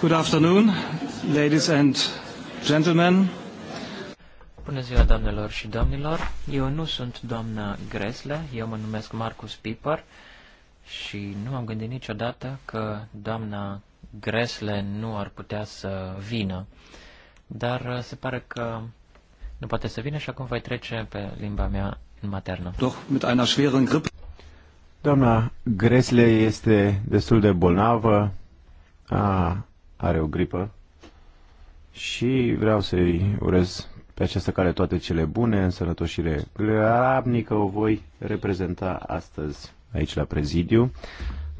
Good afternoon, ladies and gentlemen. Bună ziua, doamnelor și domnilor. Eu nu sunt doamna Gresle, eu mă numesc Marcus Piper și nu am gândit niciodată că doamna Gresle nu ar putea să vină. Dar uh, se pare că nu poate să vină și acum voi trece pe limba mea maternă. Doch, mit einer schweren Grippe. Doamna Gresle este destul de bolnavă, a are o gripă și vreau să-i urez pe această care toate cele bune, în sănătoșire grabnică o voi reprezenta astăzi aici la prezidiu.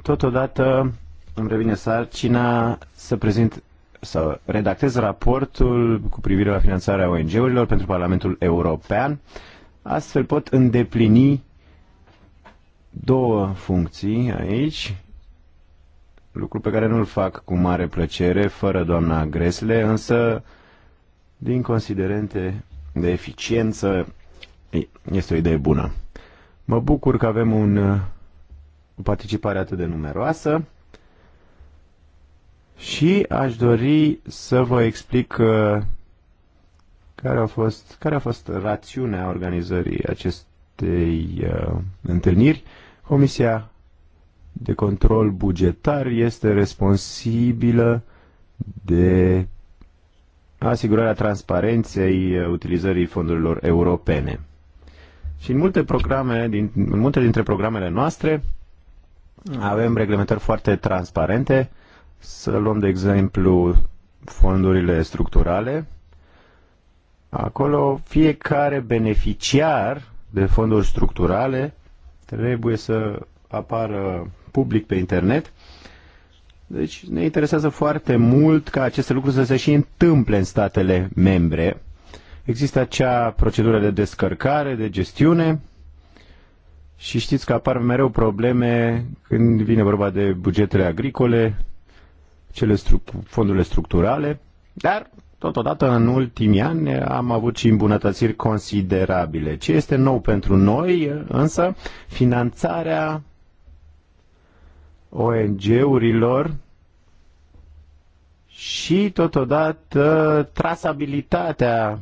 Totodată îmi revine sarcina să prezint să redactez raportul cu privire la finanțarea ONG-urilor pentru Parlamentul European. Astfel pot îndeplini două funcții aici lucru pe care nu-l fac cu mare plăcere, fără doamna Gresle, însă din considerente de eficiență este o idee bună. Mă bucur că avem un, o participare atât de numeroasă și aș dori să vă explic uh, care a fost, care a fost rațiunea organizării acestei uh, întâlniri. Comisia de control bugetar este responsabilă de asigurarea transparenței uh, utilizării fondurilor europene. Și în multe programe, din, în multe dintre programele noastre, avem reglementări foarte transparente. Să luăm de exemplu fondurile structurale. Acolo fiecare beneficiar de fonduri structurale trebuie să apară public pe internet. Deci ne interesează foarte mult ca aceste lucruri să se și întâmple în statele membre. Există acea procedură de descărcare, de gestiune și știți că apar mereu probleme când vine vorba de bugetele agricole, cele stru- fondurile structurale, dar totodată în ultimii ani am avut și îmbunătățiri considerabile. Ce este nou pentru noi, însă, finanțarea ONG-urilor și totodată trasabilitatea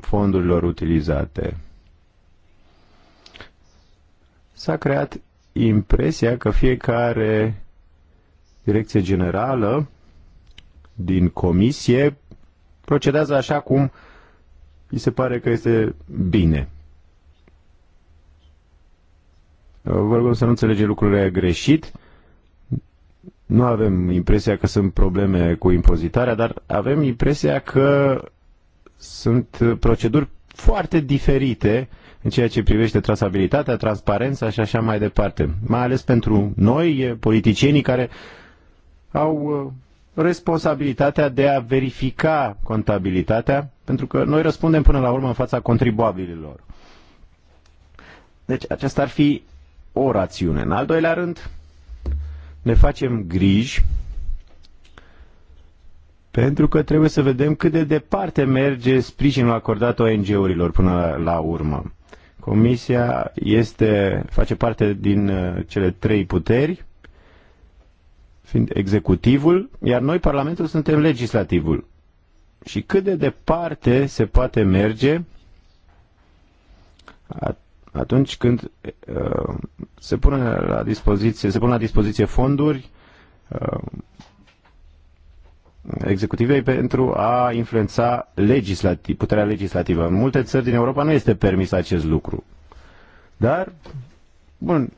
fondurilor utilizate. S-a creat impresia că fiecare direcție generală din comisie procedează așa cum îi se pare că este bine. Vă rog să nu înțelege lucrurile greșit. Nu avem impresia că sunt probleme cu impozitarea, dar avem impresia că sunt proceduri foarte diferite în ceea ce privește trasabilitatea, transparența și așa mai departe. Mai ales pentru noi, politicienii care au uh, responsabilitatea de a verifica contabilitatea, pentru că noi răspundem până la urmă în fața contribuabililor. Deci aceasta ar fi o rațiune. În al doilea rând, ne facem griji pentru că trebuie să vedem cât de departe merge sprijinul acordat ONG-urilor până la urmă. Comisia este, face parte din uh, cele trei puteri, fiind executivul, iar noi, Parlamentul, suntem legislativul. Și cât de departe se poate merge atunci când uh, se pune la dispoziție, se pun la dispoziție fonduri uh, executivei pentru a influența legislativ, puterea legislativă. În multe țări din Europa nu este permis acest lucru. Dar, bun,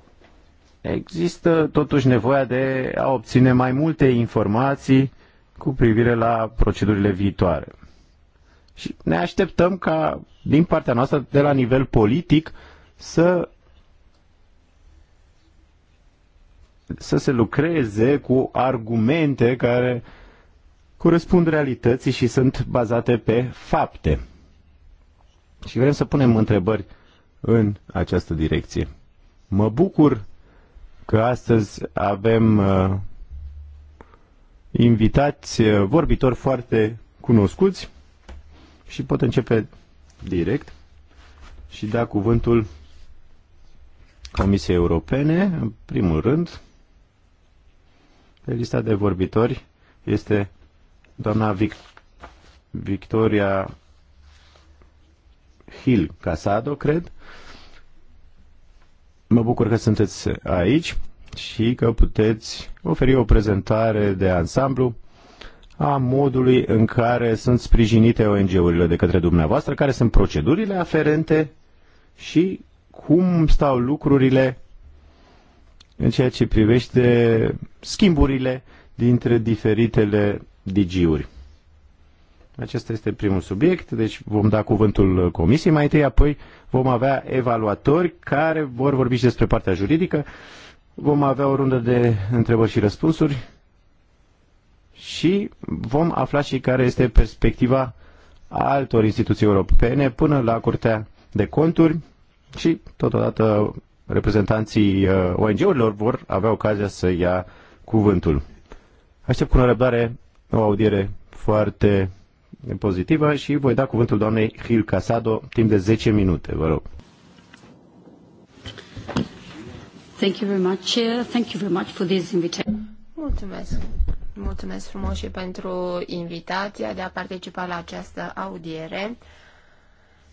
există totuși nevoia de a obține mai multe informații cu privire la procedurile viitoare. Și ne așteptăm ca, din partea noastră, de la nivel politic, să să se lucreze cu argumente care corespund realității și sunt bazate pe fapte. Și vrem să punem întrebări în această direcție. Mă bucur că astăzi avem uh, invitați uh, vorbitori foarte cunoscuți și pot începe direct și da cuvântul Comisiei Europene, în primul rând, pe lista de vorbitori este doamna Vic- Victoria Hill Casado, cred. Mă bucur că sunteți aici și că puteți oferi o prezentare de ansamblu a modului în care sunt sprijinite ONG-urile de către dumneavoastră, care sunt procedurile aferente și cum stau lucrurile în ceea ce privește schimburile dintre diferitele digiuri. Acesta este primul subiect, deci vom da cuvântul comisiei mai întâi, apoi vom avea evaluatori care vor vorbi și despre partea juridică, vom avea o rundă de întrebări și răspunsuri și vom afla și care este perspectiva altor instituții europene până la Curtea de Conturi, și totodată reprezentanții uh, ONG-urilor vor avea ocazia să ia cuvântul. Aștept cu nerăbdare o audiere foarte pozitivă și voi da cuvântul doamnei Gil Casado timp de 10 minute, vă rog. Thank you very much. Thank you very much for this invitation. Mulțumesc. Mulțumesc frumos și pentru invitația de a participa la această audiere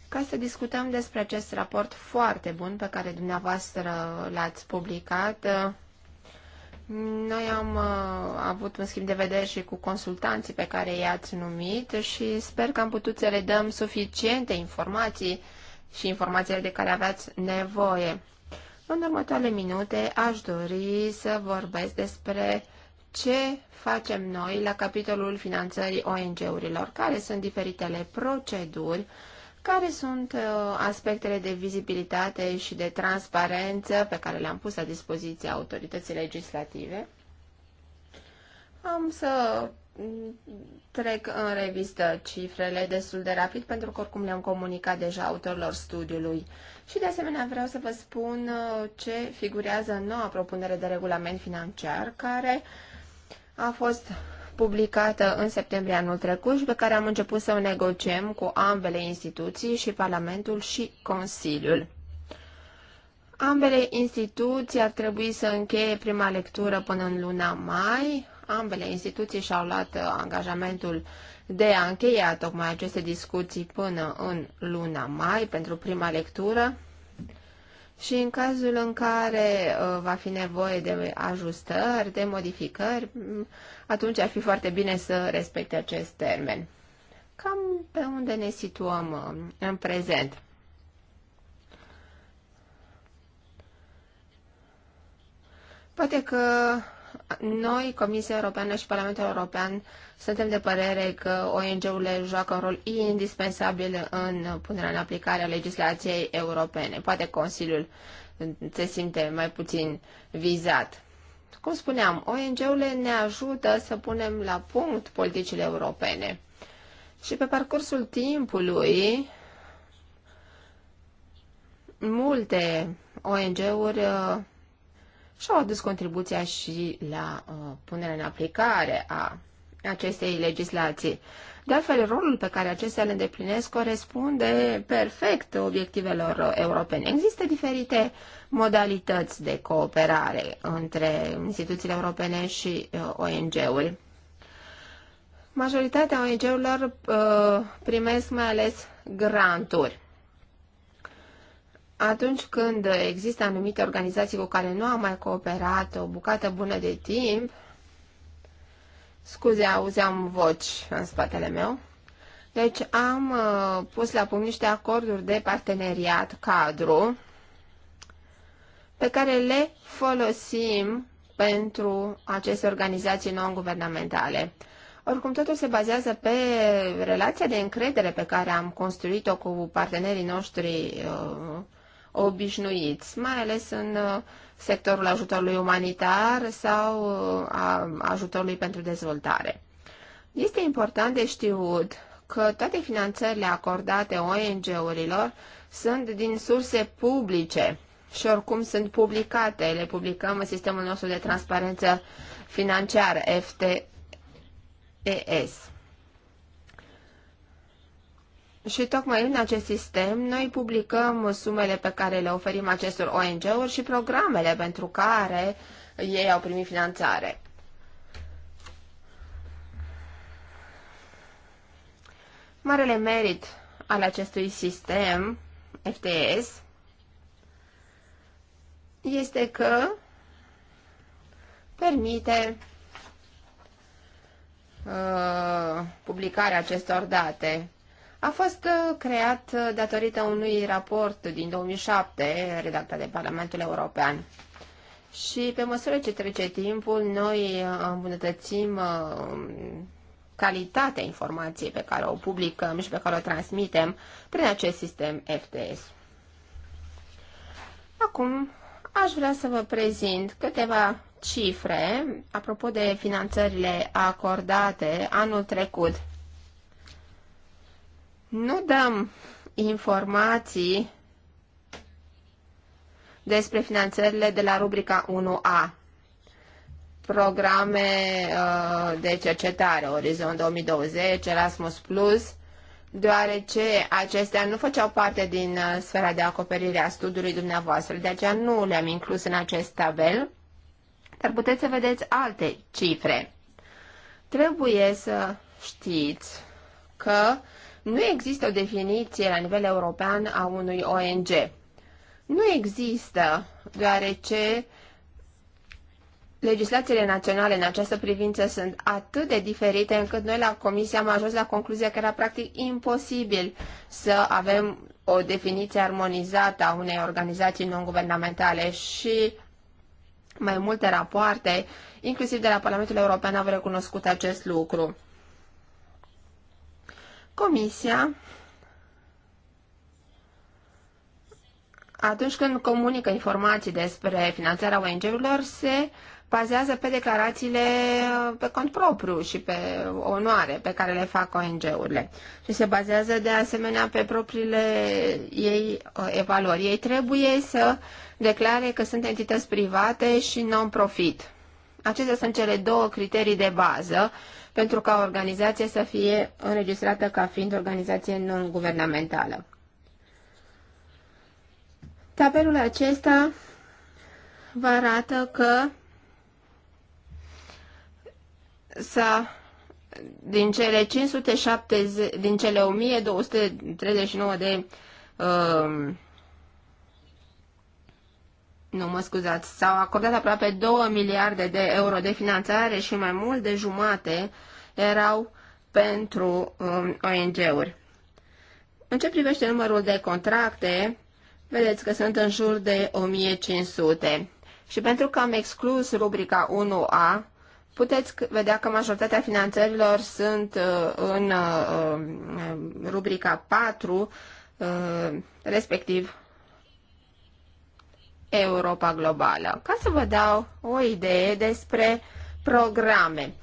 ca să discutăm despre acest raport foarte bun pe care dumneavoastră l-ați publicat. Noi am uh, avut un schimb de vedere și cu consultanții pe care i-ați numit și sper că am putut să le dăm suficiente informații și informațiile de care aveați nevoie. În următoarele minute aș dori să vorbesc despre ce facem noi la capitolul finanțării ONG-urilor, care sunt diferitele proceduri care sunt uh, aspectele de vizibilitate și de transparență pe care le-am pus la dispoziție autorității legislative. Am să mm, trec în revistă cifrele destul de rapid, pentru că oricum le-am comunicat deja autorilor studiului. Și de asemenea vreau să vă spun uh, ce figurează în noua propunere de regulament financiar, care a fost publicată în septembrie anul trecut și pe care am început să o negociem cu ambele instituții, și Parlamentul și Consiliul. Ambele instituții ar trebui să încheie prima lectură până în luna mai. Ambele instituții și-au luat uh, angajamentul de a încheia tocmai aceste discuții până în luna mai pentru prima lectură și în cazul în care uh, va fi nevoie de ajustări, de modificări, atunci ar fi foarte bine să respecte acest termen. Cam pe unde ne situăm uh, în prezent. Poate că noi, Comisia Europeană și Parlamentul European, suntem de părere că ONG-urile joacă un rol indispensabil în punerea în aplicare a legislației europene. Poate Consiliul se simte mai puțin vizat. Cum spuneam, ONG-urile ne ajută să punem la punct politicile europene. Și pe parcursul timpului, multe ONG-uri uh, și-au adus contribuția și la uh, punerea în aplicare a acestei legislații. De altfel, rolul pe care acestea îl îndeplinesc corespunde perfect obiectivelor europene. Există diferite modalități de cooperare între instituțiile europene și uh, ONG-uri. Majoritatea ONG-urilor uh, primesc mai ales granturi atunci când există anumite organizații cu care nu am mai cooperat o bucată bună de timp, scuze, auzeam voci în spatele meu, deci am uh, pus la punct niște acorduri de parteneriat cadru pe care le folosim pentru aceste organizații non-guvernamentale. Oricum, totul se bazează pe relația de încredere pe care am construit-o cu partenerii noștri uh, obișnuiți, mai ales în uh, sectorul ajutorului umanitar sau uh, a ajutorului pentru dezvoltare. Este important de știut că toate finanțările acordate ONG-urilor sunt din surse publice și oricum sunt publicate. Le publicăm în sistemul nostru de transparență financiară, FTES. Și tocmai în acest sistem noi publicăm sumele pe care le oferim acestor ONG-uri și programele pentru care ei au primit finanțare. Marele merit al acestui sistem FTS este că permite uh, publicarea acestor date a fost uh, creat uh, datorită unui raport din 2007 redactat de Parlamentul European. Și pe măsură ce trece timpul, noi uh, îmbunătățim calitatea informației pe care o publicăm și pe care o transmitem prin acest sistem FTS. Acum aș vrea să vă prezint câteva cifre apropo de finanțările acordate anul trecut nu dăm informații despre finanțările de la rubrica 1A, programe uh, de cercetare, Orizont 2020, Erasmus+, Plus, deoarece acestea nu făceau parte din uh, sfera de acoperire a studiului dumneavoastră, de aceea nu le-am inclus în acest tabel, dar puteți să vedeți alte cifre. Trebuie să știți că uh, nu există o definiție la nivel european a unui ONG. Nu există, deoarece legislațiile naționale în această privință sunt atât de diferite încât noi la Comisie am ajuns la concluzia că era practic imposibil să avem o definiție armonizată a unei organizații non-guvernamentale și mai multe rapoarte, inclusiv de la Parlamentul European, au recunoscut acest lucru. Comisia, atunci când comunică informații despre finanțarea ONG-urilor, se bazează pe declarațiile pe cont propriu și pe onoare pe care le fac ONG-urile și se bazează de asemenea pe propriile ei uh, evaluări. Ei trebuie să declare că sunt entități private și non-profit. Acestea sunt cele două criterii de bază pentru ca organizația să fie înregistrată ca fiind organizație non-guvernamentală. Tabelul acesta vă arată că s-a din cele 570, din cele 1239 de uh, nu mă scuzați, s-au acordat aproape 2 miliarde de euro de finanțare și mai mult de jumate erau pentru um, ONG-uri. În ce privește numărul de contracte, vedeți că sunt în jur de 1500. Și pentru că am exclus rubrica 1A, puteți vedea că majoritatea finanțărilor sunt uh, în uh, um, rubrica 4, uh, respectiv Europa Globală. Ca să vă dau o idee despre programe.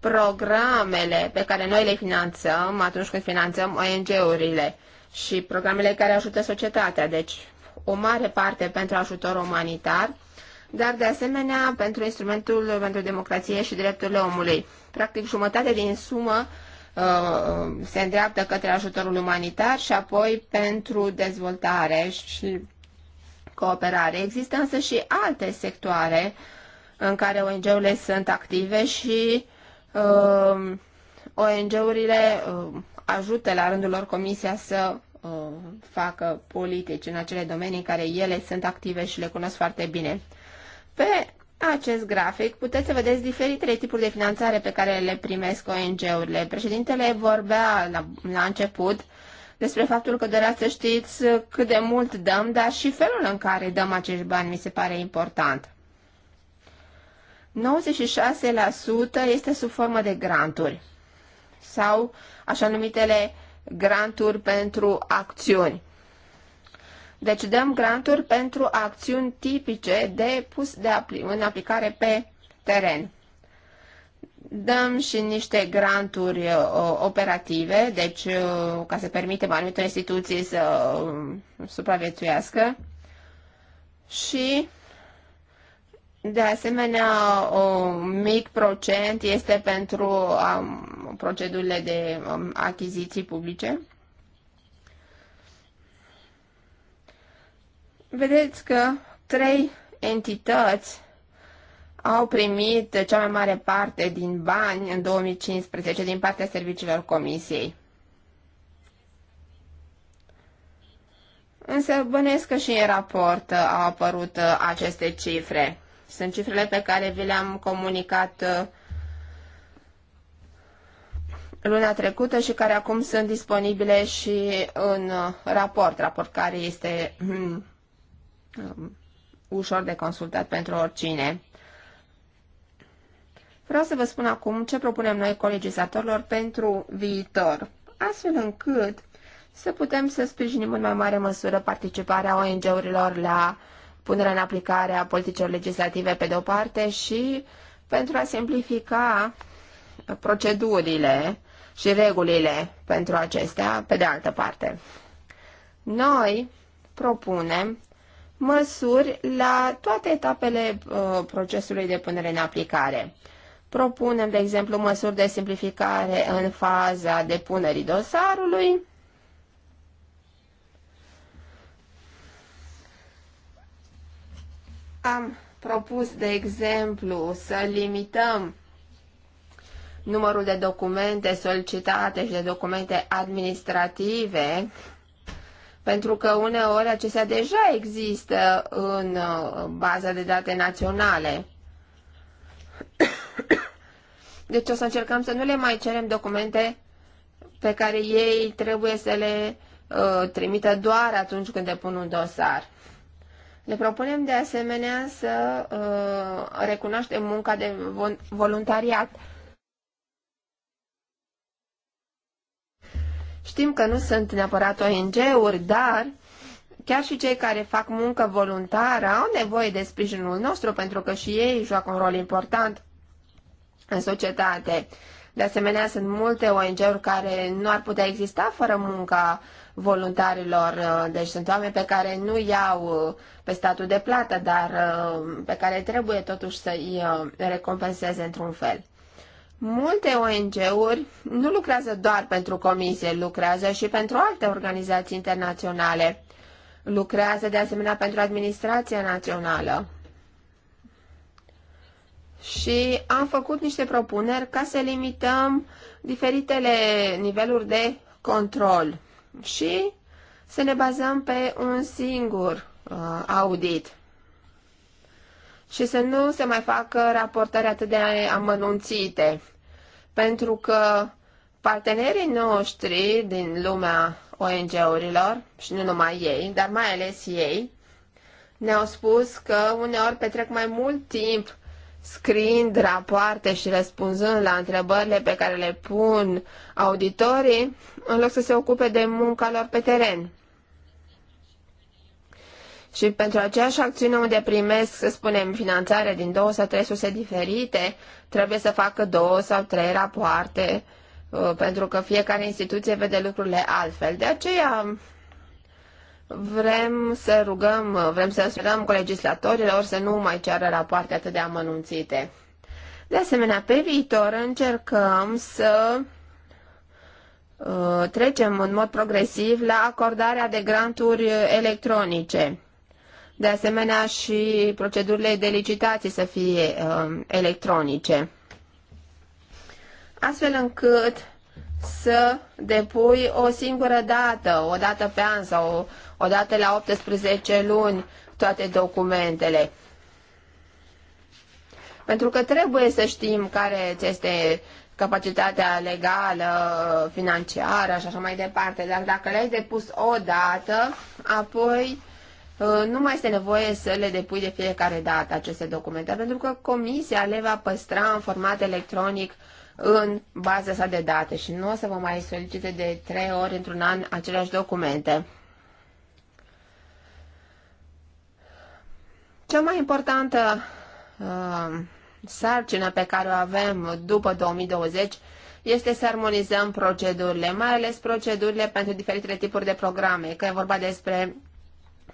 Programele pe care noi le finanțăm atunci când finanțăm ONG-urile și programele care ajută societatea, deci o mare parte pentru ajutor umanitar, dar de asemenea pentru instrumentul pentru democrație și drepturile omului. Practic jumătate din sumă uh, se îndreaptă către ajutorul umanitar și apoi pentru dezvoltare și cooperare. Există însă și alte sectoare în care ONG-urile sunt active și uh, um, ONG-urile uh, um, ajută la rândul lor comisia să uh, facă politici în acele domenii în care ele sunt active și le cunosc foarte bine. Pe acest grafic puteți să vedeți diferitele tipuri de finanțare pe care le primesc ONG-urile. Președintele vorbea la, la început despre faptul că doreați să știți cât de mult dăm, dar și felul în care dăm acești bani mi se pare important. 96% este sub formă de granturi sau așa numitele granturi pentru acțiuni. Deci dăm granturi pentru acțiuni tipice de pus de apl- în aplicare pe teren dăm și niște granturi uh, operative, deci uh, ca să permitem anumite instituții să uh, supraviețuiască și de asemenea un mic procent este pentru um, procedurile de um, achiziții publice. Vedeți că trei entități au primit cea mai mare parte din bani în 2015 din partea serviciilor comisiei. Însă bănesc că și în raport au apărut uh, aceste cifre. Sunt cifrele pe care vi le-am comunicat uh, luna trecută și care acum sunt disponibile și în uh, raport, raport care este um, ușor de consultat pentru oricine. Vreau să vă spun acum ce propunem noi colegizatorilor pentru viitor, astfel încât să putem să sprijinim în mai mare măsură participarea ONG-urilor la punerea în aplicare a politicilor legislative pe de-o parte și pentru a simplifica procedurile și regulile pentru acestea pe de altă parte. Noi propunem măsuri la toate etapele uh, procesului de punere în aplicare. Propunem, de exemplu, măsuri de simplificare în faza depunerii dosarului. Am propus, de exemplu, să limităm numărul de documente solicitate și de documente administrative, pentru că uneori acestea deja există în uh, baza de date naționale. Deci o să încercăm să nu le mai cerem documente pe care ei trebuie să le uh, trimită doar atunci când depun un dosar. Le propunem de asemenea să uh, recunoaștem munca de voluntariat. Știm că nu sunt neapărat ONG-uri, dar chiar și cei care fac muncă voluntară au nevoie de sprijinul nostru pentru că și ei joacă un rol important în societate. De asemenea, sunt multe ONG-uri care nu ar putea exista fără munca voluntarilor, uh, deci sunt oameni pe care nu iau uh, pe statul de plată, dar uh, pe care trebuie totuși să îi recompenseze într-un fel. Multe ONG-uri nu lucrează doar pentru comisie, lucrează și pentru alte organizații internaționale. Lucrează de asemenea pentru administrația națională și am făcut niște propuneri ca să limităm diferitele niveluri de control și să ne bazăm pe un singur uh, audit și să nu se mai facă raportări atât de amănunțite, pentru că partenerii noștri din lumea ONG-urilor, și nu numai ei, dar mai ales ei, ne-au spus că uneori petrec mai mult timp scriind rapoarte și răspunzând la întrebările pe care le pun auditorii, în loc să se ocupe de munca lor pe teren. Și pentru aceeași acțiune unde primesc, să spunem, finanțare din două sau trei surse diferite, trebuie să facă două sau trei rapoarte, uh, pentru că fiecare instituție vede lucrurile altfel. De aceea Vrem să rugăm, vrem să sperăm cu legislatorilor să nu mai ceară rapoarte atât de amănunțite. De asemenea, pe viitor încercăm să uh, trecem în mod progresiv la acordarea de granturi electronice. De asemenea și procedurile de licitație să fie uh, electronice. Astfel încât să depui o singură dată, o dată pe an sau o dată la 18 luni toate documentele. Pentru că trebuie să știm care este capacitatea legală, financiară și așa mai departe. Dar dacă le-ai depus o dată, apoi uh, nu mai este nevoie să le depui de fiecare dată aceste documente, pentru că comisia le va păstra în format electronic în baza sa de date și nu o să vă mai solicite de trei ori într-un an aceleași documente. Cea mai importantă uh, sarcină pe care o avem după 2020 este să armonizăm procedurile, mai ales procedurile pentru diferitele tipuri de programe, că e vorba despre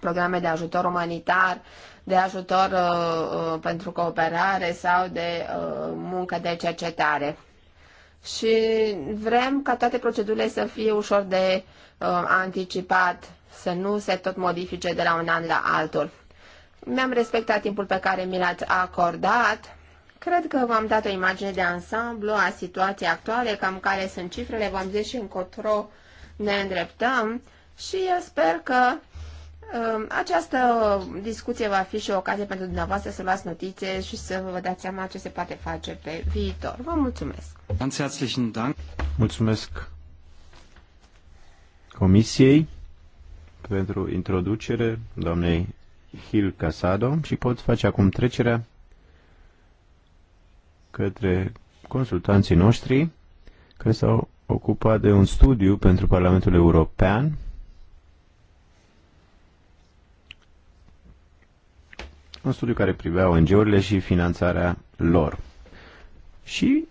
programe de ajutor umanitar, de ajutor uh, uh pentru cooperare sau de uh, muncă de cercetare și vrem ca toate procedurile să fie ușor de uh, anticipat, să nu se tot modifice de la un an la altul. Mi-am respectat timpul pe care mi l-ați acordat. Cred că v-am dat o imagine de ansamblu a situației actuale, cam care sunt cifrele, v-am zis și încotro ne îndreptăm și eu sper că Um, această discuție va fi și o ocazie pentru dumneavoastră să luați notițe și să vă dați seama ce se poate face pe viitor. Vă mulțumesc! Ganz herzlichen Dank! Mulțumesc Comisiei pentru introducere, doamnei Hil Casado, și pot face acum trecerea către consultanții noștri care s-au ocupat de un studiu pentru Parlamentul European un studiu care privea ONG-urile și finanțarea lor. Și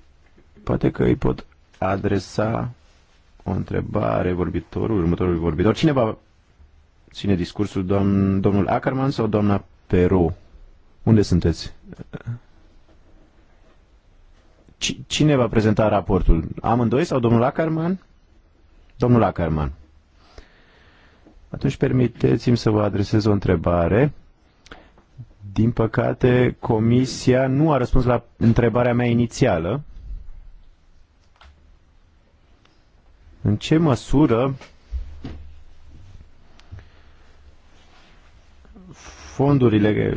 poate că îi pot adresa o întrebare vorbitorul, următorul vorbitor. Cine va ține discursul, domn, domnul Ackerman sau doamna Peru? Unde sunteți? Cine va prezenta raportul? Amândoi sau domnul Ackerman? Domnul Ackerman. Atunci permiteți-mi să vă adresez o întrebare din păcate, Comisia nu a răspuns la întrebarea mea inițială. În ce măsură fondurile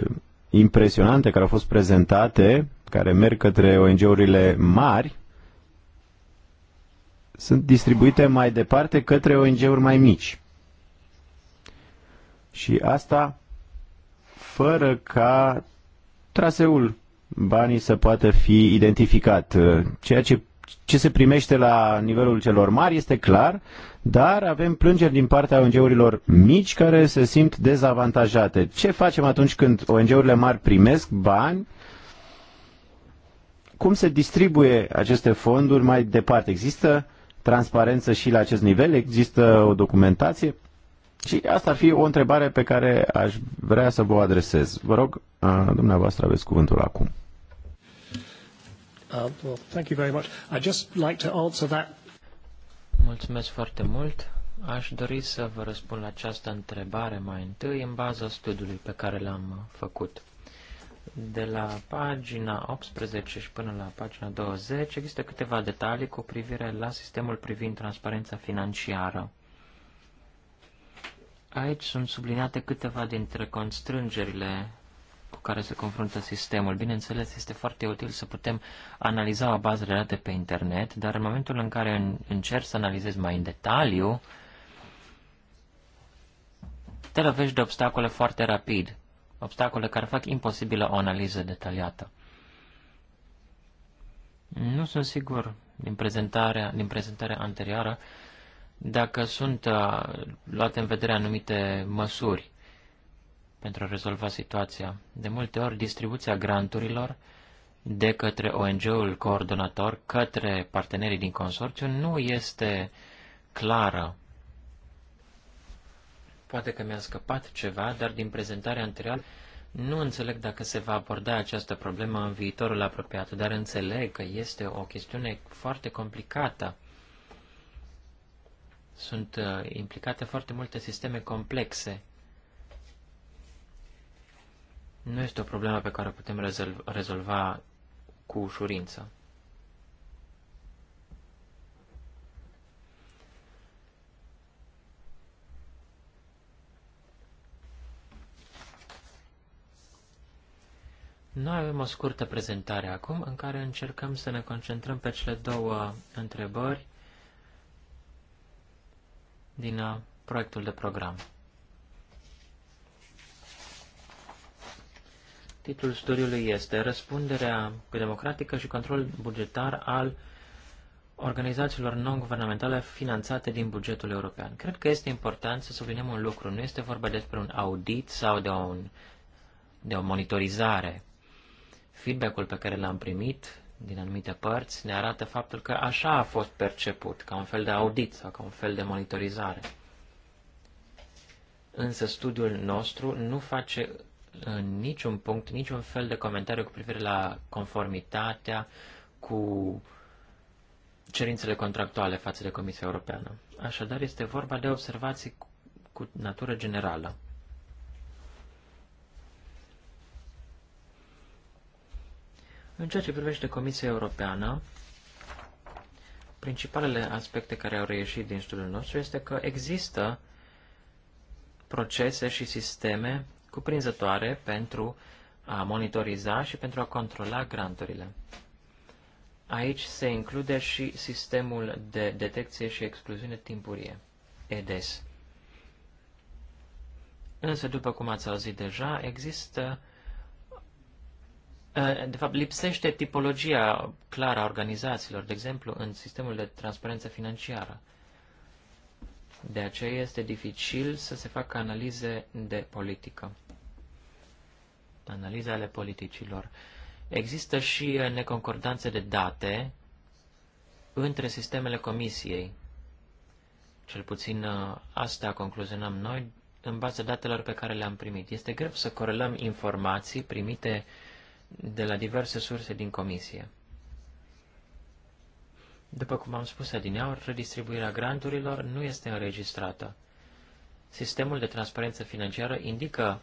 impresionante care au fost prezentate, care merg către ONG-urile mari, sunt distribuite mai departe către ONG-uri mai mici. Și asta fără ca traseul banii să poată fi identificat. Ceea ce, ce se primește la nivelul celor mari este clar, dar avem plângeri din partea ONG-urilor mici care se simt dezavantajate. Ce facem atunci când ONG-urile mari primesc bani? Cum se distribuie aceste fonduri mai departe? Există transparență și la acest nivel? Există o documentație? Și asta ar fi o întrebare pe care aș vrea să vă adresez. Vă rog, uh, dumneavoastră aveți cuvântul acum. Uh, well, thank you very much. I just like to answer that. Mulțumesc foarte mult. Aș dori să vă răspund la această întrebare mai întâi în baza studiului pe care l-am făcut. De la pagina 18 și până la pagina 20 există câteva detalii cu privire la sistemul privind transparența financiară. Aici sunt subliniate câteva dintre constrângerile cu care se confruntă sistemul. Bineînțeles, este foarte util să putem analiza o bază de date pe internet, dar în momentul în care încerc să analizez mai în detaliu, te lovești de obstacole foarte rapid, obstacole care fac imposibilă o analiză detaliată. Nu sunt sigur din prezentarea, din prezentarea anterioară dacă sunt uh, luate în vedere anumite măsuri pentru a rezolva situația. De multe ori, distribuția granturilor de către ONG-ul coordonator către partenerii din consorțiu nu este clară. Poate că mi-a scăpat ceva, dar din prezentarea anterioară nu înțeleg dacă se va aborda această problemă în viitorul apropiat, dar înțeleg că este o chestiune foarte complicată. Sunt uh, implicate foarte multe sisteme complexe. Nu este o problemă pe care o putem rezolva cu ușurință. Noi avem o scurtă prezentare acum în care încercăm să ne concentrăm pe cele două întrebări din uh, proiectul de program. Titlul studiului este Răspunderea democratică și control bugetar al organizațiilor non-guvernamentale finanțate din bugetul european. Cred că este important să subliniem un lucru. Nu este vorba despre un audit sau de, un, de o monitorizare. Feedback-ul pe care l-am primit din anumite părți ne arată faptul că așa a fost perceput, ca un fel de audit sau ca un fel de monitorizare. Însă studiul nostru nu face în uh, niciun punct, niciun fel de comentariu cu privire la conformitatea cu cerințele contractuale față de Comisia Europeană. Așadar, este vorba de observații cu natură generală. În ceea ce privește Comisia Europeană, principalele aspecte care au reieșit din studiul nostru este că există procese și sisteme cuprinzătoare pentru a monitoriza și pentru a controla granturile. Aici se include și sistemul de detecție și excluziune timpurie, EDES. Însă, după cum ați auzit deja, există Eh, de fapt, lipsește tipologia clară a organizațiilor, de exemplu, în sistemul de transparență financiară. De aceea este dificil să se facă analize de politică. Analize ale politicilor. Există și eh, neconcordanțe de date între sistemele comisiei. Cel puțin eh, asta concluzionăm noi în baza datelor pe care le-am primit. Este greu să corelăm informații primite uh, de la diverse surse din comisie. După cum am spus adineaur, redistribuirea granturilor nu este înregistrată. Sistemul de transparență financiară indică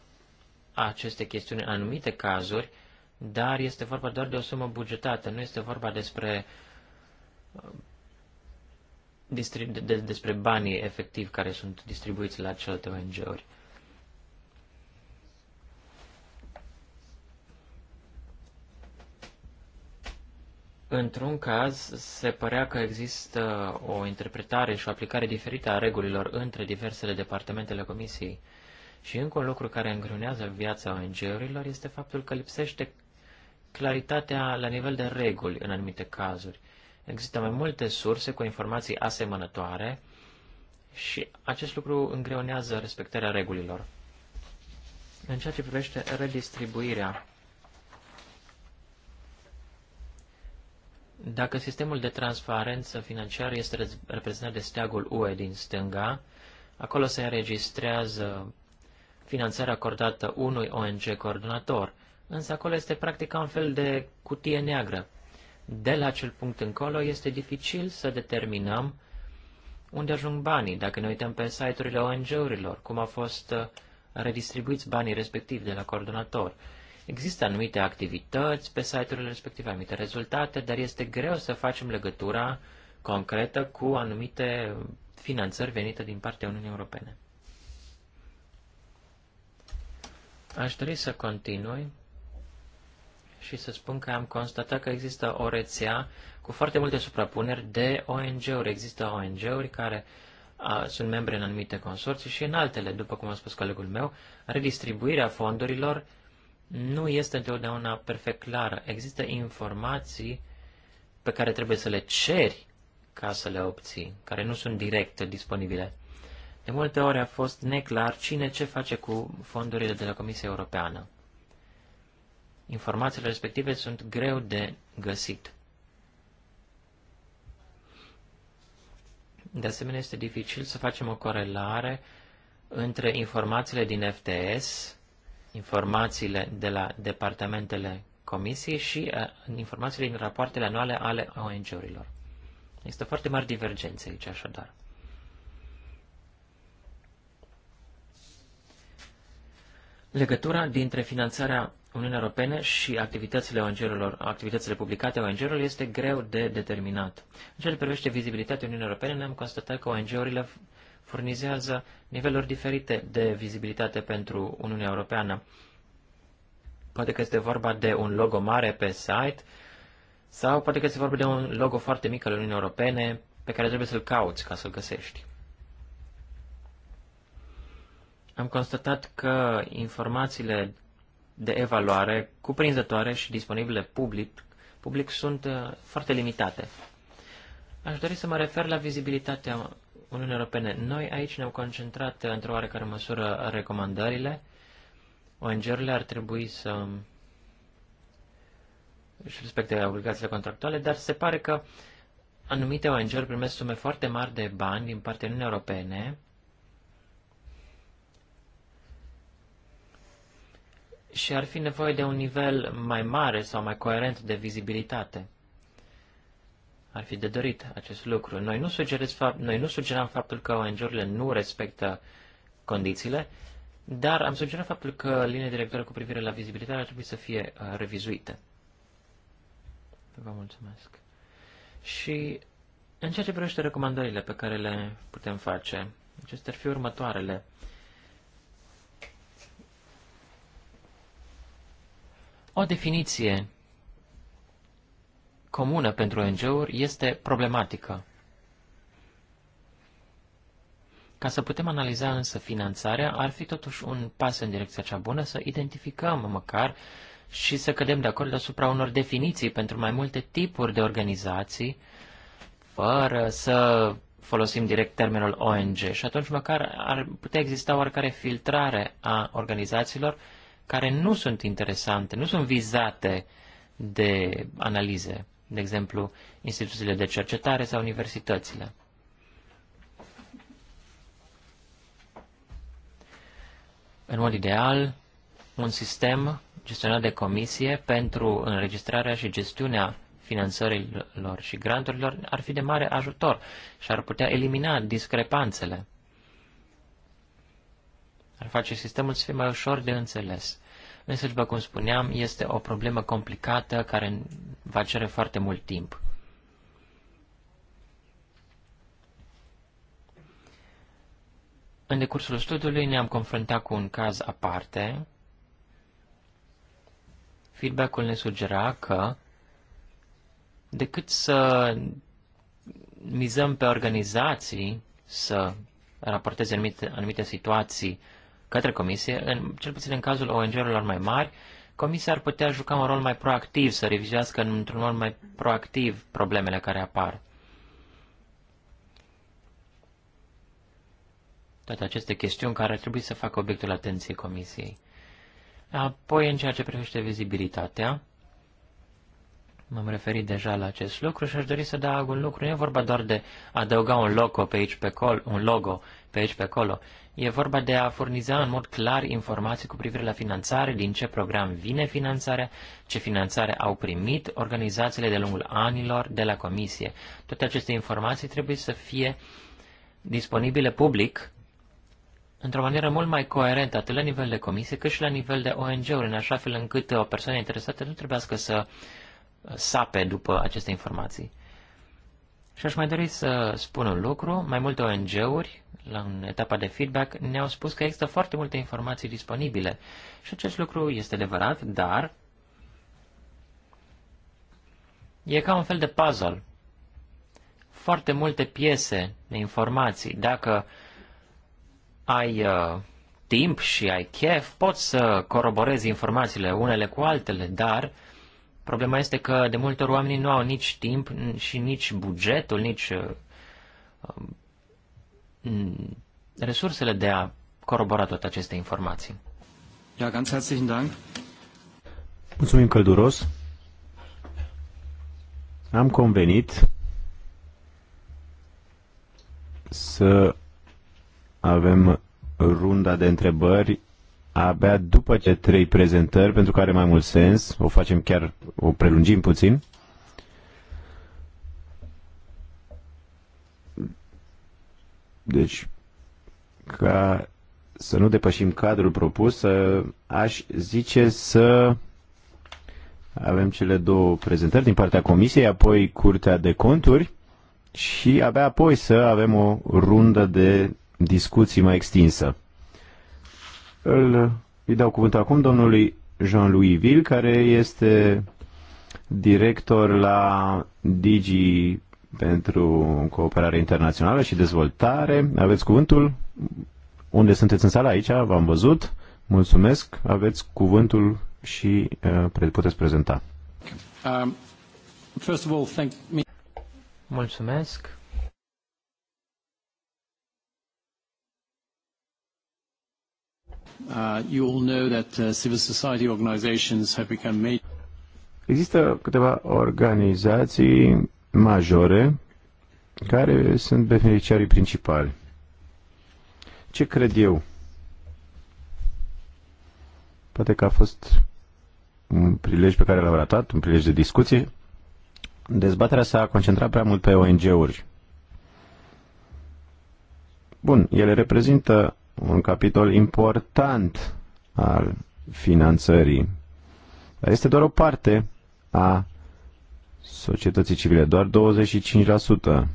aceste chestiuni în anumite cazuri, dar este vorba doar de o sumă bugetată, nu este vorba despre, despre banii efectivi care sunt distribuiți la celelalte ONG-uri. Într-un caz, se părea că există o interpretare și o aplicare diferită a regulilor între diversele departamentele comisiei. Și încă un lucru care îngreunează viața ONG-urilor este faptul că lipsește claritatea la nivel de reguli în anumite cazuri. Există mai multe surse cu informații asemănătoare și acest lucru îngreunează respectarea regulilor. În ceea ce privește redistribuirea Dacă sistemul de transparență financiară este reprezentat de steagul UE din stânga, acolo se înregistrează finanțarea acordată unui ONG coordonator, însă acolo este practic un fel de cutie neagră. De la acel punct încolo este dificil să determinăm unde ajung banii, dacă ne uităm pe site-urile ONG-urilor, cum au fost uh, redistribuiți banii respectivi de la coordonator. Există anumite activități pe site-urile respective, anumite rezultate, dar este greu să facem legătura concretă cu anumite finanțări venite din partea Uniunii Europene. Aș dori să continui și să spun că am constatat că există o rețea cu foarte multe suprapuneri de ONG-uri. Există ONG-uri care a, sunt membre în anumite consorții și în altele, după cum a spus colegul meu, redistribuirea fondurilor nu este întotdeauna perfect clară. Există informații pe care trebuie să le ceri ca să le obții, care nu sunt direct disponibile. De multe ori a fost neclar cine ce face cu fondurile de la Comisia Europeană. Informațiile respective sunt greu de găsit. De asemenea, este dificil să facem o corelare între informațiile din FTS informațiile de la departamentele comisiei și uh, informațiile din rapoartele anuale ale ONG-urilor. Există foarte mari divergențe aici, așadar. Legătura dintre finanțarea Uniunii Europene și activitățile ONG-urilor, activitățile publicate ONG-urilor este greu de determinat. În ce privește vizibilitatea Uniunii Europene, ne-am constatat că ONG-urile furnizează niveluri diferite de vizibilitate pentru Uniunea Europeană. Poate că este vorba de un logo mare pe site sau poate că este vorba de un logo foarte mic al Uniunii Europene pe care trebuie să-l cauți ca să-l găsești. Am constatat că informațiile de evaluare cuprinzătoare și disponibile public, public sunt uh, foarte limitate. Aș dori să mă refer la vizibilitatea Uniunii Europene. Noi aici ne-am concentrat într-o oarecare măsură recomandările. ONG-urile ar trebui să își respecte obligațiile contractuale, dar se pare că anumite ONG-uri primesc sume foarte mari de bani din partea Uniunii Europene și ar fi nevoie de un nivel mai mare sau mai coerent de vizibilitate ar fi de dorit acest lucru. Noi nu, sugerez fapt, noi nu sugeram faptul că ONG-urile nu respectă condițiile, dar am sugerat faptul că linia directoră cu privire la vizibilitate ar trebui să fie uh, revizuită. Vă mulțumesc. Și în ceea ce privește recomandările pe care le putem face, acestea ar fi următoarele. O definiție comună pentru ONG-uri este problematică. Ca să putem analiza însă finanțarea, ar fi totuși un pas în direcția cea bună să identificăm măcar și să cădem de acord asupra unor definiții pentru mai multe tipuri de organizații, fără să folosim direct termenul ONG. Și atunci măcar ar putea exista oarecare filtrare a organizațiilor care nu sunt interesante, nu sunt vizate de analize de exemplu, instituțiile de cercetare sau universitățile. În mod ideal, un sistem gestionat de comisie pentru înregistrarea și gestiunea finanțărilor și granturilor ar fi de mare ajutor și ar putea elimina discrepanțele. Ar face sistemul să fie mai ușor de înțeles. Însă, după cum spuneam, este o problemă complicată care va cere foarte mult timp. În decursul studiului ne-am confruntat cu un caz aparte. Feedback-ul ne sugera că decât să mizăm pe organizații să raporteze anumite, anumite situații către comisie, în, cel puțin în cazul ONG-urilor mai mari, comisia ar putea juca un rol mai proactiv, să revizuiască într-un rol mai proactiv problemele care apar. Toate aceste chestiuni care ar trebui să facă obiectul atenției comisiei. Apoi, în ceea ce privește vizibilitatea, M-am referit deja la acest lucru și aș dori să adaug un lucru. Nu e vorba doar de adăuga un logo pe aici, pe col, un logo, pe aici, pe acolo. E vorba de a furniza în mod clar informații cu privire la finanțare, din ce program vine finanțarea, ce finanțare au primit organizațiile de lungul anilor de la comisie. Toate aceste informații trebuie să fie disponibile public într-o manieră mult mai coerentă, atât la nivel de comisie, cât și la nivel de ONG-uri, în așa fel încât o persoană interesată nu trebuiască să sape după aceste informații. Și aș mai dori să spun un lucru, mai multe ONG-uri la în etapa de feedback, ne-au spus că există foarte multe informații disponibile. Și acest lucru este adevărat, dar e ca un fel de puzzle. Foarte multe piese de informații. Dacă ai uh, timp și ai chef, poți să coroborezi informațiile unele cu altele, dar problema este că de multe ori oamenii nu au nici timp și nici bugetul, nici uh, Mm, resursele de a corobora toate aceste informații. Ja, ganz herzlichen Dank. Mulțumim călduros. Am convenit să avem runda de întrebări abia după ce trei prezentări, pentru că are mai mult sens, o facem chiar, o prelungim puțin. Deci, ca să nu depășim cadrul propus, aș zice să avem cele două prezentări din partea Comisiei, apoi Curtea de Conturi și abia apoi să avem o rundă de discuții mai extinsă. Îl, îi dau cuvântul acum domnului Jean-Louis Ville, care este director la Digi pentru Cooperare Internațională și Dezvoltare. Aveți cuvântul? Unde sunteți în sală? Aici v-am văzut. Mulțumesc. Aveți cuvântul și uh, puteți prezenta. Um, first of all, thank me. Mulțumesc. Uh, you all know that uh, civil society organizations have become major. Există câteva organizații majore care sunt beneficiarii principali. Ce cred eu? Poate că a fost un prilej pe care l-am ratat, un prilej de discuție. Dezbaterea s-a concentrat prea mult pe ONG-uri. Bun, ele reprezintă un capitol important al finanțării, dar este doar o parte a societății civile, doar 25%.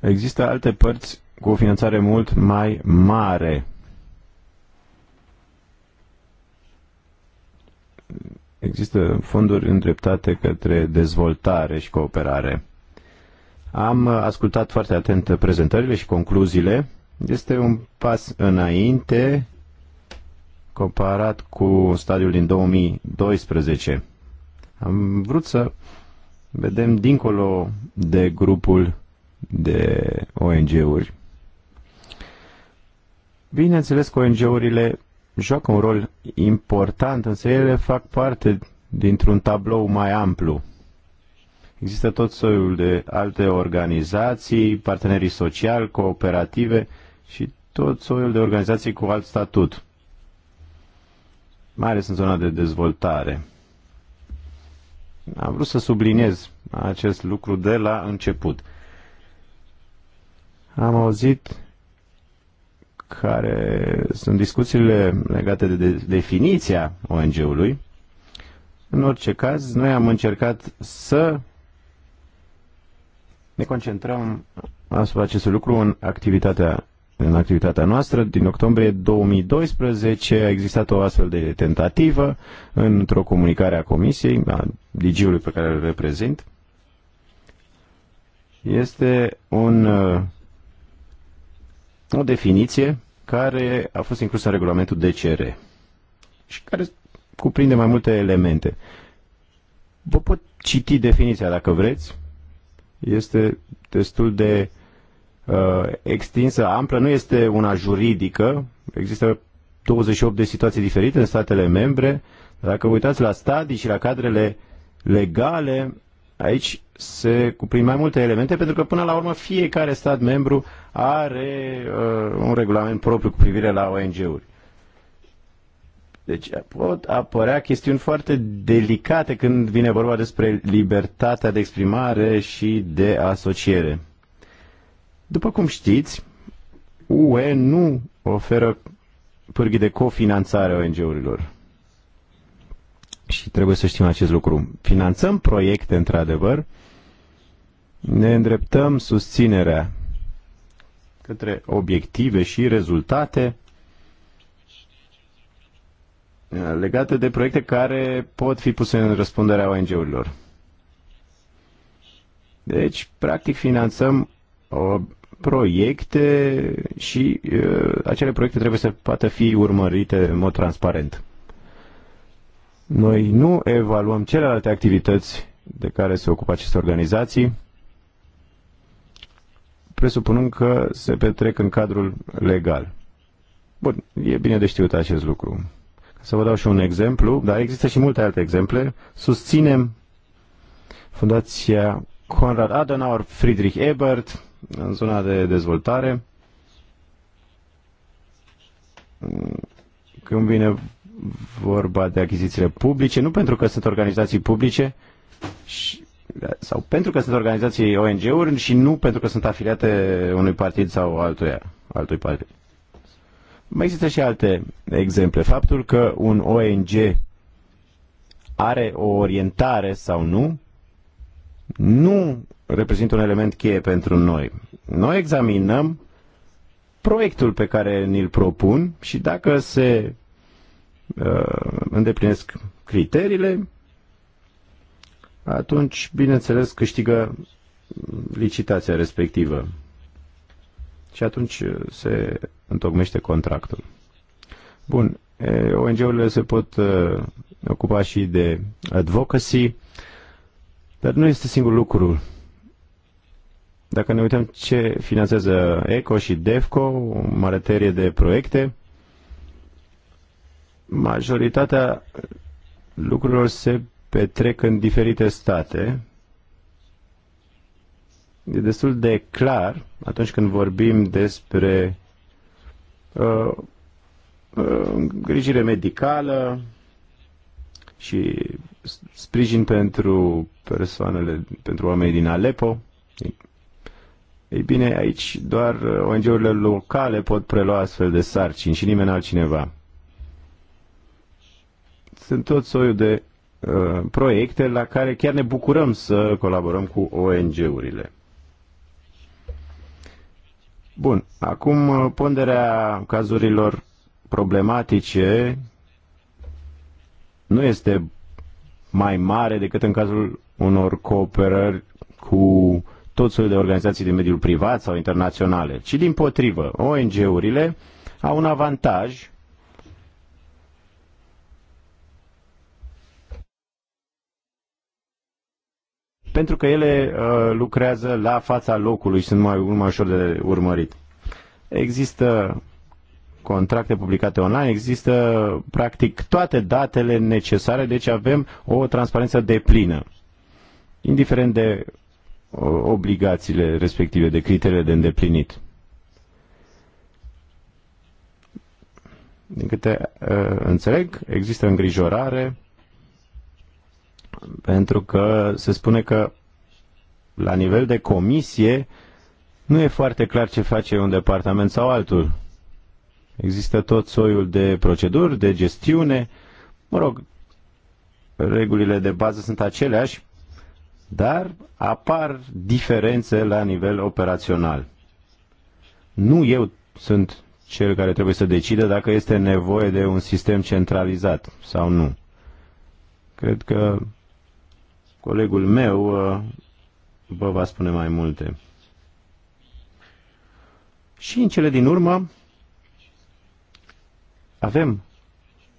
Există alte părți cu o finanțare mult mai mare. Există fonduri îndreptate către dezvoltare și cooperare. Am ascultat foarte atent prezentările și concluziile. Este un pas înainte comparat cu stadiul din 2012. Am vrut să vedem dincolo de grupul de ONG-uri. Bineînțeles că ONG-urile joacă un rol important, însă ele fac parte dintr-un tablou mai amplu. Există tot soiul de alte organizații, partenerii sociali, cooperative și tot soiul de organizații cu alt statut mai ales în zona de dezvoltare. Am vrut să subliniez acest lucru de la început. Am auzit care sunt discuțiile legate de definiția ONG-ului. În orice caz, noi am încercat să ne concentrăm asupra acestui lucru în activitatea în activitatea noastră. Din octombrie 2012 a existat o astfel de tentativă într-o comunicare a Comisiei, a DG-ului pe care îl reprezint. Este un, uh, o definiție care a fost inclusă în regulamentul DCR și care cuprinde mai multe elemente. Vă pot citi definiția dacă vreți. Este destul de Uh, extinsă, amplă, nu este una juridică. Există 28 de situații diferite în statele membre. Dacă vă uitați la stadii și la cadrele legale, aici se cuprind mai multe elemente, pentru că până la urmă fiecare stat membru are uh, un regulament propriu cu privire la ONG-uri. Deci pot apărea chestiuni foarte delicate când vine vorba despre libertatea de exprimare și de asociere. După cum știți, UE nu oferă pârghii de cofinanțare ONG-urilor. Și trebuie să știm acest lucru. Finanțăm proiecte, într-adevăr, ne îndreptăm susținerea către obiective și rezultate legate de proiecte care pot fi puse în răspunderea ONG-urilor. Deci, practic, finanțăm proiecte și uh, acele proiecte trebuie să poată fi urmărite în mod transparent. Noi nu evaluăm celelalte activități de care se ocupă aceste organizații, presupunând că se petrec în cadrul legal. Bun, e bine de știut acest lucru. Să vă dau și un exemplu, dar există și multe alte exemple. Susținem Fundația Conrad Adenauer, Friedrich Ebert, în zona de dezvoltare, când vine vorba de achizițiile publice, nu pentru că sunt organizații publice, și, sau pentru că sunt organizații ONG-uri și nu pentru că sunt afiliate unui partid sau altuia, altui partid. Mai există și alte exemple. Faptul că un ONG are o orientare sau nu, nu reprezintă un element cheie pentru noi. Noi examinăm proiectul pe care ni-l propun și dacă se uh, îndeplinesc criteriile, atunci, bineînțeles, câștigă licitația respectivă. Și atunci uh, se întocmește contractul. Bun, ONG-urile se pot uh, ocupa și de advocacy, dar nu este singurul lucru dacă ne uităm ce finanțează ECO și DEFCO, o mare de proiecte, majoritatea lucrurilor se petrec în diferite state. E destul de clar atunci când vorbim despre uh, uh, medicală și sprijin pentru persoanele, pentru oamenii din Aleppo, din ei bine, aici doar uh, ONG-urile locale pot prelua astfel de sarcini și nimeni altcineva. Sunt tot soiul de uh, proiecte la care chiar ne bucurăm să colaborăm cu ONG-urile. Bun, acum uh, ponderea cazurilor problematice nu este mai mare decât în cazul unor cooperări cu tot soiul de organizații din mediul privat sau internaționale, ci din potrivă, ONG-urile au un avantaj pentru că ele uh, lucrează la fața locului și sunt mai, mai ușor de urmărit. Există contracte publicate online, există practic toate datele necesare, deci avem o transparență deplină. Indiferent de obligațiile respective, de criteriile de îndeplinit. Din câte înțeleg, există îngrijorare pentru că se spune că la nivel de comisie nu e foarte clar ce face un departament sau altul. Există tot soiul de proceduri, de gestiune. Mă rog, regulile de bază sunt aceleași, dar apar diferențe la nivel operațional. Nu eu sunt cel care trebuie să decide dacă este nevoie de un sistem centralizat sau nu. Cred că colegul meu uh, vă va spune mai multe. Și în cele din urmă avem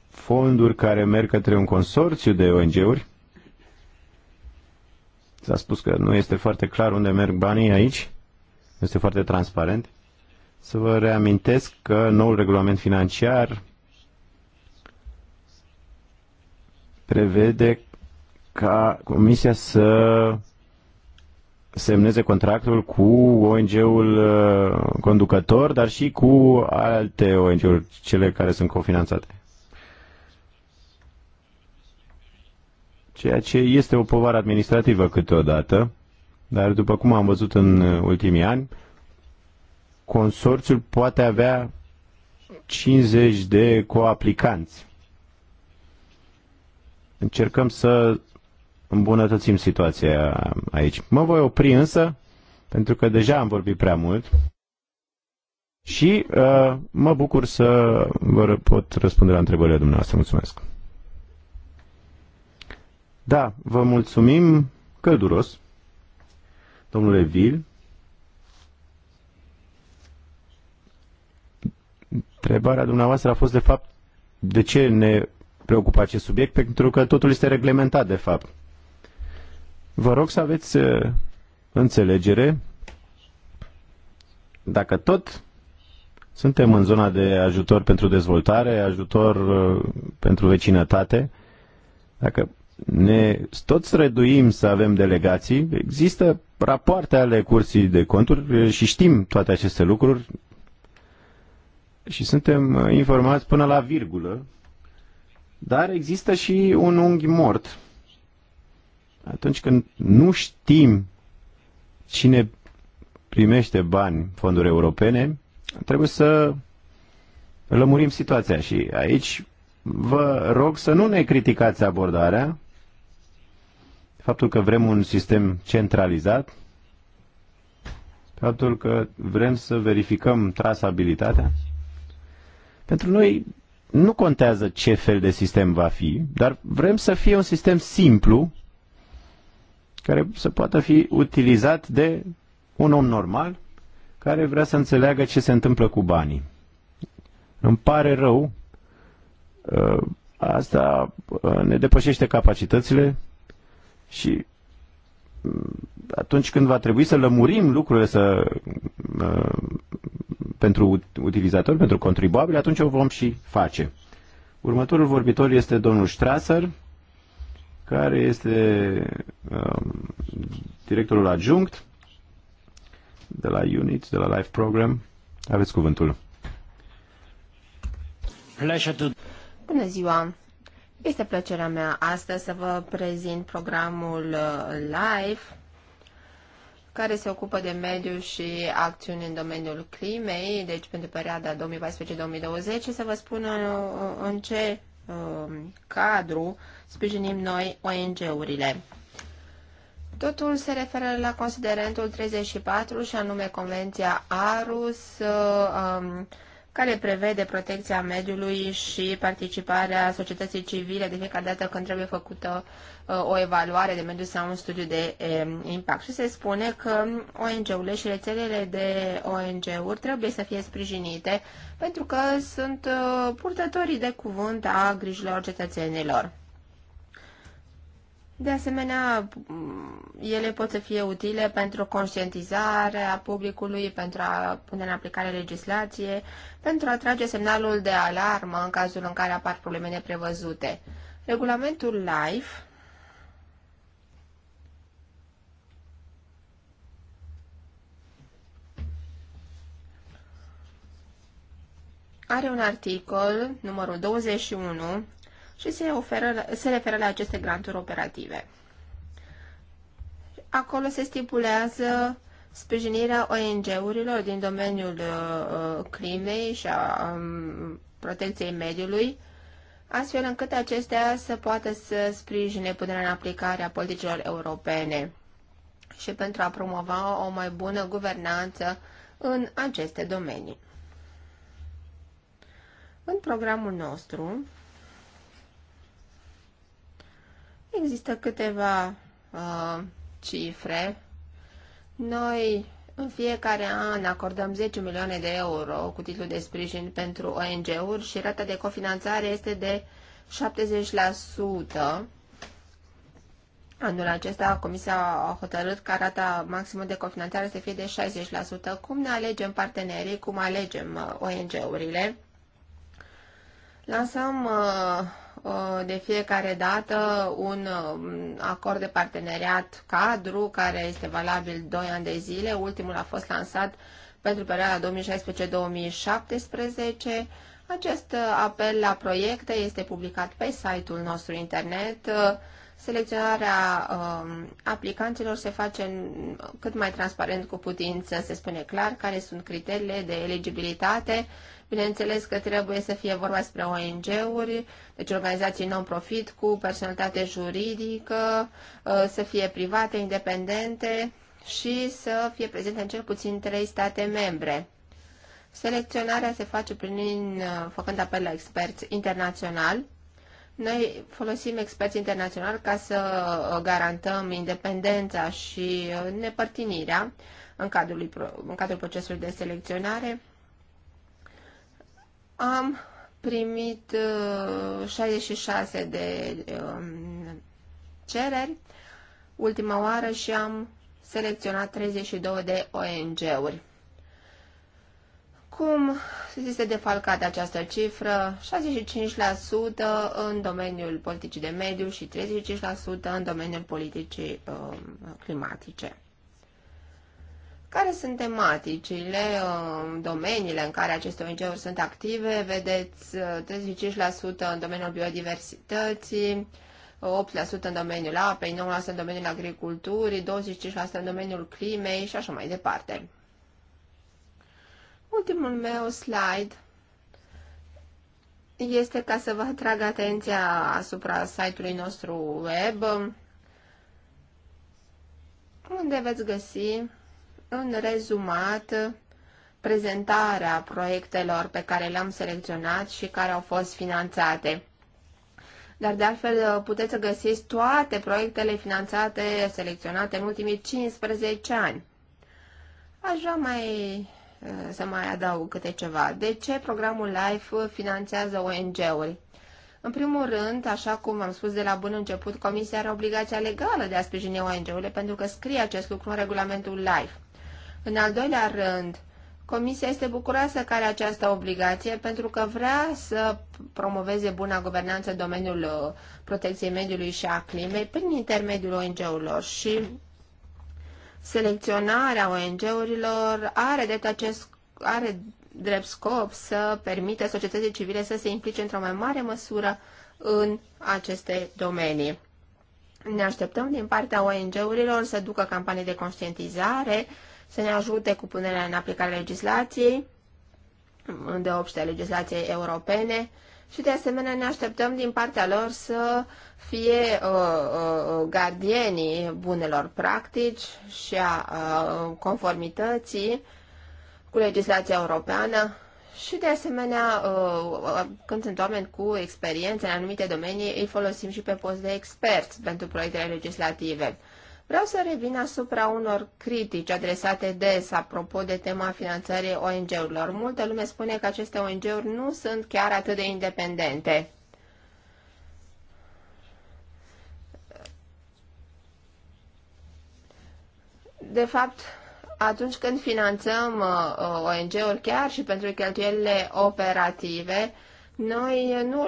fonduri care merg către un consorțiu de ONG-uri S-a spus că nu este foarte clar unde merg banii aici, nu este foarte transparent. Să vă reamintesc că noul regulament financiar prevede ca Comisia să semneze contractul cu ONG-ul uh, conducător, dar și cu alte ONG-uri, cele care sunt cofinanțate. ceea ce este o povară administrativă câteodată, dar după cum am văzut în ultimii ani, consorțiul poate avea 50 de coaplicanți. Încercăm să îmbunătățim situația aici. Mă voi opri însă, pentru că deja am vorbit prea mult și uh, mă bucur să vă pot răspunde la întrebările dumneavoastră. Mulțumesc! Da, vă mulțumim călduros, domnule Vil. Întrebarea dumneavoastră a fost, de fapt, de ce ne preocupă acest subiect, pentru că totul este reglementat, de fapt. Vă rog să aveți uh, înțelegere. Dacă tot suntem în zona de ajutor pentru dezvoltare, ajutor uh, pentru vecinătate, dacă ne tot străduim să avem delegații, există rapoarte ale curții de conturi și știm toate aceste lucruri și suntem informați până la virgulă, dar există și un unghi mort. Atunci când nu știm cine primește bani fonduri europene, trebuie să lămurim situația și aici vă rog să nu ne criticați abordarea, faptul că vrem un sistem centralizat, faptul că vrem să verificăm trasabilitatea. Pentru noi nu contează ce fel de sistem va fi, dar vrem să fie un sistem simplu care să poată fi utilizat de un om normal care vrea să înțeleagă ce se întâmplă cu banii. Îmi pare rău, ă, asta ă, ne depășește capacitățile, și mm, atunci când va trebui să lămurim lucrurile să, mm, mm, pentru utilizatori, pentru contribuabili, atunci o vom și face. Următorul vorbitor este domnul Strasser, care este directorul adjunct de la UNIT, de la Life Program. Aveți cuvântul. Bună ziua! Este plăcerea mea astăzi să vă prezint programul uh, live care se ocupă de mediu și acțiuni în domeniul climei, deci pentru perioada 2014-2020 să vă spun în, uh, uh, în ce în cadru sprijinim noi ONG-urile. Totul se referă la considerentul 34 și anume Convenția Arus, um, care prevede protecția mediului și participarea societății civile de fiecare dată când trebuie făcută uh, o evaluare de mediu sau un studiu de um, impact. Și se spune că ONG-urile și rețelele de ONG-uri trebuie să fie sprijinite pentru că sunt uh, purtătorii de cuvânt a grijilor cetățenilor. De asemenea, ele pot să fie utile pentru conștientizarea publicului, pentru a pune în aplicare legislație, pentru a trage semnalul de alarmă în cazul în care apar probleme neprevăzute. Regulamentul LIFE are un articol, numărul 21, și se, oferă, se referă la aceste granturi operative. Acolo se stipulează sprijinirea ONG-urilor din domeniul uh, uh climei și a um, protecției mediului, astfel încât acestea să poată să sprijine punerea în aplicare a politicilor europene și pentru a promova o mai bună guvernanță în aceste domenii. În programul nostru Există câteva uh, cifre. Noi în fiecare an acordăm 10 milioane de euro cu titlu de sprijin pentru ONG-uri și rata de cofinanțare este de 70%. Anul acesta Comisia a hotărât ca rata maximă de cofinanțare să fie de 60%. Cum ne alegem partenerii, cum alegem uh, ONG-urile? Lansăm uh, Uh, de fiecare dată un um, acord de parteneriat cadru care este valabil 2 ani de zile. Ultimul a fost lansat pentru perioada 2016-2017. Acest uh, apel la proiecte este publicat pe site-ul nostru internet. Uh, selecționarea um, aplicanților se face cât mai transparent cu putință, se spune clar care sunt criteriile de eligibilitate Bineînțeles că trebuie să fie vorba despre ONG-uri, deci organizații non-profit cu personalitate juridică, uh, să fie private, independente și să fie prezente în cel puțin trei state membre. Selecționarea se face prin, uh, făcând apel la experți internaționali. Noi folosim experți internaționali ca să uh, garantăm independența și nepărtinirea în cadrul, în cadrul procesului de selecționare. Am primit 66 uh, de um, cereri ultima oară și am selecționat 32 de ONG-uri. Cum este defalcată această cifră? 65% în domeniul politicii de mediu și 35% în domeniul politicii uh, climatice. Care sunt tematicile, uh, domeniile în care aceste ONG-uri sunt active? Vedeți 35% uh, în domeniul biodiversității, 8% în domeniul apei, 9% în domeniul agriculturii, 25% în domeniul climei și așa mai departe. Ultimul meu slide este ca să vă atrag atenția asupra site-ului nostru web, unde veți găsi în rezumat, prezentarea proiectelor pe care le-am selecționat și care au fost finanțate. Dar de altfel puteți să găsiți toate proiectele finanțate, selecționate în ultimii 15 ani. Aș vrea mai eh, să mai adaug câte ceva. De ce programul LIFE finanțează ONG-uri? În primul rând, așa cum am spus de la bun început, Comisia are obligația legală de a sprijini ONG-urile pentru că scrie acest lucru în regulamentul LIFE. În al doilea rând, Comisia este bucuroasă că are această obligație pentru că vrea să promoveze buna guvernanță în domeniul uh, protecției mediului și a climei prin intermediul ONG-urilor și selecționarea ONG-urilor are drept acest are drept scop să permită societății civile să se implice într-o mai mare măsură în aceste domenii. Ne așteptăm din partea ONG-urilor să ducă campanii de conștientizare, să ne ajute cu punerea în aplicare legislației, de obște legislației europene și de asemenea ne așteptăm din partea lor să fie uh, uh, uh, gardienii bunelor practici și a uh, conformității cu legislația europeană și de asemenea uh, uh când sunt oameni cu experiență în anumite domenii îi folosim și pe post de expert pentru proiectele legislative. Vreau să revin asupra unor critici adresate des apropo de tema finanțării ONG-urilor. Multă lume spune că aceste ONG-uri nu sunt chiar atât de independente. De fapt, atunci când finanțăm uh, uh, ONG-uri chiar și pentru cheltuielile operative, noi nu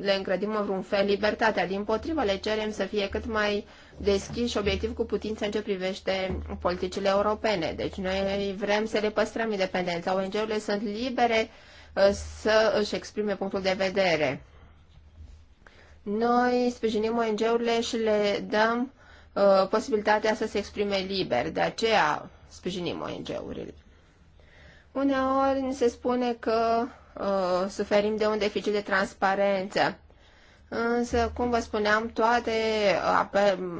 le încredim în vreun fel libertatea, din potrivă le cerem să fie cât mai uh, deschiși și obiectiv cu putință în ce privește politicile europene. Deci noi vrem să le păstrăm independența. ONG-urile sunt libere uh, să își exprime punctul de vedere. Noi sprijinim ONG-urile și le dăm uh, posibilitatea să se exprime liber. De aceea sprijinim ONG-urile. Uneori ni se spune că uh, suferim de un deficit de transparență Însă, cum vă spuneam, toate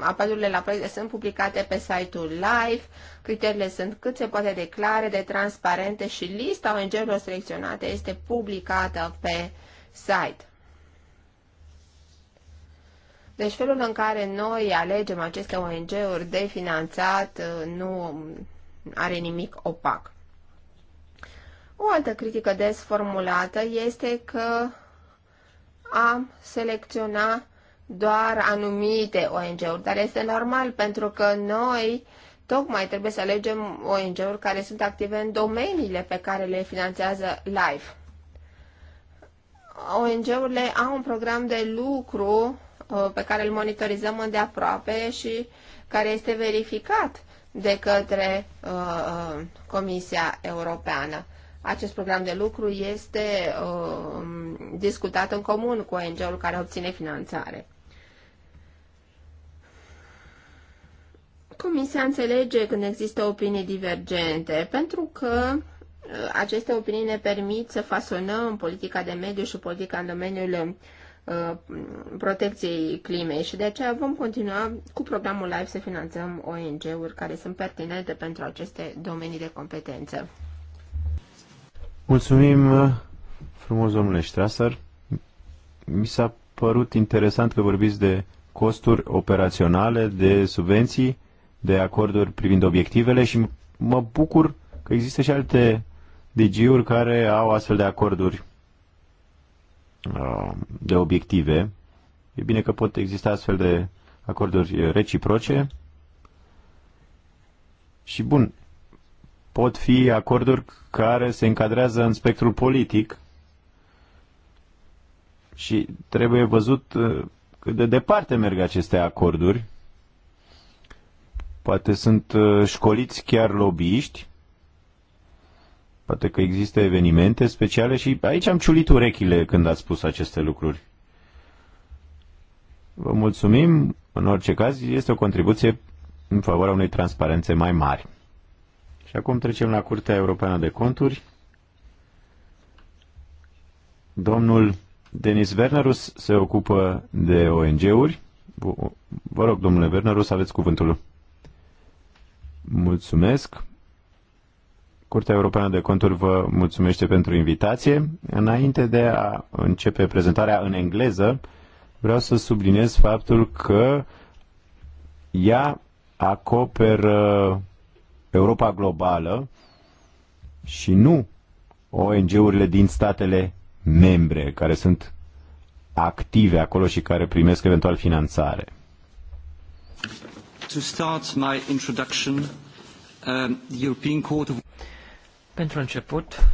apelurile la proiecte sunt publicate pe site-ul live, criteriile sunt cât se poate de clare, de transparente și lista ONG-urilor selecționate este publicată pe site. Deci felul în care noi alegem aceste ONG-uri de finanțat uh, nu are nimic opac. O altă critică des formulată este că am selecționa doar anumite ONG-uri, dar este normal pentru că noi tocmai trebuie să alegem ONG-uri care sunt active în domeniile pe care le finanțează LIFE. ONG-urile au un program de lucru uh, pe care îl monitorizăm îndeaproape și care este verificat de către uh, uh Comisia Europeană. Acest program de lucru este uh, discutat în comun cu ONG-ul care obține finanțare. Comisia înțelege când există opinii divergente, pentru că uh, aceste opinii ne permit să fasonăm politica de mediu și politica în domeniul uh, protecției climei și de aceea vom continua cu programul LIFE să finanțăm ONG-uri care sunt pertinente pentru aceste domenii de competență. Mulțumim frumos, domnule Strasser. Mi s-a părut interesant că vorbiți de costuri operaționale, de subvenții, de acorduri privind obiectivele și mă bucur că există și alte DG-uri care au astfel de acorduri uh, de obiective. E bine că pot exista astfel de acorduri reciproce. Și bun, pot fi acorduri care se încadrează în spectrul politic și trebuie văzut uh, cât de departe merg aceste acorduri. Poate sunt uh, școliți chiar lobbyiști, poate că există evenimente speciale și aici am ciulit urechile când ați spus aceste lucruri. Vă mulțumim, în orice caz este o contribuție în favoarea unei transparențe mai mari. Și acum trecem la Curtea Europeană de Conturi. Domnul Denis Wernerus se ocupă de ONG-uri. Vă rog, domnule Wernerus, aveți cuvântul. Mulțumesc. Curtea Europeană de Conturi vă mulțumește pentru invitație. Înainte de a începe prezentarea în engleză, vreau să subliniez faptul că ea acoperă Europa globală și nu ONG-urile din statele membre care sunt active acolo și care primesc eventual finanțare. To start my introduction, uh, European Court of... Pentru început,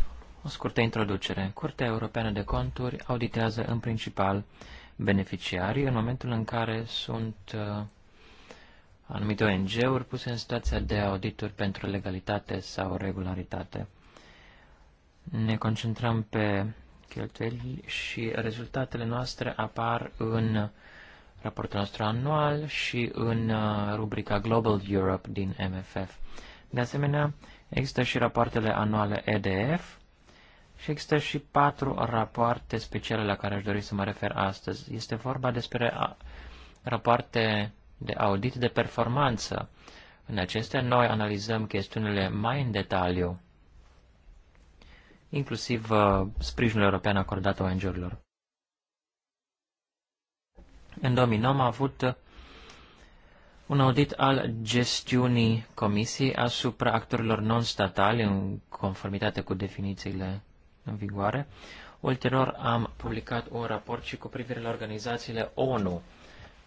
o scurtă introducere. Curtea Europeană de Conturi auditează în principal beneficiarii în momentul în care sunt uh, anumite ONG-uri puse în situația de audituri pentru legalitate sau regularitate. Ne concentrăm pe cheltuieli și rezultatele noastre apar în raportul nostru anual și în uh, rubrica Global Europe din MFF. De asemenea, există și rapoartele anuale EDF și există și patru rapoarte speciale la care aș dori să mă refer astăzi. Este vorba despre uh, rapoarte de audit de performanță. În acestea, noi analizăm chestiunile mai în detaliu, inclusiv uh, sprijinul european acordat ONG-urilor. În 2009 am avut uh, un audit al gestiunii comisiei asupra actorilor non-statali în conformitate cu definițiile în vigoare. Ulterior am publicat un raport și cu privire la organizațiile ONU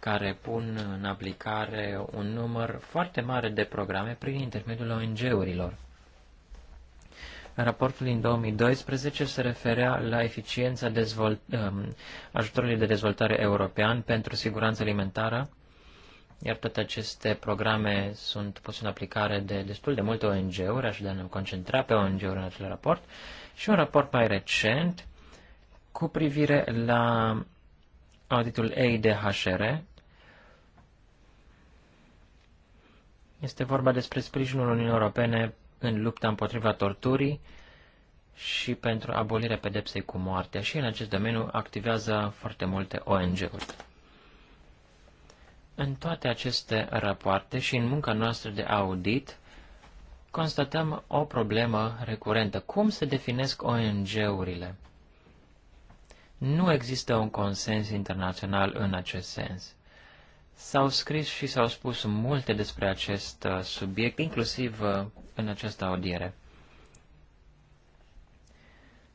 care pun în aplicare un număr foarte mare de programe prin intermediul ONG-urilor. Raportul din 2012 se referea la eficiența dezvolt, um, ajutorului de dezvoltare european pentru siguranță alimentară, iar toate aceste programe sunt puse în aplicare de destul de multe ONG-uri, aș de ne concentra pe ONG-uri în acel raport, și un raport mai recent cu privire la auditul EIDHR, Este vorba despre sprijinul Uniunii Europene în lupta împotriva torturii și pentru abolirea pedepsei cu moartea și în acest domeniu activează foarte multe ONG-uri. În toate aceste rapoarte și în munca noastră de audit, constatăm o problemă recurentă. Cum se definesc ONG-urile? Nu există un consens internațional în acest sens. S-au scris și s-au spus multe despre acest uh, subiect, inclusiv uh, în această audiere.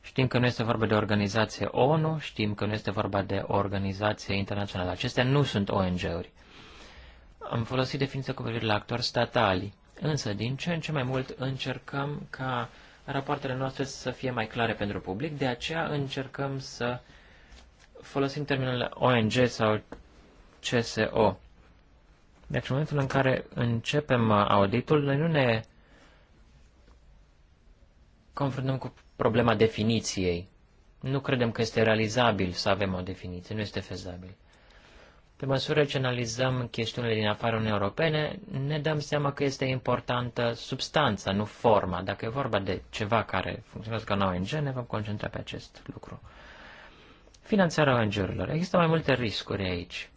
Știm că nu este vorba de organizație ONU, știm că nu este vorba de organizație internațională. Acestea nu sunt ONG-uri. Am folosit definiția cu privire la actori statali, însă din ce în ce mai mult încercăm ca rapoartele noastre să fie mai clare pentru public, de aceea încercăm să folosim termenul ONG sau CSO. Deci în momentul în care începem uh, auditul, noi nu ne confruntăm cu problema definiției. Nu credem că este realizabil să avem o definiție, nu este fezabil. Pe măsură ce analizăm chestiunile din afara Uniunii Europene, ne dăm seama că este importantă substanța, nu forma. Dacă e vorba de ceva care funcționează ca un ONG, ne vom concentra pe acest lucru. Finanțarea ONG-urilor. Există mai multe riscuri aici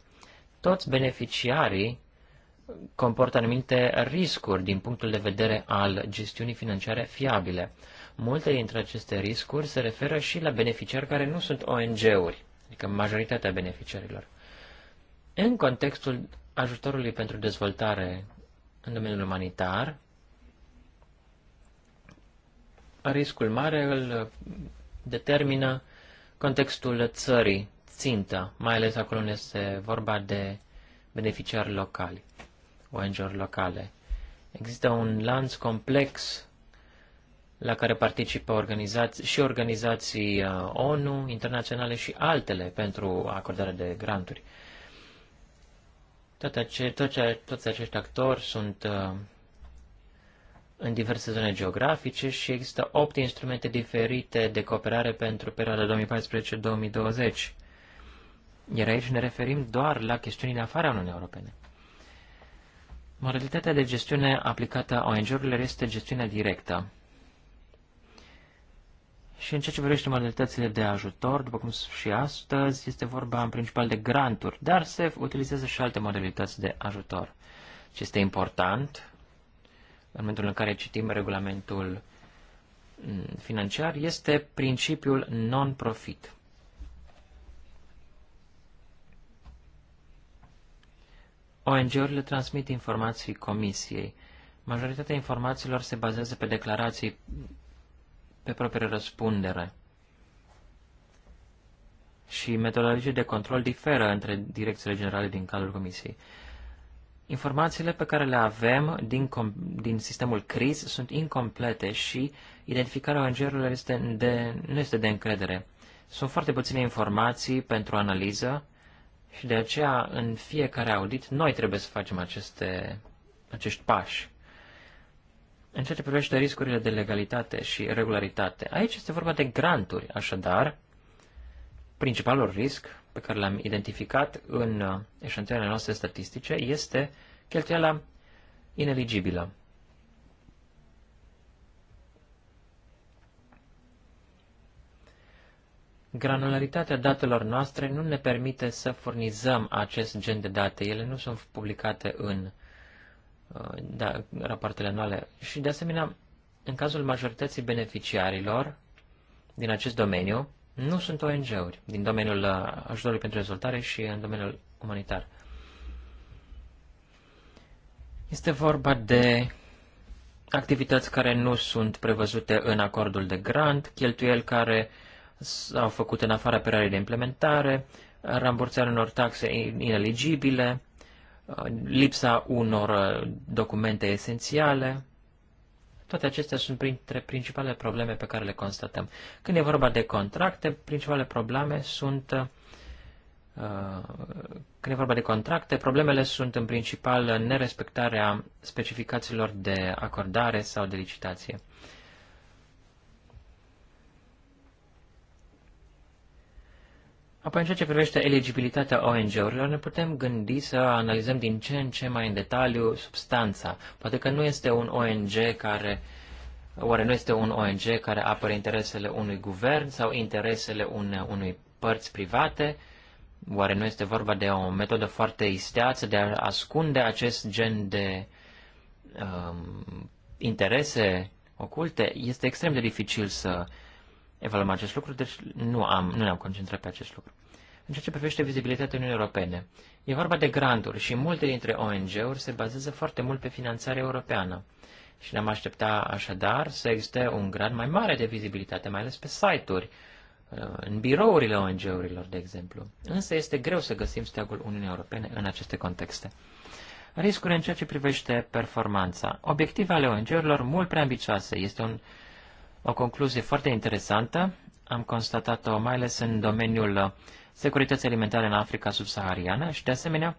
toți beneficiarii comportă anumite riscuri din punctul de vedere al gestiunii financiare fiabile. Multe dintre aceste riscuri se referă și la beneficiari care nu sunt ONG-uri, adică majoritatea beneficiarilor. În contextul ajutorului pentru dezvoltare în domeniul umanitar, riscul mare îl determină contextul țării țintă, mai ales acolo unde este vorba de beneficiari locali, ONG-uri locale. Există un lanț complex la care participă organizații, și organizații uh, ONU, internaționale și altele pentru acordarea de granturi. Toate ace- toți, toți acești actori sunt uh, în diverse zone geografice și există opt instrumente diferite de cooperare pentru perioada 2014-2020. Iar aici ne referim doar la chestiuni în afara Uniunii Europene. Modalitatea de gestiune aplicată a ONG-urilor este gestiunea directă. Și în ceea ce vorbește modalitățile de ajutor, după cum și astăzi, este vorba în principal de granturi, dar se utilizează și alte modalități de ajutor. Ce este important, în momentul în care citim regulamentul mm, financiar, este principiul non-profit. ONG-urile transmit informații comisiei. Majoritatea informațiilor se bazează pe declarații pe proprie răspundere. Și metodologii de control diferă între direcțiile generale din cadrul comisiei. Informațiile pe care le avem din, din sistemul CRIS sunt incomplete și identificarea ONG-urilor este de, nu este de încredere. Sunt foarte puține informații pentru analiză și de aceea, în fiecare audit, noi trebuie să facem aceste, acești pași. În ceea ce privește riscurile de legalitate și regularitate, aici este vorba de granturi, așadar, principalul risc pe care l-am identificat în eșantioanele noastre statistice este cheltuiala ineligibilă. Granularitatea datelor noastre nu ne permite să furnizăm acest gen de date. Ele nu sunt publicate în uh, da, rapoartele anuale. Și, de asemenea, în cazul majorității beneficiarilor din acest domeniu, nu sunt ONG-uri din domeniul uh, ajutorului pentru rezultare și în domeniul umanitar. Este vorba de activități care nu sunt prevăzute în acordul de grant, cheltuieli care uh, s-au făcut în afara perioadei de implementare, rambursarea unor taxe ineligibile, uh, lipsa unor uh, documente esențiale. Toate acestea sunt printre principalele probleme pe care le constatăm. Când e vorba de contracte, principalele probleme sunt uh, când e vorba de contracte, problemele sunt în principal nerespectarea specificațiilor de acordare sau de licitație. Apoi, în ceea ce privește eligibilitatea ONG-urilor, ne putem gândi să analizăm din ce în ce mai în detaliu substanța. Poate că nu este un ONG care Oare nu este un ONG care apără interesele unui guvern sau interesele une, unui părți private? Oare nu este vorba de o metodă foarte isteață de a ascunde acest gen de um, interese oculte? Este extrem de dificil să uh, evaluăm acest lucru, deci nu, am, nu ne-am concentrat pe acest lucru. În ceea ce privește vizibilitatea Uniunii Europene, e vorba de granturi și multe dintre ONG-uri se bazează foarte mult pe finanțare europeană. Și ne-am aștepta așadar să existe un grad mai mare de vizibilitate, mai ales pe site-uri, în birourile ONG-urilor, de exemplu. Însă este greu să găsim steagul Uniunii Europene în aceste contexte. Riscuri în ceea ce privește performanța. Obiectivele ONG-urilor mult prea ambicioase. Este un o concluzie foarte interesantă. Am constatat-o mai ales în domeniul securității alimentare în Africa subsahariană și, de asemenea,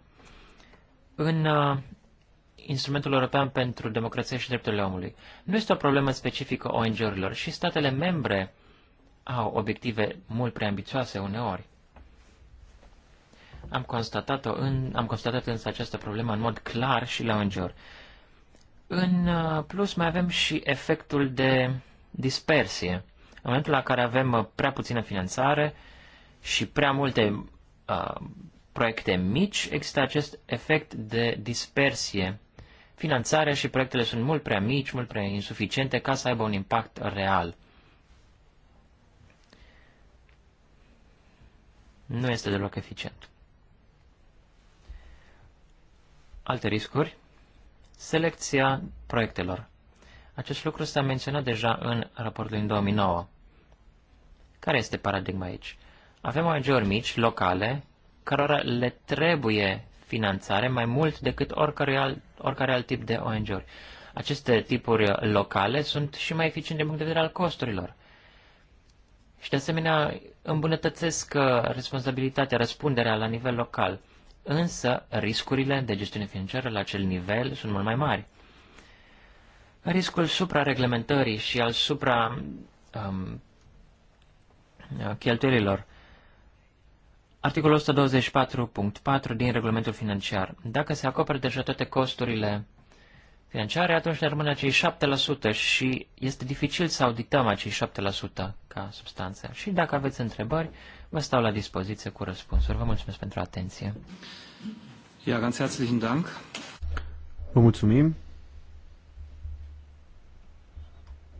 în uh, instrumentul european pentru democrație și drepturile omului. Nu este o problemă specifică ONG-urilor și statele membre au obiective mult prea ambițioase uneori. Am constatat, în, am constatat însă această problemă în mod clar și la ONG-uri. În uh, plus, mai avem și efectul de dispersie. În momentul la care avem uh, prea puțină finanțare și prea multe uh, proiecte mici, există acest efect de dispersie. Finanțarea și proiectele sunt mult prea mici, mult prea insuficiente ca să aibă un impact real. Nu este deloc eficient. Alte riscuri? Selecția proiectelor. Acest lucru s-a menționat deja în raportul din 2009. Care este paradigma aici? Avem ONG-uri mici, locale, cărora le trebuie finanțare mai mult decât oricare alt, oricare alt tip de ONG-uri. Aceste tipuri locale sunt și mai eficiente din punct de vedere al costurilor. Și de asemenea îmbunătățesc uh, responsabilitatea, răspunderea la nivel local. Însă riscurile de gestiune financiară la acel nivel sunt mult mai mari riscul suprareglementării și al supra um, cheltuielilor. Articolul 124.4 din regulamentul financiar. Dacă se acoperă deja toate costurile financiare, atunci ne rămâne acei 7% și este dificil să audităm acei 7% ca substanță. Și dacă aveți întrebări, vă stau la dispoziție cu răspunsuri. Vă mulțumesc pentru atenție. Ja, ganz herzlichen Dank. Vă mulțumim.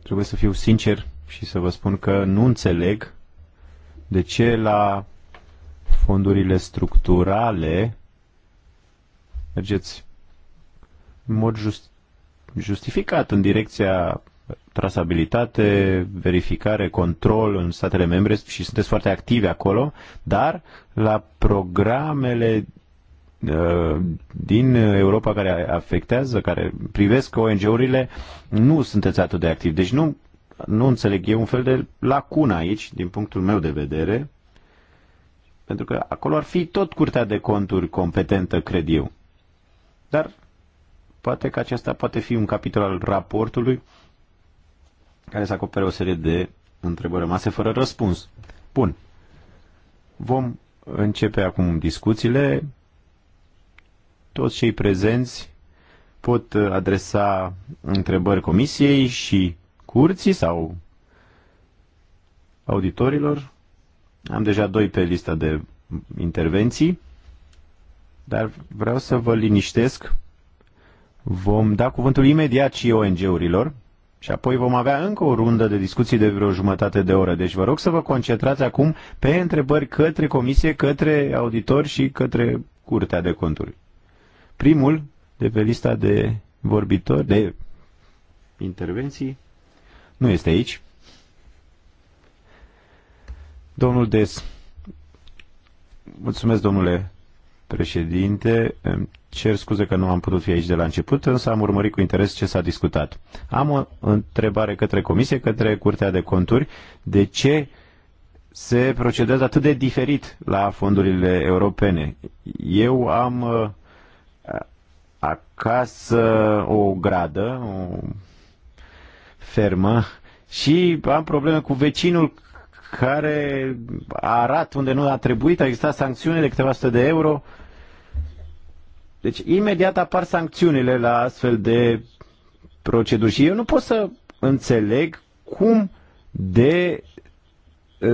Trebuie să fiu sincer și să vă spun că nu înțeleg de ce la fondurile structurale mergeți în mod just, justificat în direcția trasabilitate, verificare, control în statele membre și sunteți foarte active acolo, dar la programele Uh, din Europa care afectează, care privesc ONG-urile, nu sunteți atât de activi. Deci nu, nu înțeleg, eu un fel de lacună aici, din punctul meu de vedere, pentru că acolo ar fi tot curtea de conturi competentă, cred eu. Dar poate că acesta poate fi un capitol al raportului care să acopere o serie de întrebări rămase fără răspuns. Bun. Vom începe acum discuțiile toți cei prezenți pot uh, adresa întrebări comisiei și curții sau auditorilor. Am deja doi pe lista de intervenții, dar vreau să vă liniștesc. Vom da cuvântul imediat și ONG-urilor și apoi vom avea încă o rundă de discuții de vreo jumătate de oră. Deci vă rog să vă concentrați acum pe întrebări către comisie, către auditori și către Curtea de Conturi. Primul de pe lista de vorbitori, de intervenții, nu este aici. Domnul Des, mulțumesc domnule președinte, îmi cer scuze că nu am putut fi aici de la început, însă am urmărit cu interes ce s-a discutat. Am o întrebare către comisie, către Curtea de Conturi, de ce se procedează atât de diferit la fondurile europene? Eu am uh, acasă o gradă, o fermă și am probleme cu vecinul care arat unde nu a trebuit, a existat sancțiune de câteva sute de euro. Deci imediat apar sancțiunile la astfel de proceduri și eu nu pot să înțeleg cum de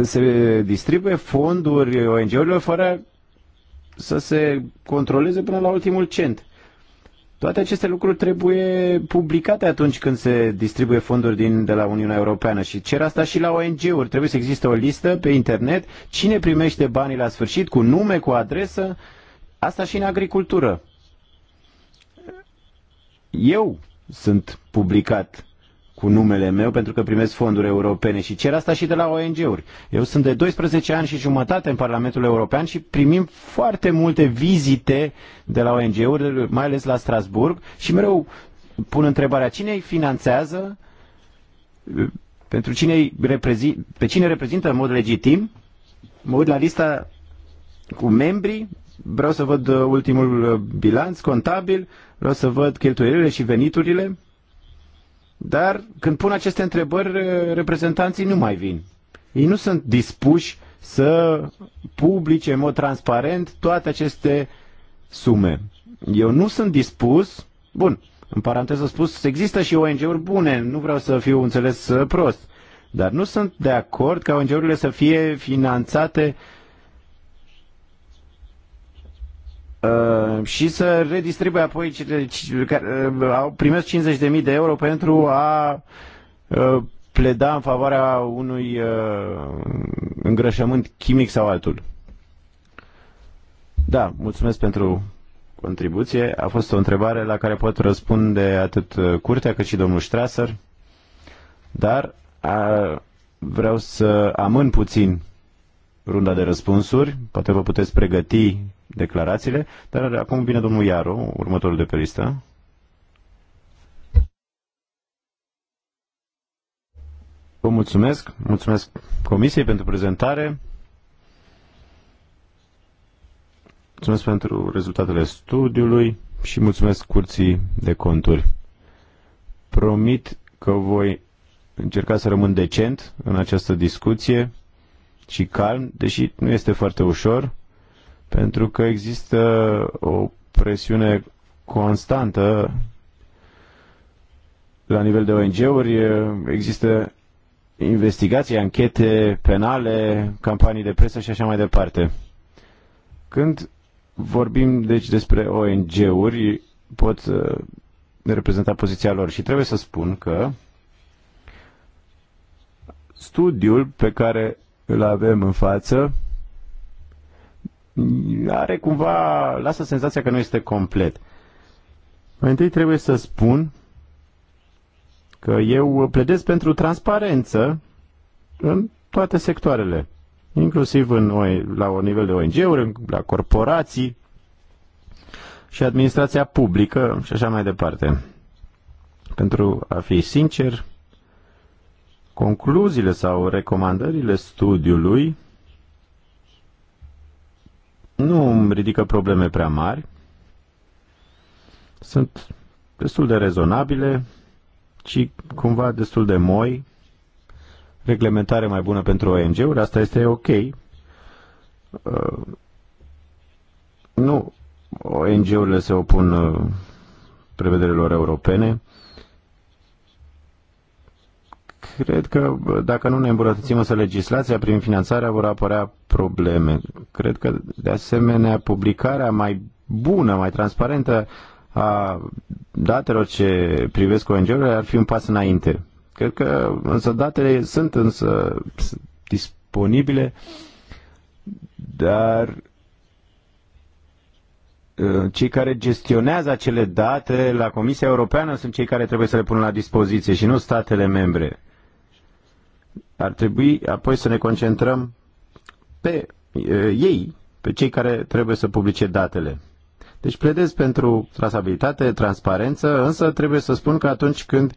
se distribuie fonduri ONG-urilor fără să se controleze până la ultimul cent. Toate aceste lucruri trebuie publicate atunci când se distribuie fonduri din, de la Uniunea Europeană și cer asta și la ONG-uri. Trebuie să existe o listă pe internet cine primește banii la sfârșit, cu nume, cu adresă, asta și în agricultură. Eu sunt publicat cu numele meu pentru că primesc fonduri europene și cer asta și de la ONG-uri. Eu sunt de 12 ani și jumătate în Parlamentul European și primim foarte multe vizite de la ONG-uri, mai ales la Strasburg și mereu pun întrebarea cine îi finanțează, pentru cine reprezi- pe cine reprezintă în mod legitim. Mă uit la lista cu membrii, vreau să văd ultimul bilanț contabil, vreau să văd cheltuielile și veniturile dar când pun aceste întrebări, eh, reprezentanții nu mai vin. Ei nu sunt dispuși să publice în mod transparent toate aceste sume. Eu nu sunt dispus, bun, în paranteză spus, există și ONG-uri bune, nu vreau să fiu înțeles eh, prost, dar nu sunt de acord ca ONG-urile să fie finanțate uh, Uh, și să redistribuie apoi cele care uh, au primit 50.000 de euro pentru a uh, pleda în favoarea unui îngrășământ chimic sau altul. Da, mulțumesc pentru contribuție. A fost o întrebare la care pot răspunde atât curtea cât și domnul Strasser, dar a, vreau să amân puțin runda de răspunsuri, poate vă puteți pregăti declarațiile, dar acum vine domnul Iaru, următorul de pe listă. Vă mulțumesc, mulțumesc Comisiei pentru prezentare, mulțumesc pentru rezultatele studiului și mulțumesc Curții de Conturi. Promit că voi încerca să rămân decent în această discuție și calm, deși nu este foarte ușor, pentru că există o presiune constantă la nivel de ONG-uri, există investigații, anchete penale, campanii de presă și așa mai departe. Când vorbim deci despre ONG-uri, pot uh, reprezenta poziția lor și trebuie să spun că studiul pe care îl avem în față, are cumva, lasă senzația că nu este complet. Mai întâi trebuie să spun că eu pledez pentru transparență în toate sectoarele, inclusiv în, la un nivel de ONG-uri, la corporații și administrația publică și așa mai departe. Pentru a fi sincer, Concluziile sau recomandările studiului nu îmi ridică probleme prea mari. Sunt destul de rezonabile, ci cumva destul de moi. Reglementare mai bună pentru ONG-uri, asta este ok. Uh, nu, ONG-urile se opun uh, prevederilor europene. Cred că dacă nu ne îmbunătățim însă legislația prin finanțarea vor apărea probleme. Cred că de asemenea publicarea mai bună, mai transparentă a datelor ce privesc ONG-urile ar fi un pas înainte. Cred că însă datele sunt însă disponibile, dar uh, cei care gestionează acele date la Comisia Europeană sunt cei care trebuie să le pună la dispoziție și nu statele membre. Ar trebui apoi să ne concentrăm pe ei, pe cei care trebuie să publice datele. Deci pledez pentru trasabilitate, transparență, însă trebuie să spun că atunci când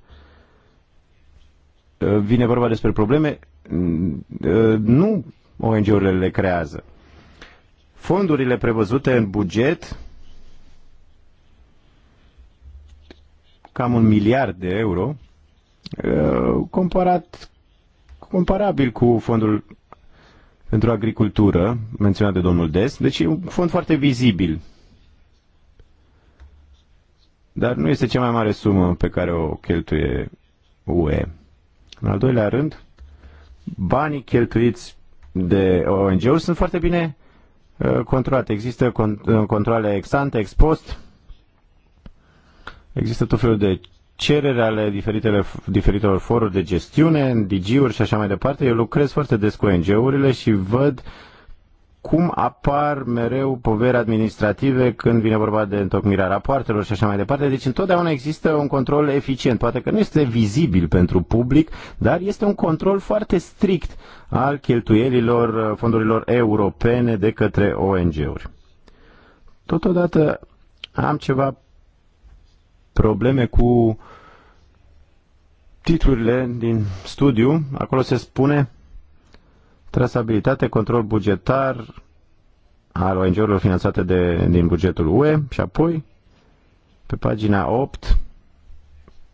vine vorba despre probleme, nu ONG-urile le creează. Fondurile prevăzute în buget, cam un miliard de euro, comparat comparabil cu fondul pentru agricultură, menționat de domnul Des, deci e un fond foarte vizibil. Dar nu este cea mai mare sumă pe care o cheltuie UE. În al doilea rând, banii cheltuiți de ONG-uri sunt foarte bine uh, controlate. Există controle ex ante, ex post, există tot felul de cereri ale diferitele, diferitelor foruri de gestiune, DG-uri și așa mai departe. Eu lucrez foarte des cu ONG-urile și văd cum apar mereu poveri administrative când vine vorba de întocmirea rapoartelor și așa mai departe. Deci întotdeauna există un control eficient. Poate că nu este vizibil pentru public, dar este un control foarte strict al cheltuielilor uh, fondurilor europene de către ONG-uri. Totodată am ceva probleme cu titlurile din studiu. Acolo se spune trasabilitate, control bugetar al ONG-urilor finanțate de, din bugetul UE și apoi pe pagina 8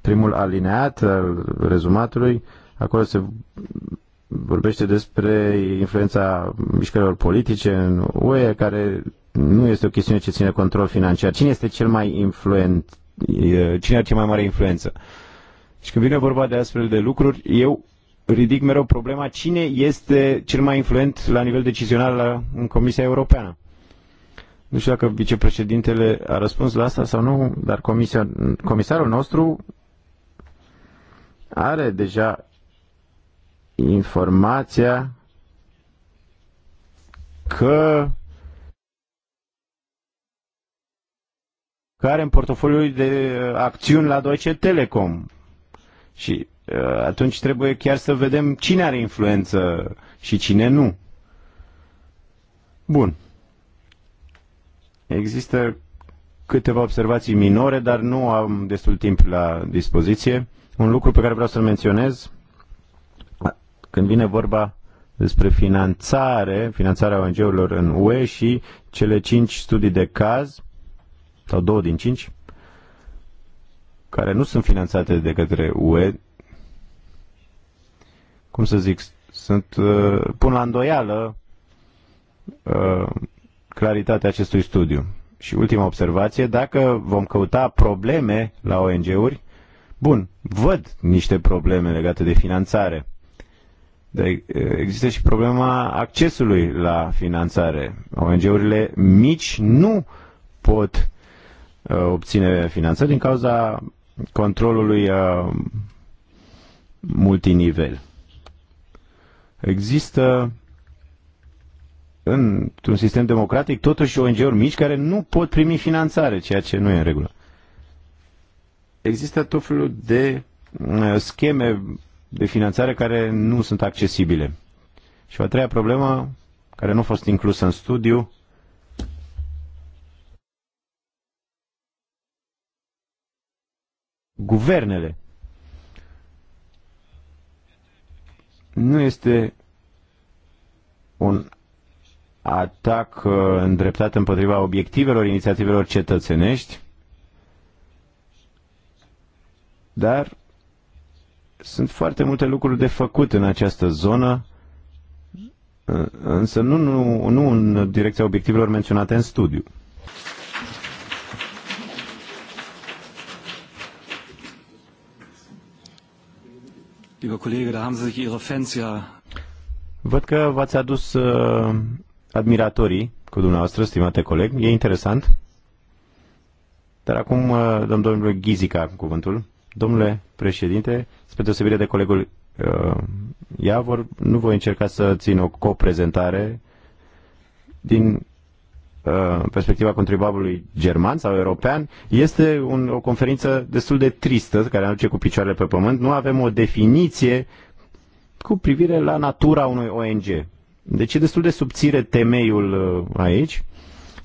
primul alineat al rezumatului, acolo se vorbește despre influența mișcărilor politice în UE, care nu este o chestiune ce ține control financiar. Cine este cel mai influent cine are cea mai mare influență. Și când vine vorba de astfel de lucruri, eu ridic mereu problema cine este cel mai influent la nivel decizional la, în Comisia Europeană. Nu știu dacă vicepreședintele a răspuns la asta sau nu, dar comisia, comisarul nostru are deja informația că care are în portofoliu de uh, acțiuni la Deutsche Telekom. Și uh, atunci trebuie chiar să vedem cine are influență și cine nu. Bun. Există câteva observații minore, dar nu am destul timp la dispoziție. Un lucru pe care vreau să-l menționez, când vine vorba despre finanțare, finanțarea ONG-urilor în UE și cele cinci studii de caz, sau două din cinci, care nu sunt finanțate de către UE, cum să zic, sunt, uh, pun la îndoială uh, claritatea acestui studiu. Și ultima observație, dacă vom căuta probleme la ONG-uri, bun, văd niște probleme legate de finanțare. Dar uh, există și problema accesului la finanțare. ONG-urile mici nu pot Uh, obține finanțări din cauza controlului uh, multinivel. Există într-un sistem democratic totuși ONG-uri mici care nu pot primi finanțare, ceea ce nu e în regulă. Există tot felul de uh, scheme de finanțare care nu sunt accesibile. Și o a treia problemă, care nu a fost inclusă în studiu, guvernele. Nu este un atac uh, îndreptat împotriva obiectivelor inițiativelor cetățenești, dar sunt foarte multe lucruri de făcut în această zonă, uh, însă nu, nu, nu în direcția obiectivelor menționate în studiu. Da Văd că v-ați adus uh, admiratorii cu dumneavoastră, stimate coleg. E interesant. Dar acum uh, dăm domnului Ghizica cuvântul. Domnule președinte, spre deosebire de colegul uh, Iavor, nu voi încerca să țin o coprezentare din Uh, perspectiva contribuabilului german sau european, este un, o conferință destul de tristă, care ne aduce cu picioarele pe pământ. Nu avem o definiție cu privire la natura unui ONG. Deci e destul de subțire temeiul uh, aici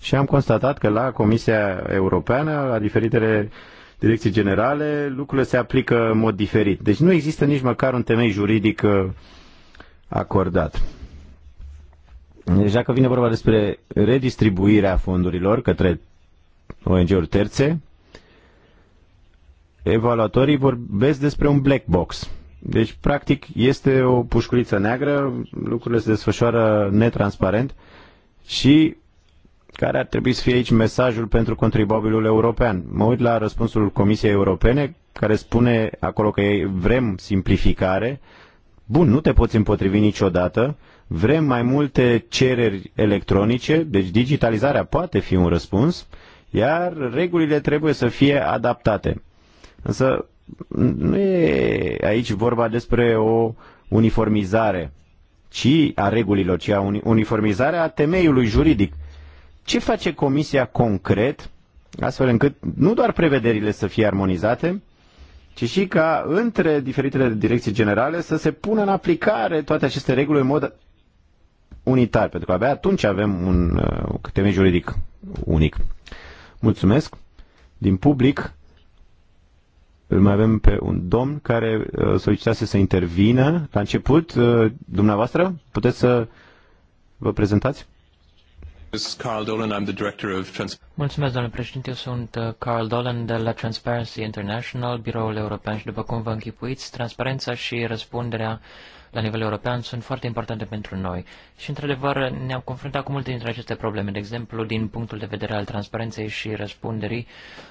și am constatat că la Comisia Europeană, la diferitele direcții generale, lucrurile se aplică în mod diferit. Deci nu există nici măcar un temei juridic uh, acordat. Deci dacă vine vorba despre redistribuirea fondurilor către ONG-uri terțe, evaluatorii vorbesc despre un black box. Deci, practic, este o pușculiță neagră, lucrurile se desfășoară netransparent și care ar trebui să fie aici mesajul pentru contribuabilul european. Mă uit la răspunsul Comisiei Europene, care spune acolo că vrem simplificare. Bun, nu te poți împotrivi niciodată, Vrem mai multe cereri electronice, deci digitalizarea poate fi un răspuns, iar regulile trebuie să fie adaptate. Însă nu e aici vorba despre o uniformizare, ci a regulilor, ci a uniformizarea temeiului juridic. Ce face Comisia concret, astfel încât nu doar prevederile să fie armonizate, ci și ca între diferitele direcții generale să se pună în aplicare toate aceste reguli în mod unitar, pentru că abia atunci avem un uh, temei juridic unic. Mulțumesc. Din public îl mai avem pe un domn care uh, solicitase să intervină la început. Uh, dumneavoastră, puteți să vă prezentați? Mulțumesc, domnule președinte. Eu sunt uh, Carl Dolan de la Transparency International, biroul european și, după cum vă închipuiți, transparența și răspunderea uh, la nivel european sunt foarte importante pentru noi și, într-adevăr, ne-am confruntat cu multe dintre aceste probleme, de exemplu, din punctul de vedere al transparenței și răspunderii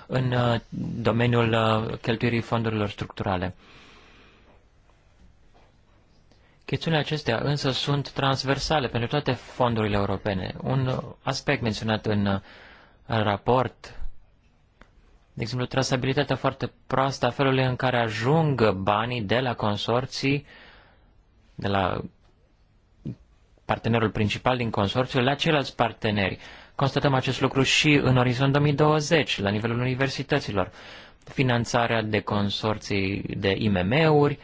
în uh, domeniul uh, cheltuirii fondurilor structurale. Chestiunile acestea însă sunt transversale pentru toate fondurile europene. Un aspect menționat în uh, raport, de exemplu, trasabilitatea foarte proastă a felului în care ajung banii de la consorții uh, de la partenerul principal din consorțiu la ceilalți parteneri. Constatăm acest lucru și în orizont 2020, la nivelul universităților, finanțarea de consorții de IMM-uri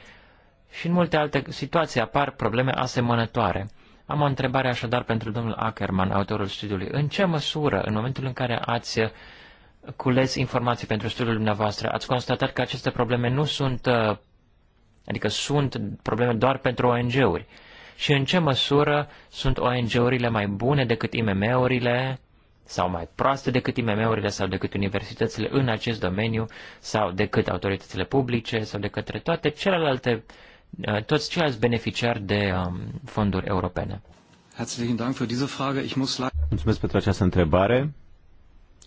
și în multe alte situații apar probleme asemănătoare. Am o întrebare așadar pentru domnul Ackerman, autorul studiului. În ce măsură, în momentul în care ați cules informații pentru studiul dumneavoastră, ați constatat că aceste probleme nu sunt uh, Adică sunt probleme doar pentru ONG-uri. Și în ce măsură sunt ONG-urile mai bune decât IMM-urile sau mai proaste decât IMM-urile sau decât universitățile în acest domeniu sau decât autoritățile publice sau de către toate celelalte, uh, toți ceilalți beneficiari de um, fonduri europene. Mulțumesc pentru această întrebare.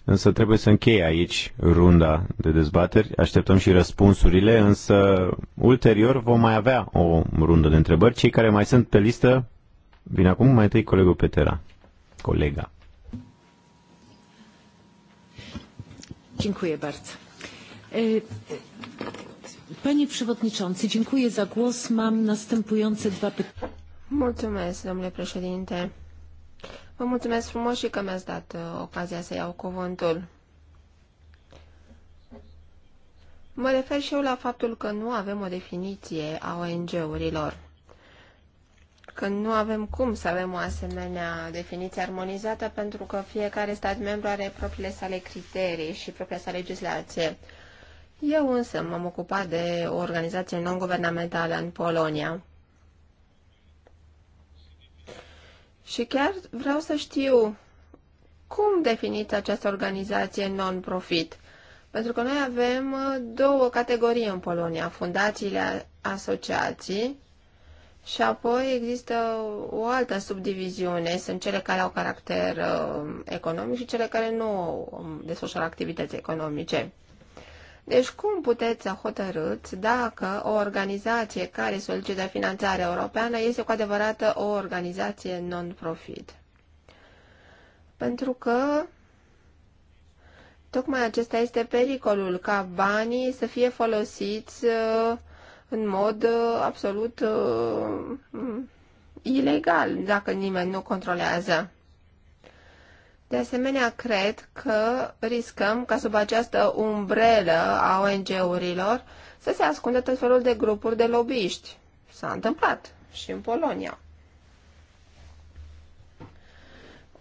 Însă trebuie să încheie aici runda de dezbateri. Așteptăm și răspunsurile, însă ulterior vom mai avea o rundă de întrebări. Cei care mai sunt pe listă, vin acum mai întâi colegul Petera, colega. Dziękuję bardzo. Panie Przewodniczący, dziękuję za głos. Mam następujące dwa pytania. Mulțumesc, domnule președinte. Vă mulțumesc frumos și că mi-ați dat uh, ocazia să iau cuvântul. Mă refer și eu la faptul că nu avem o definiție a ONG-urilor. Că nu avem cum să avem o asemenea definiție armonizată pentru că fiecare stat membru are propriile sale criterii și propria sa legislație. Eu însă m-am ocupat de o organizație non-guvernamentală în Polonia Și chiar vreau să știu cum definiți această organizație non-profit. Pentru că noi avem uh, două categorii în Polonia, fundațiile asociații și apoi există o altă subdiviziune, sunt cele care au caracter uh, economic și cele care nu um, desfășoară activități economice. Deci cum puteți să hotărâți dacă o organizație care solicită finanțare europeană este cu adevărat o organizație non-profit? Pentru că tocmai acesta este pericolul, ca banii să fie folosiți uh, în mod uh, absolut uh, mm, ilegal, dacă nimeni nu controlează. De asemenea, cred că riscăm ca sub această umbrelă a ONG-urilor să se ascundă tot felul de grupuri de lobbyiști. S-a întâmplat și în Polonia.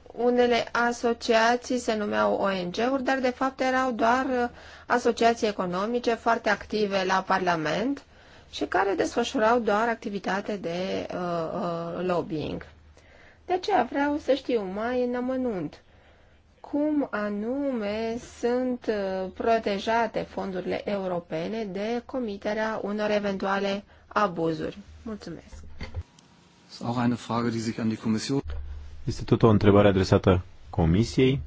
Unele asociații se numeau ONG-uri, dar de fapt erau doar asociații economice foarte active la Parlament și care desfășurau doar activitate de uh, uh, lobbying. De aceea vreau să știu mai în amănunt cum anume sunt uh, protejate fondurile europene de comiterea unor eventuale abuzuri. Mulțumesc. Este tot o întrebare adresată Comisiei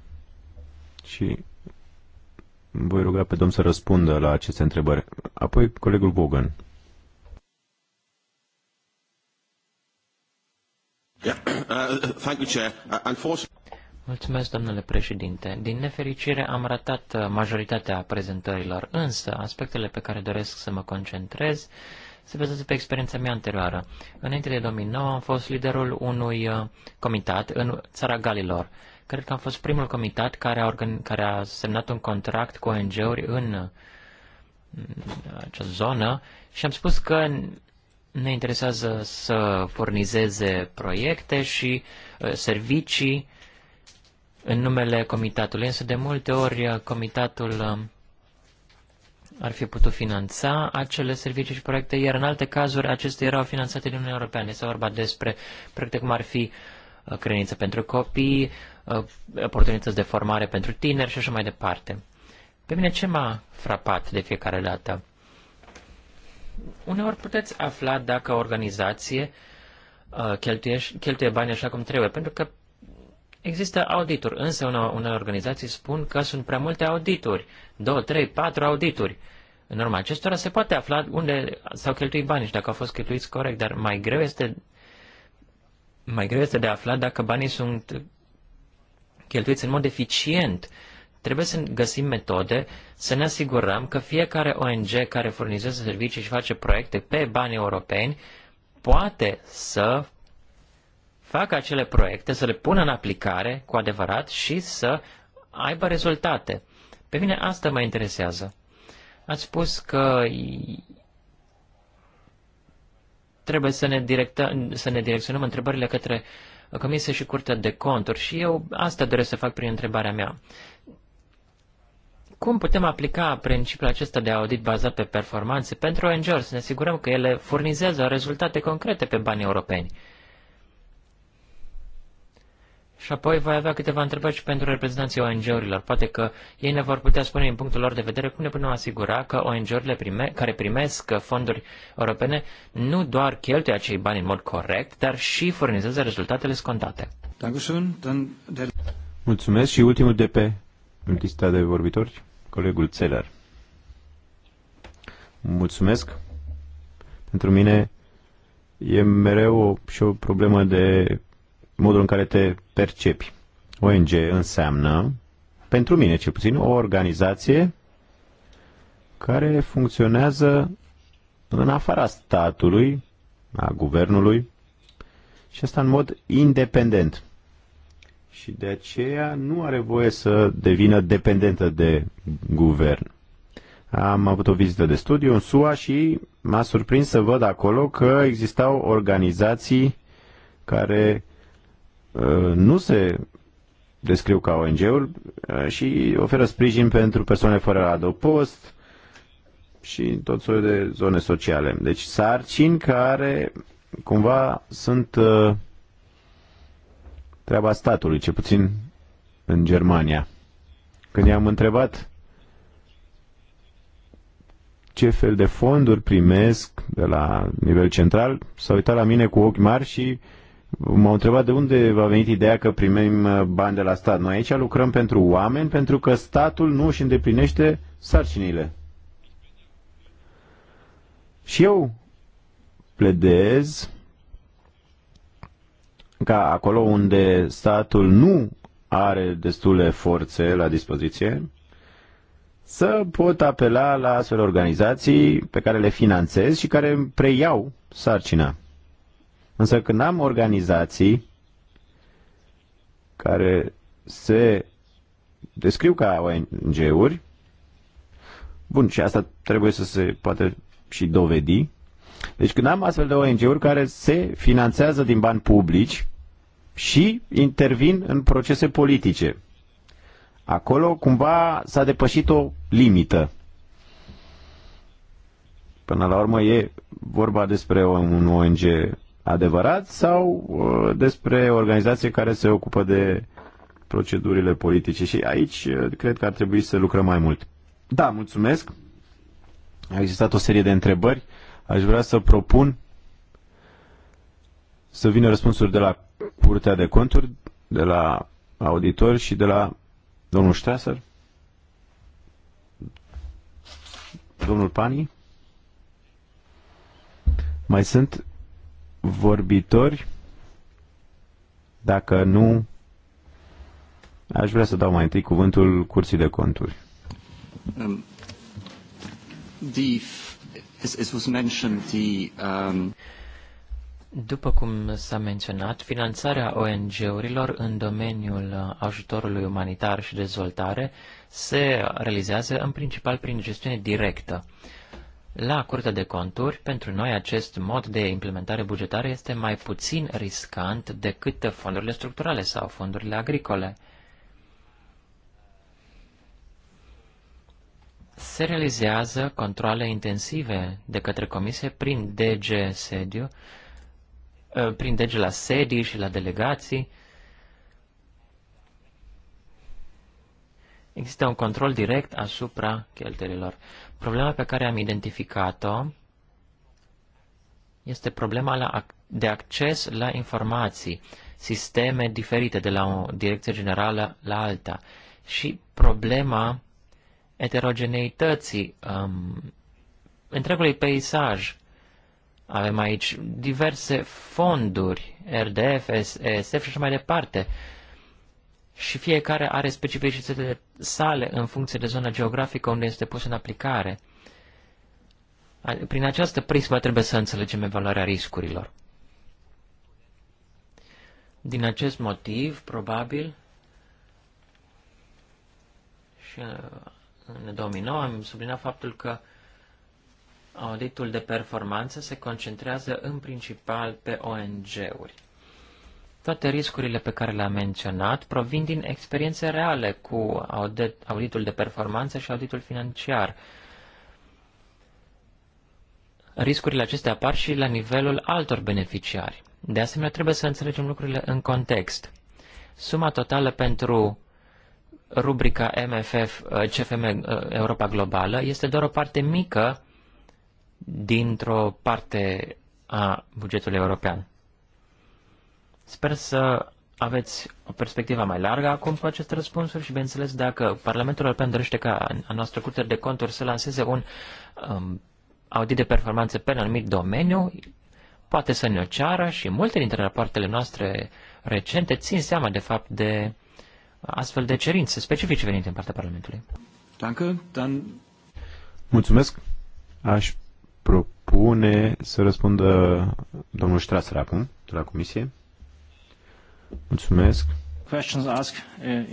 și voi ruga pe domn să răspundă la aceste întrebări. Apoi colegul Bogan. Yeah. Uh, thank you, Chair. Uh, unfortunately... Mulțumesc, domnule președinte. Din nefericire am ratat uh, majoritatea prezentărilor, însă aspectele pe care doresc să mă concentrez se bazează pe experiența mea anterioară. Înainte de 2009 am fost liderul unui uh, comitat în țara Galilor. Cred că am fost primul comitat care a, organ... care a semnat un contract cu ONG-uri în uh, acea zonă și am spus că ne interesează să furnizeze proiecte și servicii în numele comitatului, însă de multe ori uh, comitatul um, ar fi putut finanța acele servicii și proiecte, iar în alte cazuri acestea erau finanțate din Uniunea Europeană. Este vorba despre proiecte cum ar fi uh, credință pentru copii, uh, oportunități de formare pentru tineri și așa mai departe. Pe mine ce m-a frapat de fiecare dată? Uneori puteți afla dacă o organizație cheltuie, cheltuie bani așa cum trebuie, pentru că Există audituri, însă unele organizații spun că sunt prea multe audituri, 2, 3, 4 audituri. În urma acestora se poate afla unde s-au cheltuit banii și dacă au fost cheltuiți corect, dar mai greu este, mai greu este de aflat dacă banii sunt cheltuiți în mod eficient. Trebuie să găsim metode să ne asigurăm că fiecare ONG care furnizează servicii și face proiecte pe bani europeni poate să facă acele proiecte, să le pună în aplicare cu adevărat și să aibă rezultate. Pe mine asta mă interesează. Ați spus că trebuie să ne, directă, să ne direcționăm întrebările către Comisie și Curtea de Conturi și eu asta doresc să fac prin întrebarea mea. Cum putem aplica principiul acesta de audit bazat pe performanțe pentru ONG-uri să ne asigurăm că ele furnizează rezultate concrete pe banii europeni? Și apoi voi avea câteva întrebări și pentru reprezentanții ONG-urilor. Poate că ei ne vor putea spune din punctul lor de vedere cum ne putem asigura că ONG-urile prime, care primesc fonduri europene nu doar cheltuie acei bani în mod corect, dar și furnizează rezultatele scontate. Mulțumesc și ultimul de pe lista de vorbitori, colegul Țeler. Mulțumesc. Pentru mine e mereu și o problemă de modul în care te percepi. ONG înseamnă, pentru mine cel puțin, o organizație care funcționează în afara statului, a guvernului, și asta în mod independent. Și de aceea nu are voie să devină dependentă de guvern. Am avut o vizită de studiu în SUA și m-a surprins să văd acolo că existau organizații care Uh, nu se descriu ca ONG-uri uh, și oferă sprijin pentru persoane fără adăpost și tot soiul de zone sociale. Deci sarcini care cumva sunt uh, treaba statului, ce puțin în Germania. Când i-am întrebat ce fel de fonduri primesc de la nivel central, s-au uitat la mine cu ochi mari și uh, M-au întrebat de unde a venit ideea că primim uh, bani de la stat. Noi aici lucrăm pentru oameni pentru că statul nu își îndeplinește sarcinile. Și eu pledez ca acolo unde statul nu are destule forțe la dispoziție, să pot apela la astfel organizații pe care le finanțez și care preiau sarcina. Însă când am organizații care se descriu ca ONG-uri, bun, și asta trebuie să se poate și dovedi, deci când am astfel de ONG-uri care se finanțează din bani publici și intervin în procese politice, acolo cumva s-a depășit o limită. Până la urmă e vorba despre un ONG adevărat sau uh, despre organizație care se ocupă de procedurile politice. Și aici uh, cred că ar trebui să lucrăm mai mult. Da, mulțumesc. A existat o serie de întrebări. Aș vrea să propun să vină răspunsuri de la Curtea de Conturi, de la auditori și de la domnul Strasser, domnul Pani. Mai sunt vorbitori. Dacă nu, aș vrea să dau mai întâi cuvântul Curții de Conturi. Um, the, as, as was mentioned, the, um... După cum s-a menționat, finanțarea ONG-urilor în domeniul ajutorului umanitar și dezvoltare se realizează în principal prin gestiune directă. La Curtea de Conturi, pentru noi acest mod de implementare bugetară este mai puțin riscant decât fondurile structurale sau fondurile agricole. Se realizează controle intensive de către comisie prin DG sediu, ă, prin DG la sedii și la delegații. Există un control direct asupra cheltuielilor. Problema pe care am identificat-o este problema la, de acces la informații, sisteme diferite de la o direcție generală la alta și problema eterogeneității um, întregului peisaj. Avem aici diverse fonduri, RDF, ESF și așa mai departe, și fiecare are specificitățile sale în funcție de zona geografică unde este pusă în aplicare. Prin această prismă trebuie să înțelegem evaluarea riscurilor. Din acest motiv, probabil, și uh, în 2009 am subliniat faptul că auditul de performanță se concentrează în principal pe ONG-uri. Toate riscurile pe care le-am menționat provin din experiențe reale cu audit, auditul de performanță și auditul financiar. Riscurile acestea apar și la nivelul altor beneficiari. De asemenea, trebuie să înțelegem lucrurile în context. Suma totală pentru rubrica MFF uh, CFM uh, Europa Globală este doar o parte mică dintr-o parte a bugetului european. Sper să aveți o perspectivă mai largă acum cu aceste răspunsuri și, bineînțeles, dacă Parlamentul European dorește ca a noastră curte de conturi să lanseze un um, audit de performanțe pe un anumit domeniu, poate să ne o ceară și multe dintre rapoartele noastre recente țin seama, de fapt, de astfel de cerințe specifice venite în partea Parlamentului. Danke, Dan. Mulțumesc. Aș propune să răspundă domnul Strasser acum, de la Comisie. Mulțumesc. Eh,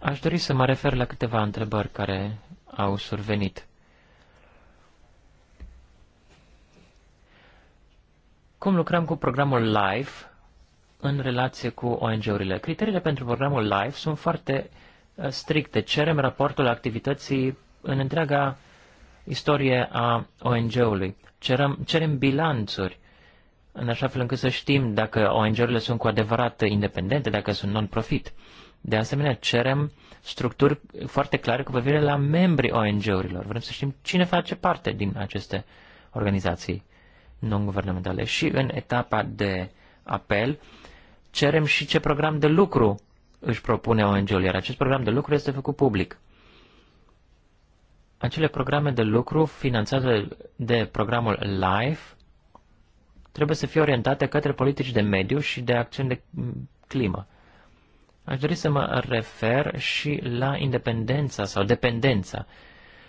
Aș dori să mă refer la câteva întrebări care au survenit. Cum lucrăm cu programul LIFE în relație cu ONG-urile? Criteriile pentru programul LIFE sunt foarte eh, stricte. Cerem raportul activității în întreaga istorie a ONG-ului. Cerem, cerem bilanțuri în așa fel încât să știm dacă ONG-urile sunt cu adevărat independente, dacă sunt non-profit. De asemenea, cerem structuri foarte clare cu privire la membrii ONG-urilor. Vrem să știm cine face parte din aceste organizații non-guvernamentale. Și în etapa de apel, cerem și ce program de lucru își propune ONG-ul, iar acest program de lucru este făcut public. Acele programe de lucru finanțate de programul LIFE trebuie să fie orientate către politici de mediu și de acțiuni de climă. Aș dori să mă refer și la independența sau dependența.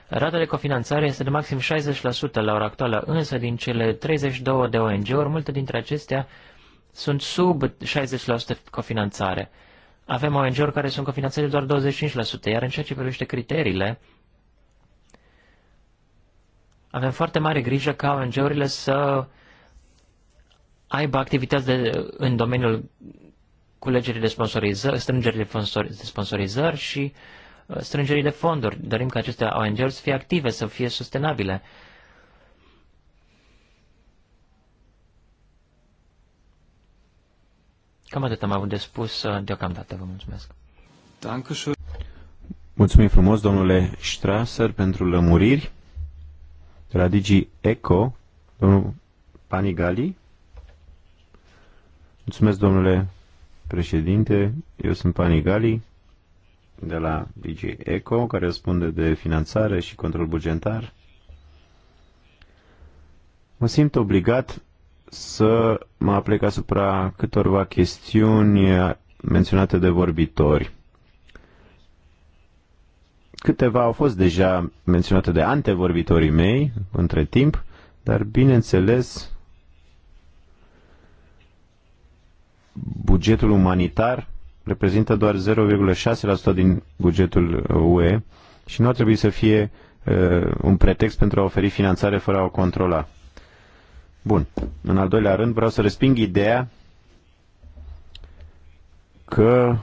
Rata de cofinanțare este de maxim 60% la ora actuală, însă din cele 32 de ONG-uri, multe dintre acestea sunt sub 60% cofinanțare. Avem ONG-uri care sunt cofinanțate doar 25%, iar în ceea ce privește criteriile, avem foarte mare grijă ca ONG-urile să aibă activități de, în domeniul culegerii de sponsorizări, strângerii de, sponsorizări și uh, strângerii de fonduri. Dorim ca aceste ONG-uri să fie active, să fie sustenabile. Cam atât am avut de spus uh, deocamdată. Vă mulțumesc. Mulțumim frumos, domnule Strasser, pentru lămuriri. De la Digi Eco, domnul Panigali. Mulțumesc, domnule președinte. Eu sunt Pani Gali de la DG ECO, care răspunde de finanțare și control bugetar. Mă simt obligat să mă aplec asupra câtorva chestiuni menționate de vorbitori. Câteva au fost deja menționate de antevorbitorii mei între timp, dar bineînțeles bugetul umanitar reprezintă doar 0,6% din bugetul UE și nu ar trebui să fie uh, un pretext pentru a oferi finanțare fără a o controla. Bun. În al doilea rând, vreau să resping ideea că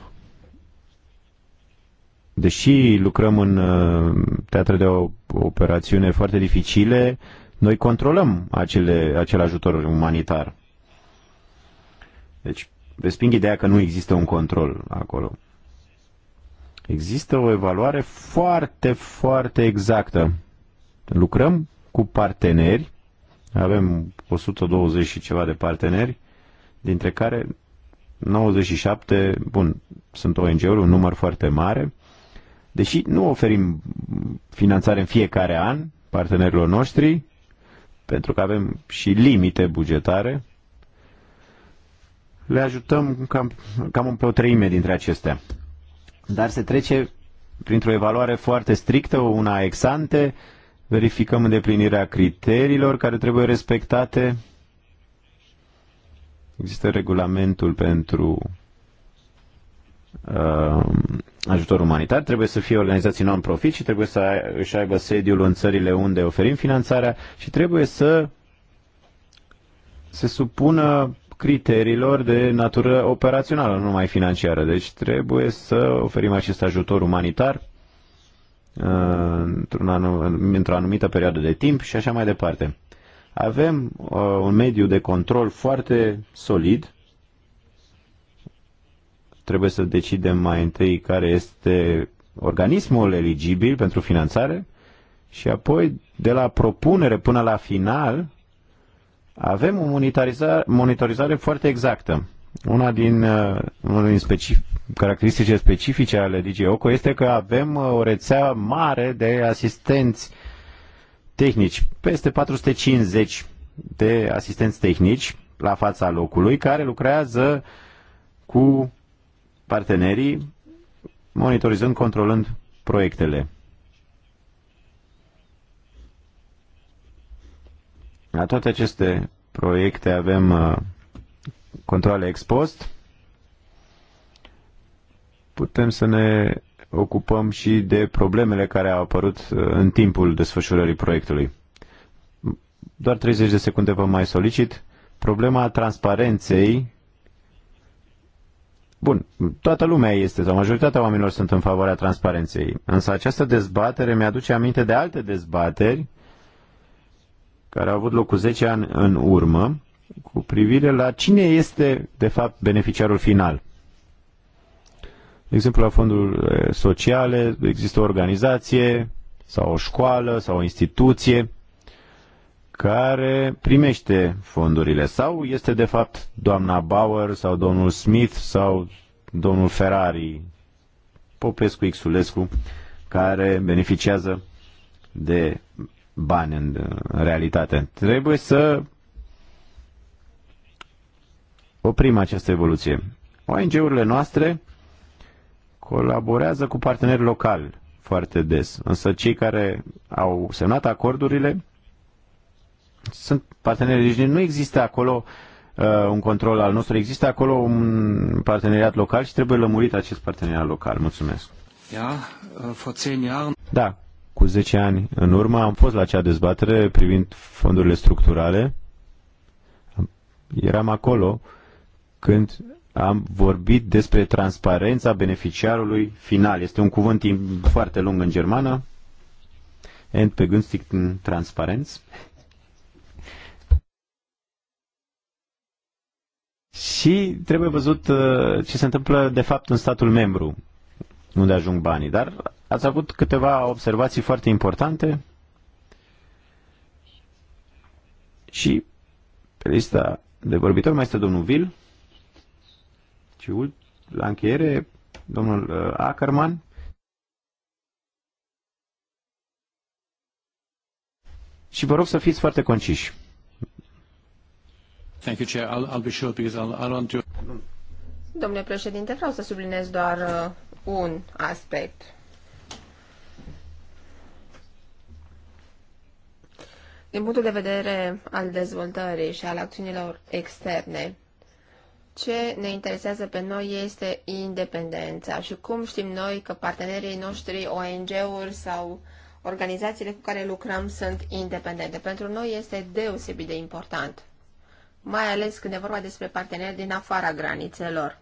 deși lucrăm în uh, teatre de o operațiune foarte dificile, noi controlăm acele, acel ajutor umanitar. Deci resping ideea că nu există un control acolo. Există o evaluare foarte, foarte exactă. Lucrăm cu parteneri, avem 120 și ceva de parteneri, dintre care 97, bun, sunt ONG-uri, un număr foarte mare, deși nu oferim finanțare în fiecare an partenerilor noștri, pentru că avem și limite bugetare, le ajutăm cam, cam pe o treime dintre acestea. Dar se trece printr-o evaluare foarte strictă, una exante, verificăm îndeplinirea criteriilor care trebuie respectate. Există regulamentul pentru uh, ajutor umanitar, trebuie să fie organizații non-profit și trebuie să își aibă sediul în țările unde oferim finanțarea și trebuie să se supună criteriilor de natură operațională, nu numai financiară. Deci trebuie să oferim acest ajutor umanitar uh, într-un anum, într-o anumită perioadă de timp și așa mai departe. Avem uh, un mediu de control foarte solid. Trebuie să decidem mai întâi care este organismul eligibil pentru finanțare și apoi de la propunere până la final avem o monitorizare, monitorizare foarte exactă. Una din, uh, una din specific, caracteristicile specifice ale Oco este că avem uh, o rețea mare de asistenți tehnici, peste 450 de asistenți tehnici la fața locului, care lucrează cu partenerii, monitorizând, controlând proiectele. La toate aceste proiecte avem uh, controle ex post. Putem să ne ocupăm și de problemele care au apărut uh, în timpul desfășurării proiectului. Doar 30 de secunde vă mai solicit. Problema transparenței. Bun, toată lumea este, sau majoritatea oamenilor sunt în favoarea transparenței. Însă această dezbatere mi-aduce aminte de alte dezbateri uh, care a avut loc cu 10 ani în urmă cu privire la cine este, de fapt, beneficiarul final. De exemplu, la fonduri eh, sociale există o organizație sau o școală sau o instituție care primește fondurile sau este de fapt doamna Bauer sau domnul Smith sau domnul Ferrari, Popescu, Xulescu, care beneficiază de bani în, în realitate. Trebuie să oprim această evoluție. ONG-urile noastre colaborează cu parteneri locali foarte des, însă cei care au semnat acordurile sunt parteneri. Deci nu există acolo uh, un control al nostru, există acolo un parteneriat local și trebuie lămurit acest parteneriat local. Mulțumesc. Uh, da, cu 10 ani în urmă am fost la acea dezbatere privind fondurile structurale. Eram acolo când am vorbit despre transparența beneficiarului final. Este un cuvânt foarte lung în germană. End pe gând în transparenț. Și trebuie văzut uh, ce se întâmplă de fapt în statul membru unde ajung banii. Dar ați avut câteva observații foarte importante și pe lista de vorbitori mai este domnul Vil și la încheiere domnul uh, Ackerman. Și vă rog să fiți foarte conciși. Thank you, Chair. I'll, I'll be short because I'll, I'll want to... Domnule președinte, vreau să subliniez doar uh, un aspect. Din punctul de vedere al dezvoltării și al acțiunilor externe, ce ne interesează pe noi este independența și cum știm noi că partenerii noștri, ONG-uri sau organizațiile cu care lucrăm sunt independente. Pentru noi este deosebit de important, mai ales când e vorba despre parteneri din afara granițelor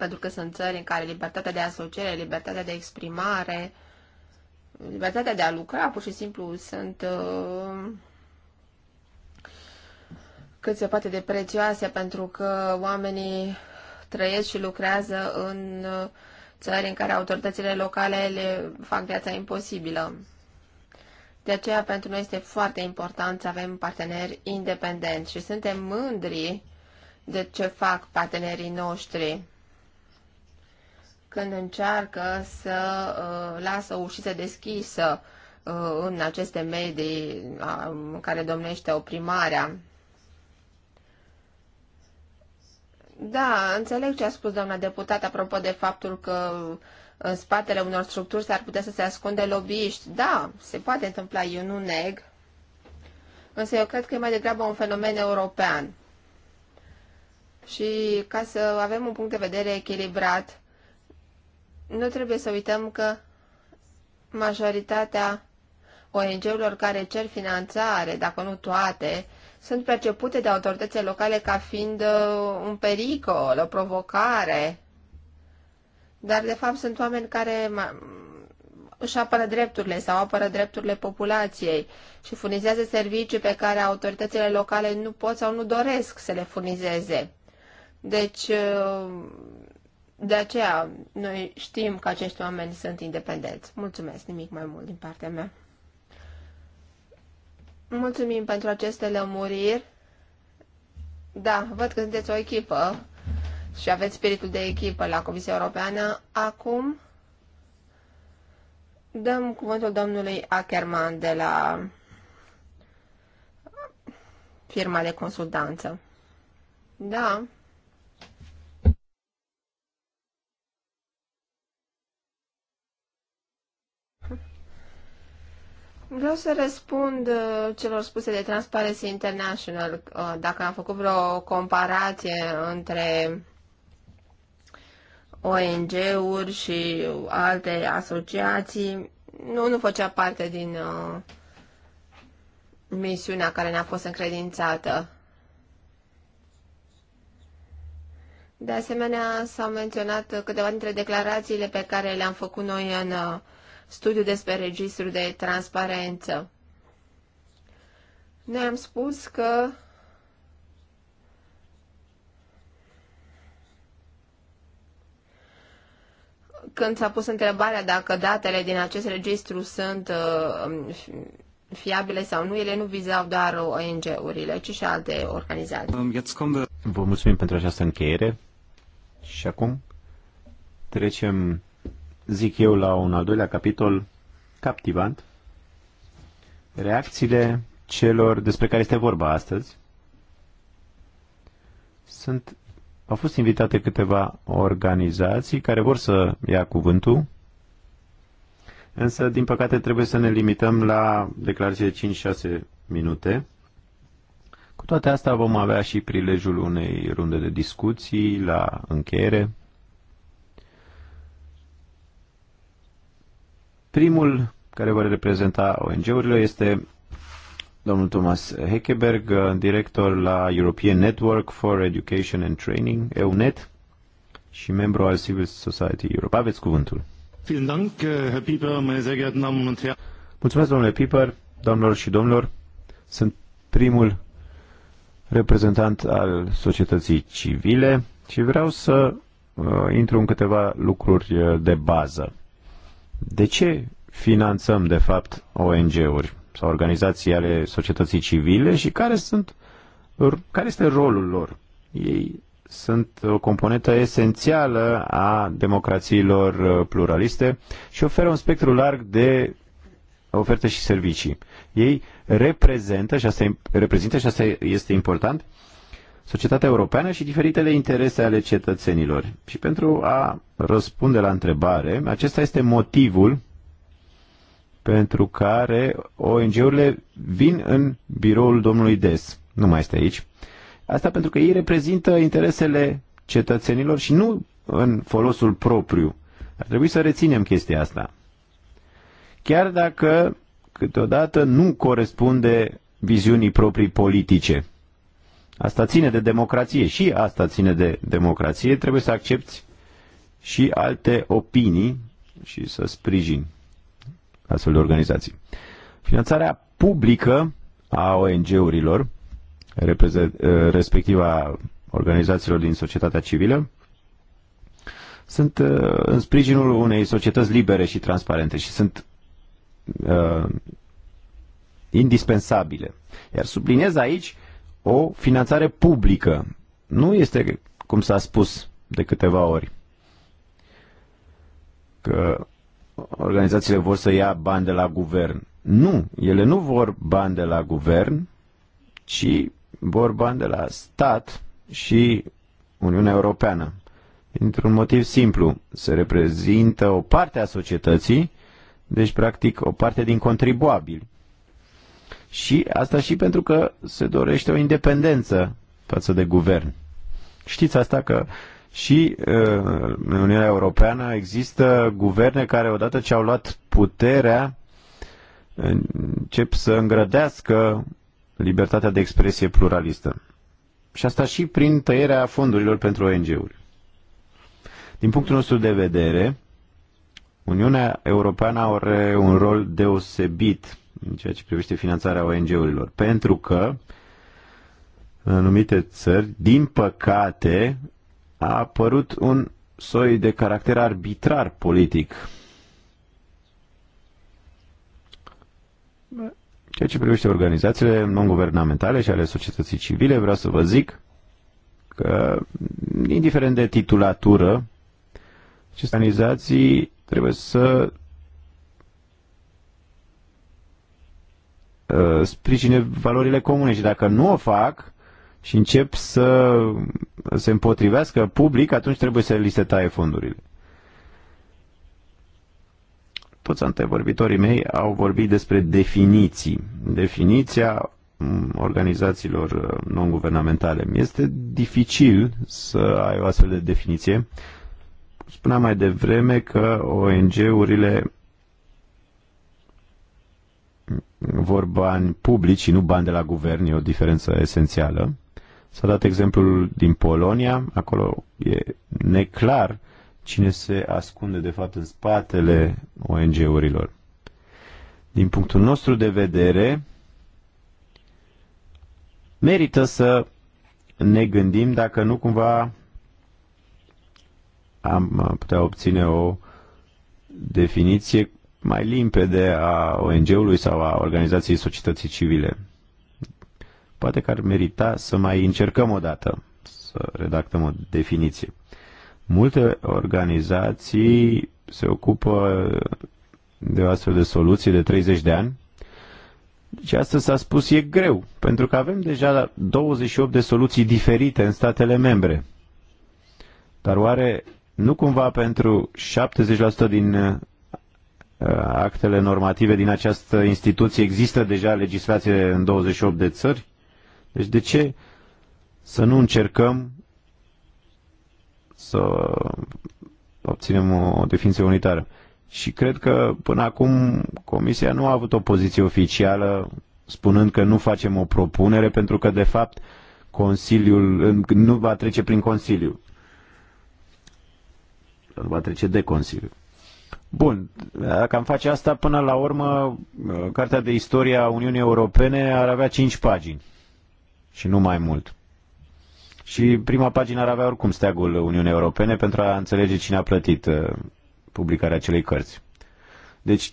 pentru că sunt țări în care libertatea de asociere, libertatea de exprimare, libertatea de a lucra, pur și simplu sunt uh, cât se poate de prețioase, pentru că oamenii trăiesc și lucrează în uh, țări în care autoritățile locale le fac viața imposibilă. De aceea, pentru noi este foarte important să avem parteneri independenți și suntem mândri de ce fac partenerii noștri când încearcă să uh, lasă o ușiță deschisă uh, în aceste medii uh, în care domnește oprimarea. Da, înțeleg ce a spus doamna deputată apropo de faptul că în spatele unor structuri s-ar putea să se ascunde lobbyiști. Da, se poate întâmpla, eu nu neg, însă eu cred că e mai degrabă un fenomen european. Și ca să avem un punct de vedere echilibrat, nu trebuie să uităm că majoritatea ONG-urilor care cer finanțare, dacă nu toate, sunt percepute de autoritățile locale ca fiind uh, un pericol, o provocare. Dar, de fapt, sunt oameni care își apără drepturile sau apără drepturile populației și furnizează servicii pe care autoritățile locale nu pot sau nu doresc să le furnizeze. Deci, uh, de aceea, noi știm că acești oameni sunt independenți. Mulțumesc, nimic mai mult din partea mea. Mulțumim pentru aceste lămuriri. Da, văd că sunteți o echipă și aveți spiritul de echipă la Comisia Europeană. Acum dăm cuvântul domnului Ackerman de la firma de consultanță. Da. Vreau să răspund uh, celor spuse de Transparency International, uh, dacă am făcut vreo comparație între ONG-uri și alte asociații. Nu, nu făcea parte din uh, misiunea care ne-a fost încredințată. De asemenea, s-au menționat câteva dintre declarațiile pe care le-am făcut noi în uh, studiu despre registru de transparență. Ne-am spus că când s-a pus întrebarea dacă datele din acest registru sunt uh, fiabile sau nu, ele nu vizau doar ONG-urile, ci și alte organizații. Um, Vă mulțumim pentru această încheiere și acum trecem zic eu, la un al doilea capitol captivant, reacțiile celor despre care este vorba astăzi. Sunt, au fost invitate câteva organizații care vor să ia cuvântul, însă, din păcate, trebuie să ne limităm la declarație de 5-6 minute. Cu toate astea vom avea și prilejul unei runde de discuții la încheiere. Primul care va reprezenta ONG-urile este domnul Thomas Heckeberg, director la European Network for Education and Training, EUNET, și membru al Civil Society Europe. Aveți cuvântul. Mulțumesc, domnule Piper, doamnelor și domnilor. Sunt primul reprezentant al societății civile și vreau să uh, intru în câteva lucruri uh, de bază. De ce finanțăm, de fapt, ONG-uri sau organizații ale societății civile și care, sunt, care este rolul lor? Ei sunt o componentă esențială a democrațiilor uh, pluraliste și oferă un spectru larg de oferte și servicii. Ei reprezintă, și asta, reprezintă, și asta este important, societatea europeană și diferitele interese ale cetățenilor. Și pentru a răspunde la întrebare, acesta este motivul pentru care ONG-urile vin în biroul domnului Des. Nu mai este aici. Asta pentru că ei reprezintă interesele cetățenilor și nu în folosul propriu. Ar trebui să reținem chestia asta. Chiar dacă câteodată nu corespunde viziunii proprii politice. Asta ține de democrație și asta ține de democrație. Trebuie să accepti și alte opinii și să sprijini astfel de organizații. Finanțarea publică a ONG-urilor, eh, respectiv a organizațiilor din societatea civilă, sunt eh, în sprijinul unei societăți libere și transparente și sunt uh, indispensabile. Iar subliniez aici o finanțare publică. Nu este, cum s-a spus de câteva ori, că organizațiile vor să ia bani de la guvern. Nu, ele nu vor bani de la guvern, ci vor bani de la stat și Uniunea Europeană. Dintr-un motiv simplu, se reprezintă o parte a societății, deci practic o parte din contribuabili. Și asta și pentru că se dorește o independență față de guvern. Știți asta că și uh, în Uniunea Europeană există guverne care odată ce au luat puterea încep să îngrădească libertatea de expresie pluralistă. Și asta și prin tăierea fondurilor pentru ONG-uri. Din punctul nostru de vedere, Uniunea Europeană are un rol deosebit în ceea ce privește finanțarea ONG-urilor. Pentru că în anumite țări, din păcate, a apărut un soi de caracter arbitrar politic. Ceea ce privește organizațiile non-guvernamentale și ale societății civile, vreau să vă zic că, indiferent de titulatură, aceste organizații trebuie să Uh, sprijine valorile comune și dacă nu o fac și încep să se împotrivească public, atunci trebuie să li se taie fondurile. Toți antevorbitorii mei au vorbit despre definiții. Definiția mm, organizațiilor uh, non-guvernamentale. Este dificil să ai o astfel de definiție. Spuneam mai devreme că ONG-urile vor bani publici și nu bani de la guvern, e o diferență esențială. S-a dat exemplul din Polonia, acolo e neclar cine se ascunde de fapt în spatele ONG-urilor. Din punctul nostru de vedere, merită să ne gândim dacă nu cumva am putea obține o definiție mai limpede a ONG-ului sau a organizației societății civile. Poate că ar merita să mai încercăm o dată să redactăm o definiție. Multe organizații se ocupă de o astfel de soluție de 30 de ani Deci asta s-a spus e greu, pentru că avem deja 28 de soluții diferite în statele membre. Dar oare nu cumva pentru 70% din Uh, actele normative din această instituție. Există deja legislație în 28 de țări. Deci de ce să nu încercăm să obținem o definiție unitară? Și cred că până acum Comisia nu a avut o poziție oficială spunând că nu facem o propunere pentru că de fapt Consiliul nu va trece prin Consiliu. Va trece de Consiliu. Bun, dacă am face asta, până la urmă, Cartea de Istorie a Uniunii Europene ar avea 5 pagini și nu mai mult. Și prima pagină ar avea oricum steagul Uniunii Europene pentru a înțelege cine a plătit uh, publicarea acelei cărți. Deci,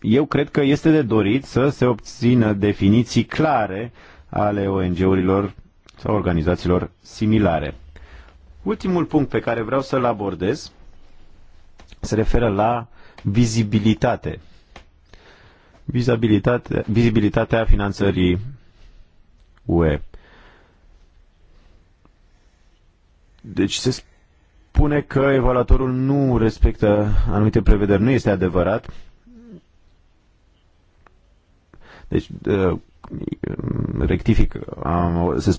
eu cred că este de dorit să se obțină definiții clare ale ONG-urilor sau organizațiilor similare. Ultimul punct pe care vreau să-l abordez se referă la vizibilitate. Vizibilitatea, vizibilitatea finanțării UE. Deci se spune că evaluatorul nu respectă anumite prevederi. Nu este adevărat. Deci uh, rectific,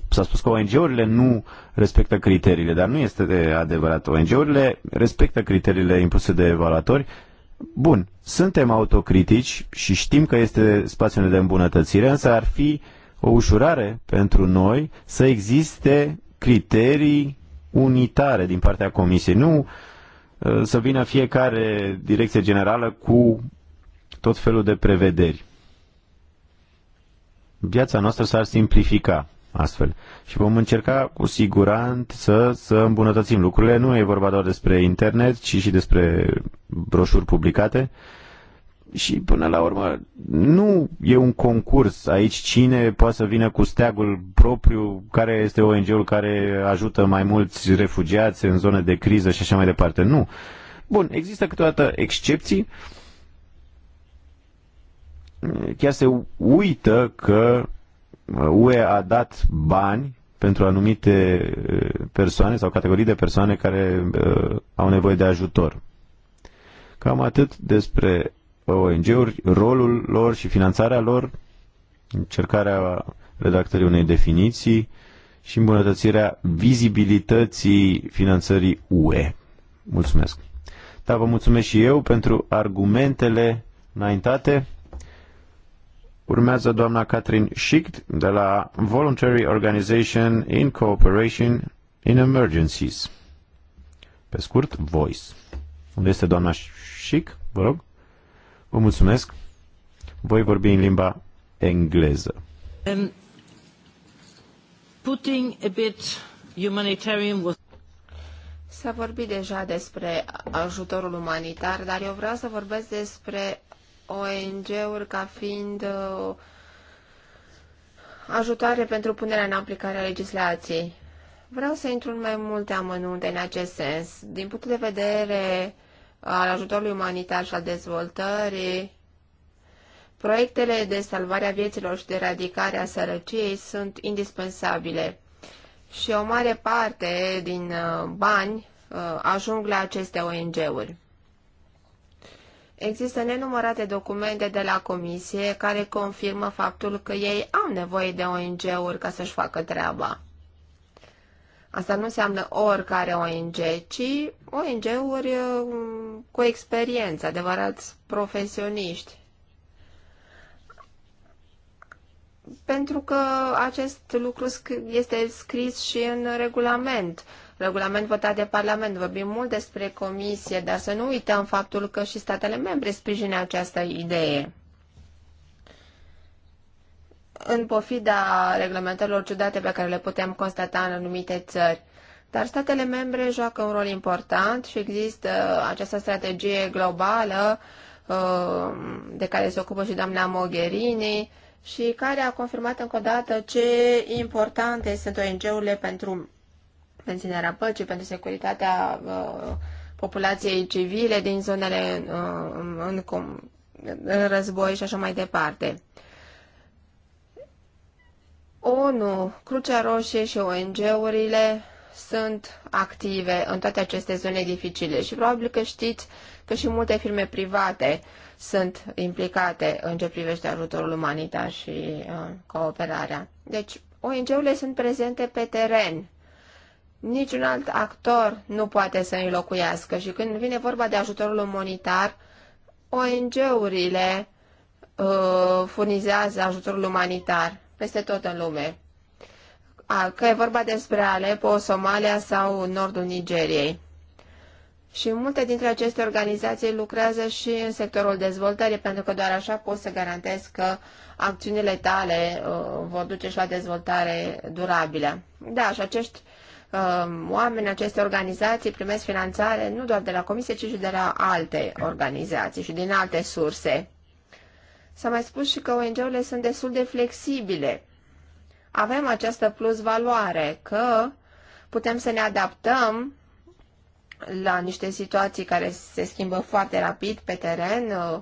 s-a spus că ONG-urile nu respectă criteriile, dar nu este de adevărat. ONG-urile respectă criteriile impuse de evaluatori. Bun, suntem autocritici și știm că este spațiul de îmbunătățire, însă ar fi o ușurare pentru noi să existe criterii unitare din partea Comisiei. Nu uh, să vină fiecare direcție generală cu tot felul de prevederi viața noastră s-ar simplifica astfel. Și vom încerca cu siguranță să îmbunătățim lucrurile. Nu e vorba doar despre internet, ci și despre broșuri publicate. Și până la urmă, nu e un concurs aici cine poate să vină cu steagul propriu, care este ONG-ul care ajută mai mulți refugiați în zone de criză și așa mai departe. Nu. Bun, există câteodată excepții, uh, chiar se uită că UE a dat bani pentru anumite persoane sau categorii de persoane care au nevoie de ajutor. Cam atât despre ONG-uri, rolul lor și finanțarea lor, încercarea redactării unei definiții și îmbunătățirea vizibilității finanțării UE. Mulțumesc! Da, vă mulțumesc și eu pentru argumentele înaintate. Urmează doamna Catherine Schicht de la Voluntary Organization in Cooperation in Emergencies. Pe scurt, VOICE. Unde este doamna Schick? Vă rog. Vă mulțumesc. Voi vorbi în limba engleză. Um, putting a bit humanitarian was... S-a vorbit deja despre ajutorul umanitar, dar eu vreau să vorbesc despre ONG-uri ca fiind uh, ajutoare pentru punerea în aplicare a legislației. Vreau să intru în mai multe amănunte în acest sens. Din punct de vedere al ajutorului umanitar și al dezvoltării, proiectele de salvare a vieților și de eradicare a sărăciei sunt indispensabile și o mare parte din uh, bani uh, ajung la aceste ONG-uri. Există nenumărate documente de la Comisie care confirmă faptul că ei au nevoie de ONG-uri ca să-și facă treaba. Asta nu înseamnă oricare ONG, ci ONG-uri uh, cu experiență, adevărați profesioniști. Pentru că acest lucru este scris și în regulament regulament votat de Parlament. Vorbim mult despre comisie, dar să nu uităm faptul că și statele membre sprijină această idee. În pofida reglementărilor ciudate pe care le putem constata în anumite țări, dar statele membre joacă un rol important și există această strategie globală uh, de care se ocupă și doamna Mogherini și care a confirmat încă o dată ce importante sunt ONG-urile pentru menținerea păcii, pentru securitatea uh, populației civile din zonele uh, în, în, în război și așa mai departe. ONU, Crucea Roșie și ONG-urile sunt active în toate aceste zone dificile și probabil că știți că și multe firme private sunt implicate în ce privește ajutorul umanitar și uh, cooperarea. Deci, ONG-urile sunt prezente pe teren niciun alt actor nu poate să înlocuiască și când vine vorba de ajutorul umanitar, ONG-urile uh, furnizează ajutorul umanitar peste tot în lume. Că e vorba despre Alepo, Somalia sau nordul Nigeriei. Și multe dintre aceste organizații lucrează și în sectorul dezvoltării, pentru că doar așa poți să garantezi că acțiunile tale uh, vor duce și la dezvoltare durabilă. Da, și acești Um, oameni, aceste organizații primesc finanțare nu doar de la Comisie, ci și de la alte organizații și din alte surse. S-a mai spus și că ONG-urile sunt destul de flexibile. Avem această plus valoare că putem să ne adaptăm la niște situații care se schimbă foarte rapid pe teren, uh,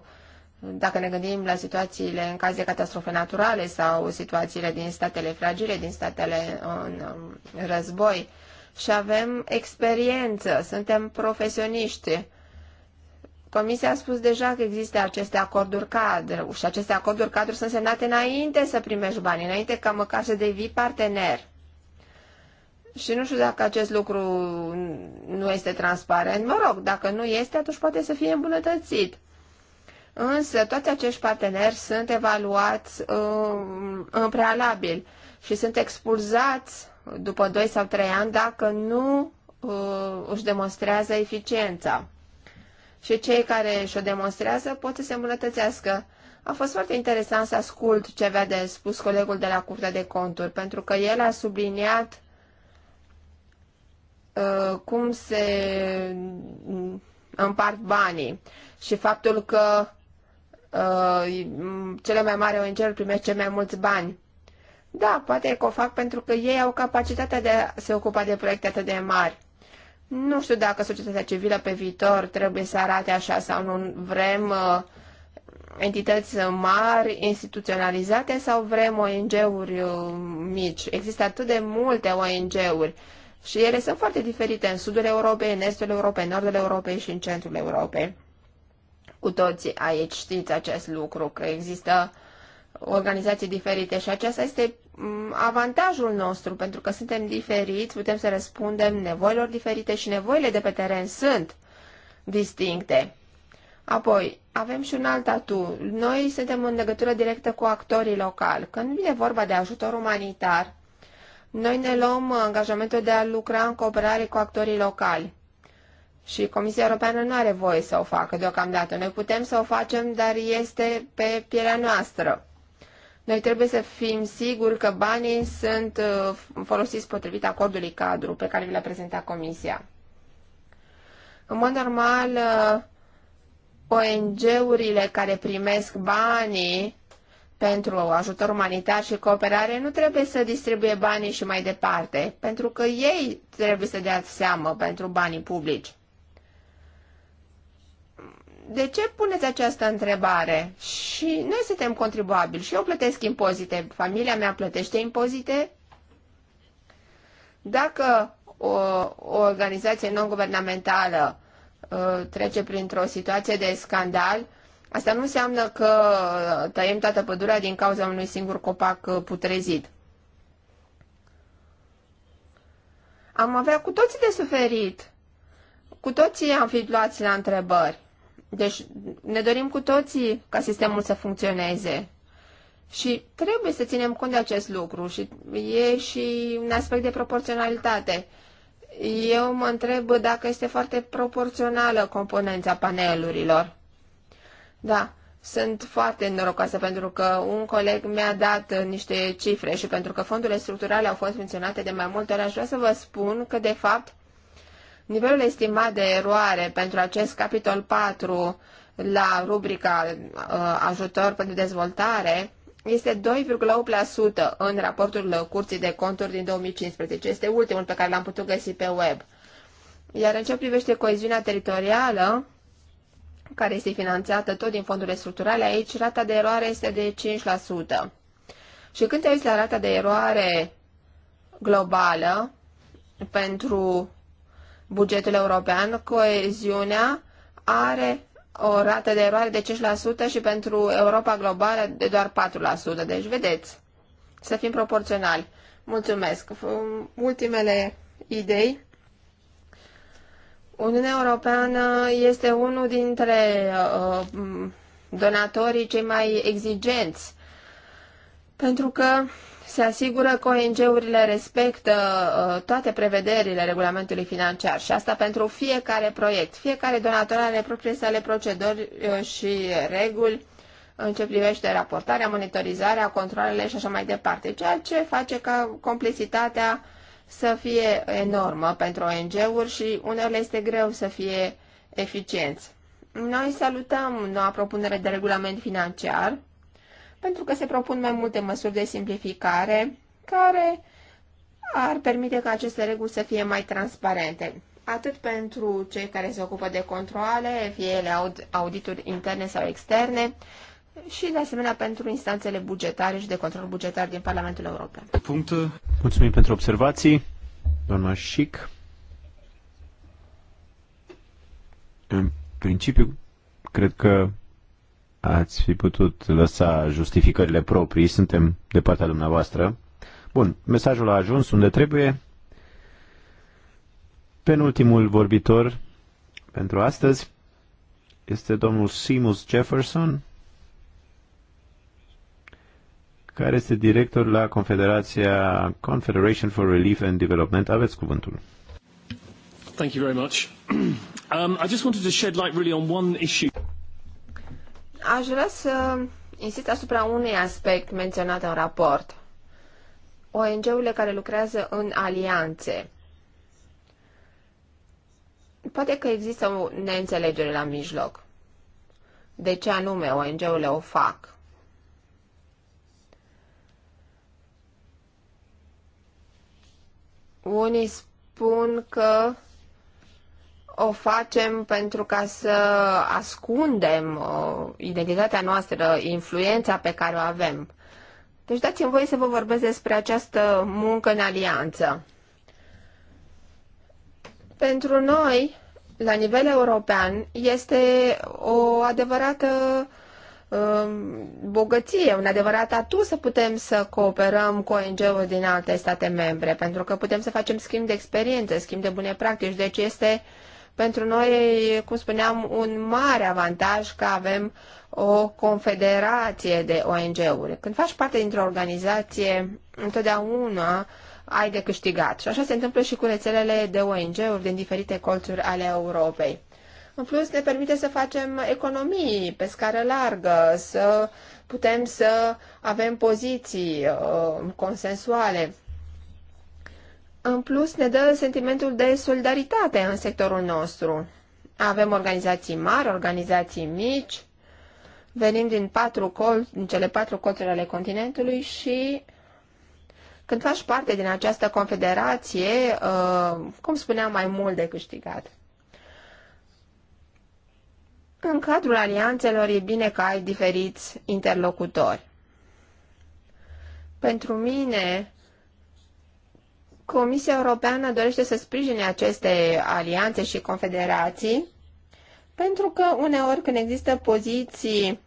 dacă ne gândim la situațiile în caz de catastrofe naturale sau situațiile din statele fragile, din statele în război, și avem experiență, suntem profesioniști. Comisia a spus deja că există aceste acorduri cadru și aceste acorduri cadru sunt semnate înainte să primești bani, înainte ca măcar să devii partener. Și nu știu dacă acest lucru nu este transparent. Mă rog, dacă nu este, atunci poate să fie îmbunătățit. Însă toți acești parteneri sunt evaluați um, în prealabil și sunt expulzați după 2 sau 3 ani dacă nu uh, își demonstrează eficiența. Și cei care își o demonstrează pot să se îmbunătățească. A fost foarte interesant să ascult ce avea de spus colegul de la Curtea de Conturi, pentru că el a subliniat uh, cum se împart banii și faptul că Uh, cele mai mari ONG-uri primesc cei mai mulți bani. Da, poate că o fac pentru că ei au capacitatea de a se ocupa de proiecte atât de mari. Nu știu dacă societatea civilă pe viitor trebuie să arate așa sau nu. Vrem uh, entități mari, instituționalizate sau vrem ONG-uri uh, mici? Există atât de multe ONG-uri și ele sunt foarte diferite în sudul Europei, în estul Europei, în nordul Europei și în centrul Europei. Cu toții aici știți acest lucru, că există organizații diferite și acesta este mm, avantajul nostru, pentru că suntem diferiți, putem să răspundem nevoilor diferite și nevoile de pe teren sunt distincte. Apoi, avem și un alt atu. Noi suntem în legătură directă cu actorii locali. Când vine vorba de ajutor umanitar, noi ne luăm angajamentul de a lucra în cooperare cu actorii locali. Și Comisia Europeană nu are voie să o facă deocamdată. Noi putem să o facem, dar este pe pielea noastră. Noi trebuie să fim siguri că banii sunt uh, folosiți potrivit acordului cadru pe care vi l-a prezentat Comisia. În mod normal, uh, ONG-urile care primesc banii pentru ajutor umanitar și cooperare nu trebuie să distribuie banii și mai departe, pentru că ei trebuie să dea seamă pentru banii publici de ce puneți această întrebare? Și noi suntem contribuabili și eu plătesc impozite, familia mea plătește impozite. Dacă o, o organizație non-guvernamentală uh, trece printr-o situație de scandal, asta nu înseamnă că tăiem toată pădurea din cauza unui singur copac uh, putrezit. Am avea cu toții de suferit. Cu toții am fi luați la întrebări. Deci ne dorim cu toții ca sistemul să funcționeze. Și trebuie să ținem cont de acest lucru și e și un aspect de proporționalitate. Eu mă întreb dacă este foarte proporțională componența panelurilor. Da, sunt foarte norocoasă pentru că un coleg mi-a dat niște cifre și pentru că fondurile structurale au fost menționate de mai multe ori, aș vrea să vă spun că, de fapt, Nivelul estimat de eroare pentru acest capitol 4 la rubrica uh, ajutor pentru dezvoltare este 2,8% în raportul Curții de Conturi din 2015. Este ultimul pe care l-am putut găsi pe web. Iar în ce privește coeziunea teritorială, care este finanțată tot din fondurile structurale, aici rata de eroare este de 5%. Și când te uiți la rata de eroare globală pentru bugetul european, coeziunea are o rată de eroare de 5% și pentru Europa globală de doar 4%. Deci, vedeți, să fim proporționali. Mulțumesc. Ultimele idei. Uniunea Europeană este unul dintre uh, donatorii cei mai exigenți, pentru că se asigură că ONG-urile respectă uh, toate prevederile regulamentului financiar și asta pentru fiecare proiect. Fiecare donator are propriile sale proceduri uh, și reguli în ce privește raportarea, monitorizarea, controlele și așa mai departe, ceea ce face ca complexitatea să fie enormă pentru ONG-uri și uneori este greu să fie eficienți. Noi salutăm noua propunere de regulament financiar, pentru că se propun mai multe măsuri de simplificare care ar permite ca aceste reguli să fie mai transparente, atât pentru cei care se ocupă de controle, fie ele audituri interne sau externe, și de asemenea pentru instanțele bugetare și de control bugetar din Parlamentul European. Punct. Mulțumim pentru observații, doamna Șic. În principiu, cred că ați fi putut lăsa justificările proprii, suntem de partea dumneavoastră. Bun, mesajul a ajuns unde trebuie. Penultimul vorbitor pentru astăzi este domnul Seamus Jefferson, care este director la Confederația Confederation for Relief and Development. Aveți cuvântul. Thank you very much. Um, I just wanted to shed light really on one issue. Aș vrea să insist asupra unui aspect menționat în raport. ONG-urile care lucrează în alianțe. Poate că există o neînțelegere la mijloc. De ce anume ONG-urile o fac? Unii spun că o facem pentru ca să ascundem uh, identitatea noastră, influența pe care o avem. Deci dați-mi voie să vă vorbesc despre această muncă în alianță. Pentru noi, la nivel european, este o adevărată um, bogăție, un adevărat atu să putem să cooperăm cu ONG-uri din alte state membre, pentru că putem să facem schimb de experiență, schimb de bune practici. Deci este uh, pentru noi cum spuneam, un mare avantaj că avem o confederație de ONG-uri. Când faci parte dintr-o organizație, întotdeauna ai de câștigat. Și așa se întâmplă și cu rețelele de ONG-uri din diferite colțuri ale Europei. În plus, ne permite să facem economii pe scară largă, să putem să avem poziții uh, consensuale. În plus, ne dă sentimentul de solidaritate în sectorul nostru. Avem organizații mari, organizații mici, venim din, patru col- din cele patru colțuri ale continentului și când faci parte din această confederație, uh, cum spuneam, mai mult de câștigat. În cadrul alianțelor e bine că ai diferiți interlocutori. Pentru mine, Comisia Europeană dorește să sprijine aceste alianțe și confederații pentru că uneori când există poziții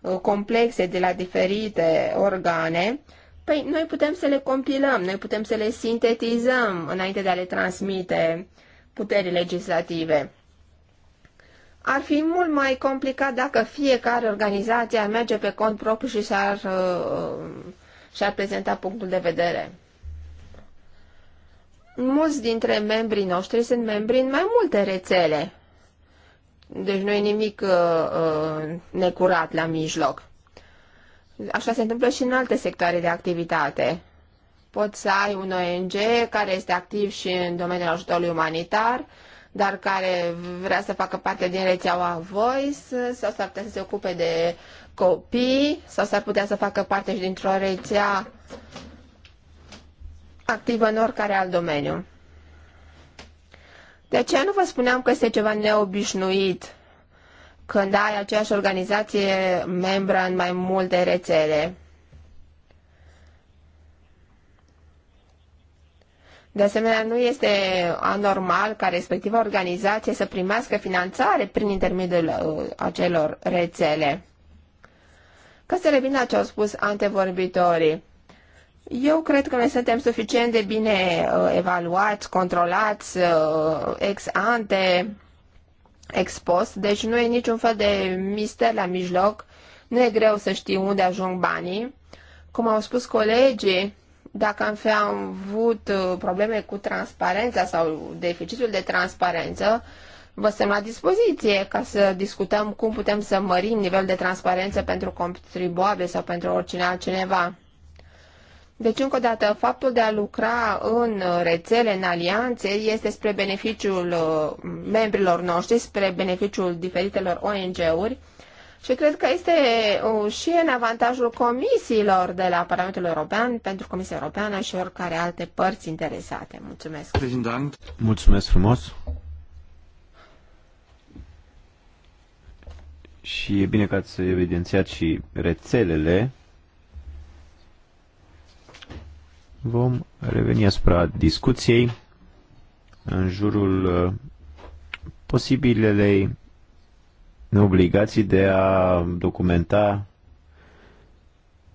uh, complexe de la diferite organe, păi noi putem să le compilăm, noi putem să le sintetizăm înainte de a le transmite puterii legislative. Ar fi mult mai complicat dacă fiecare organizație ar merge pe cont propriu și și-ar, uh, și-ar prezenta punctul de vedere mulți dintre membrii noștri sunt membri în mai multe rețele. Deci nu e nimic uh, uh, necurat la mijloc. Așa se întâmplă și în alte sectoare de activitate. Poți să ai un ONG care este activ și în domeniul ajutorului umanitar, dar care vrea să facă parte din rețeaua Voice sau s-ar putea să se ocupe de copii sau s-ar putea să facă parte și dintr-o rețea activă în oricare alt domeniu. De ce nu vă spuneam că este ceva neobișnuit când ai aceeași organizație membră în mai multe rețele? De asemenea, nu este anormal ca respectiva organizație să primească finanțare prin intermediul uh, acelor rețele. Ca să la ce au spus antevorbitorii, eu cred că noi suntem suficient de bine uh, evaluați, controlați, uh, ex ante, ex post, deci nu e niciun fel de mister la mijloc, nu e greu să știi unde ajung banii. Cum au spus colegii, dacă am fi avut uh, probleme cu transparența sau deficitul de transparență, vă suntem la dispoziție ca să discutăm cum putem să mărim nivelul de transparență pentru contribuabil sau pentru oricine altcineva. Deci, încă o dată, faptul de a lucra în uh, rețele, în alianțe, este spre beneficiul uh, membrilor noștri, spre beneficiul diferitelor ONG-uri și cred că este uh, și în avantajul comisiilor de la Parlamentul European, pentru Comisia Europeană și oricare alte părți interesate. Mulțumesc! Mulțumesc frumos! Și e bine că ați evidențiat și rețelele Vom reveni asupra discuției în jurul uh, posibilelei obligații de a documenta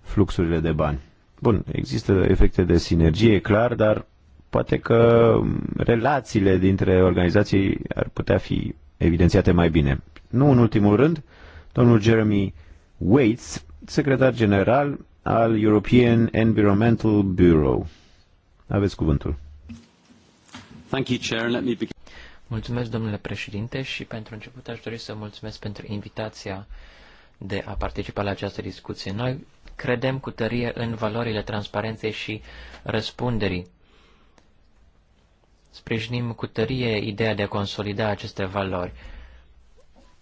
fluxurile de bani. Bun, există efecte de sinergie, clar, dar poate că relațiile dintre organizații ar putea fi evidențiate mai bine. Nu în ultimul rând, domnul Jeremy Waits, secretar general al European Environmental Bureau. Aveți cuvântul. Thank you, Chair. Let me begin. Mulțumesc, domnule președinte, și pentru început aș dori să mulțumesc pentru invitația de a participa la această discuție. Noi credem cu tărie în valorile transparenței și răspunderii. Sprijinim cu tărie ideea de a consolida aceste valori.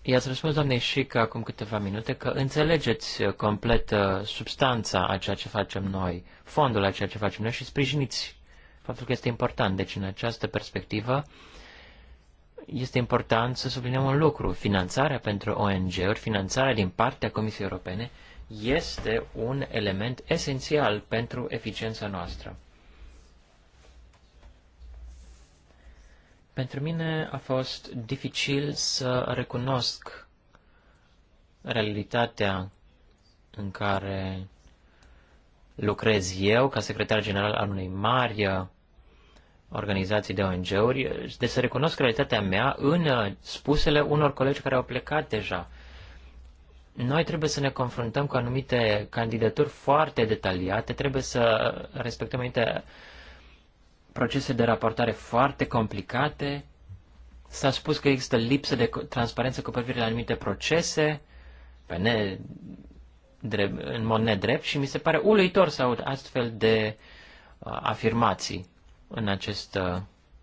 I-ați răspuns, și că acum câteva minute, că înțelegeți uh, complet uh, substanța a ceea ce facem noi, fondul a ceea ce facem noi și sprijiniți faptul că este important. Deci, în această perspectivă, este important să subliniem un lucru. Finanțarea pentru ONG-uri, finanțarea din partea Comisiei Europene, este un element esențial pentru eficiența noastră. Pentru mine a fost dificil să recunosc realitatea în care lucrez eu ca secretar general al unei mari uh, organizații de ONG-uri, de să recunosc realitatea mea în uh, spusele unor colegi care au plecat deja. Noi trebuie să ne confruntăm cu anumite candidaturi foarte detaliate, trebuie să respectăm anumite procese de raportare foarte complicate. S-a spus că există lipsă de transparență cu privire la anumite procese, pe ne, drept, în mod nedrept, și mi se pare uluitor să aud astfel de uh, afirmații în, acest, uh,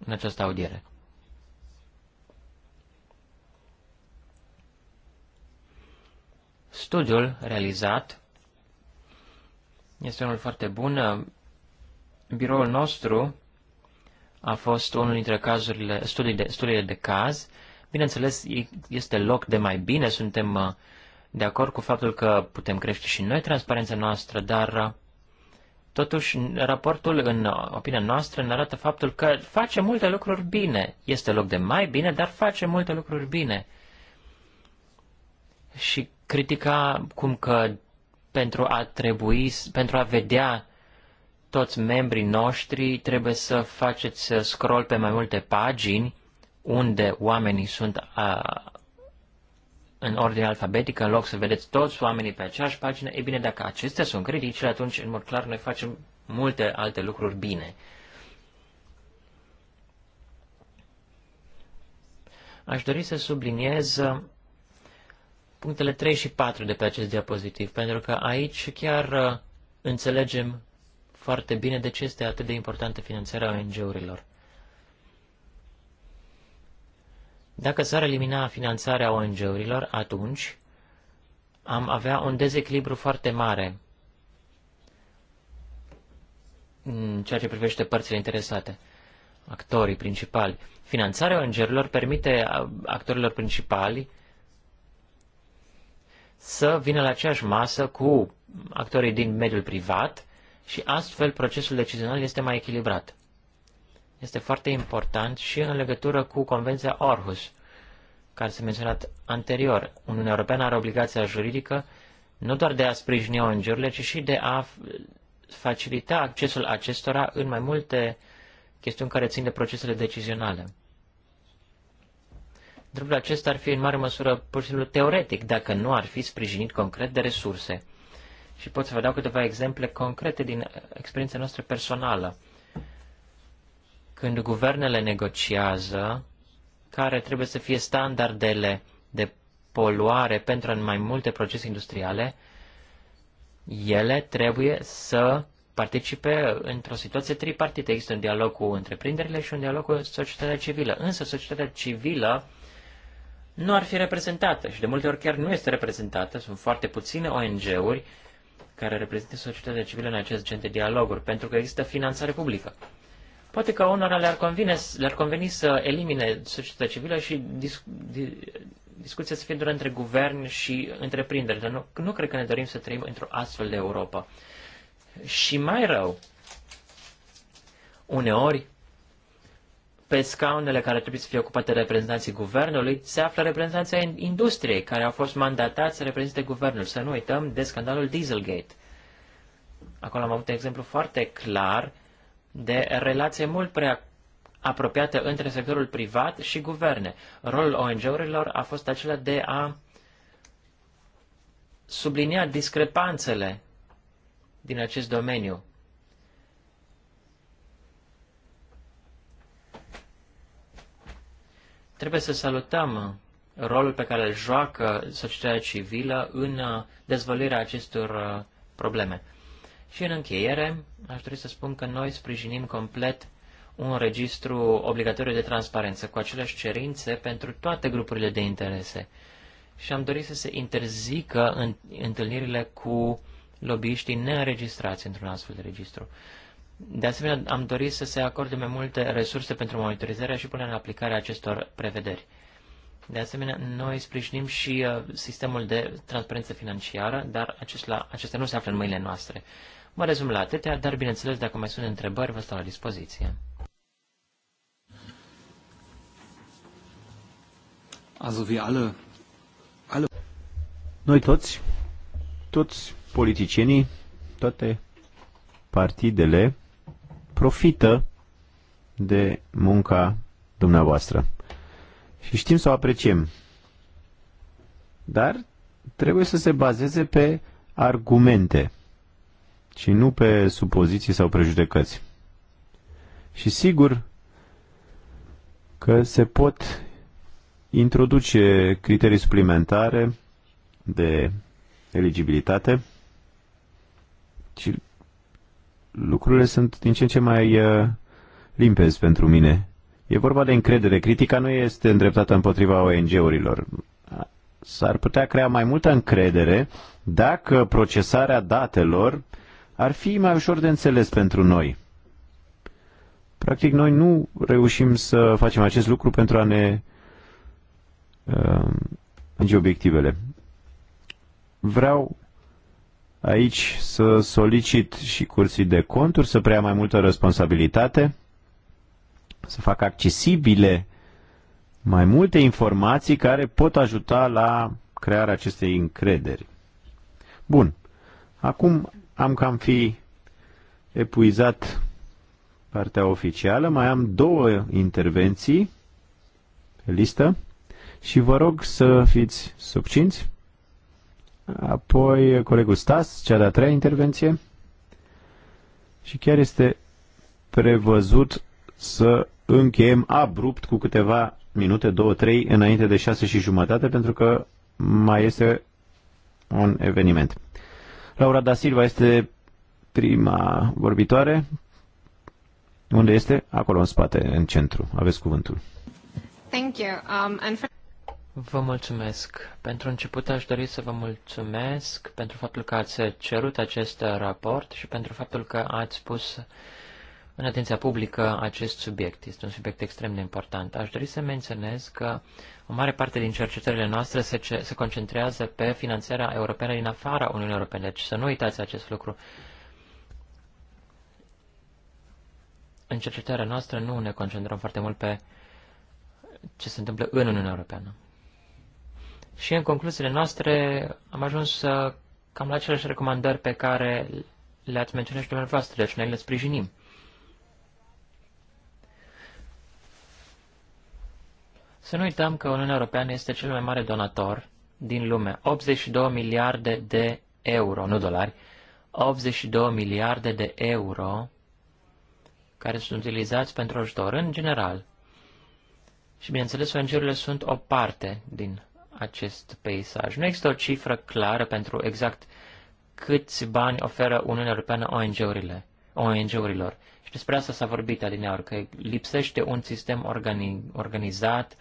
în această audiere. Studiul realizat este unul foarte bun. Biroul nostru a fost unul dintre cazurile, studii de, studiile de caz. Bineînțeles, este loc de mai bine, suntem uh, de acord cu faptul că putem crește și noi transparența noastră, dar uh, totuși raportul, în opinia noastră, ne arată faptul că face multe lucruri bine. Este loc de mai bine, dar face multe lucruri bine. Și critica cum că pentru a trebui, pentru a vedea toți membrii noștri trebuie să faceți scroll pe mai multe pagini unde oamenii sunt a, în ordine alfabetică, în loc să vedeți toți oamenii pe aceeași pagină, e bine, dacă acestea sunt criticile, atunci, în mod clar, noi facem multe alte lucruri bine. Aș dori să subliniez uh, punctele 3 și 4 de pe acest diapozitiv, pentru că aici chiar uh, înțelegem foarte bine de ce este atât de importantă finanțarea ONG-urilor. Dacă s-ar elimina finanțarea ONG-urilor, atunci am avea un dezechilibru foarte mare în ceea ce privește părțile interesate, actorii principali. Finanțarea ONG-urilor permite actorilor principali să vină la aceeași masă cu actorii din mediul privat și astfel procesul decizional este mai echilibrat. Este foarte important și în legătură cu Convenția Orhus, care s-a menționat anterior. Uniunea Europeană are obligația juridică nu doar de a sprijini ONG-urile, ci și de a facilita accesul acestora în mai multe chestiuni care țin de procesele decizionale. Dreptul acesta ar fi în mare măsură pur și simplu teoretic, dacă nu ar fi sprijinit concret de resurse. Și pot să vă dau câteva exemple concrete din experiența noastră personală. Când guvernele negociază care trebuie să fie standardele de poluare pentru mai multe procese industriale, ele trebuie să participe într-o situație tripartită. Există un dialog cu întreprinderile și un dialog cu societatea civilă. Însă societatea civilă nu ar fi reprezentată și de multe ori chiar nu este reprezentată. Sunt foarte puține ONG-uri care reprezintă societatea civilă în acest gen de dialoguri, pentru că există finanțare publică. Poate că unora le-ar, convine, le-ar conveni să elimine societatea civilă și dis, di, discuția să fie doar între guvern și întreprinderi, dar nu, nu cred că ne dorim să trăim într-o astfel de Europa. Și mai rău, uneori pe scaunele care trebuie să fie ocupate de reprezentanții guvernului se află reprezentanții industriei care au fost mandatați să reprezinte guvernul. Să nu uităm de scandalul Dieselgate. Acolo am avut un exemplu foarte clar de relație mult prea apropiată între sectorul privat și guverne. Rolul ONG-urilor a fost acela de a sublinia discrepanțele din acest domeniu. Trebuie să salutăm rolul pe care îl joacă societatea civilă în uh, dezvăluirea acestor uh, probleme. Și în încheiere, aș dori să spun că noi sprijinim complet un registru obligatoriu de transparență cu aceleași cerințe pentru toate grupurile de interese. Și am dorit să se interzică în întâlnirile cu lobbyiștii neînregistrați într-un astfel de registru. De asemenea, am dorit să se acorde mai multe resurse pentru monitorizarea și punerea în aplicare acestor prevederi. De asemenea, noi sprijinim și uh, sistemul de transparență financiară, dar acestea, acestea nu se află în mâinile noastre. Mă rezum la atâtea, dar bineînțeles, dacă mai sunt întrebări, vă stau la dispoziție. Also wir alle, alle. Noi toți, toți politicienii, toate partidele profită de munca dumneavoastră. Și știm să o apreciem. Dar trebuie să se bazeze pe argumente și nu pe supoziții sau prejudecăți. Și sigur că se pot introduce criterii suplimentare de eligibilitate și lucrurile sunt din ce în ce mai uh, limpezi pentru mine. E vorba de încredere. Critica nu este îndreptată împotriva ONG-urilor. S-ar putea crea mai multă încredere dacă procesarea datelor ar fi mai ușor de înțeles pentru noi. Practic, noi nu reușim să facem acest lucru pentru a ne uh, obiectivele. Vreau aici să solicit și curții de conturi să preia mai multă responsabilitate, să facă accesibile mai multe informații care pot ajuta la crearea acestei încrederi. Bun. Acum am cam fi epuizat partea oficială. Mai am două intervenții pe listă și vă rog să fiți subcinți. Apoi colegul Stas, cea de-a treia intervenție. Și chiar este prevăzut să încheiem abrupt cu câteva minute, două, trei, înainte de șase și jumătate, pentru că mai este un eveniment. Laura da Silva este prima vorbitoare. Unde este? Acolo în spate, în centru. Aveți cuvântul. Thank you. Um, and for... Vă mulțumesc. Pentru început aș dori să vă mulțumesc pentru faptul că ați cerut acest raport și pentru faptul că ați pus în atenția publică acest subiect. Este un subiect extrem de important. Aș dori să menționez că o mare parte din cercetările noastre se, ce, se concentrează pe finanțarea europeană din afara Uniunii Europene. Deci să nu uitați acest lucru. În cercetarea noastră nu ne concentrăm foarte mult pe ce se întâmplă în Uniunea Europeană. Și în concluziile noastre am ajuns uh, cam la aceleași recomandări pe care le-ați menționat și dumneavoastră, deci noi le sprijinim. Să nu uităm că Uniunea Europeană este cel mai mare donator din lume, 82 miliarde de euro, nu dolari, 82 miliarde de euro care sunt utilizați pentru ajutor în general. Și bineînțeles, ONG-urile sunt o parte din acest peisaj. Nu există o cifră clară pentru exact câți bani oferă Uniunea Europeană ONG-urile, ONG-urilor. Și despre asta s-a vorbit adineaori, că lipsește un sistem organi- organizat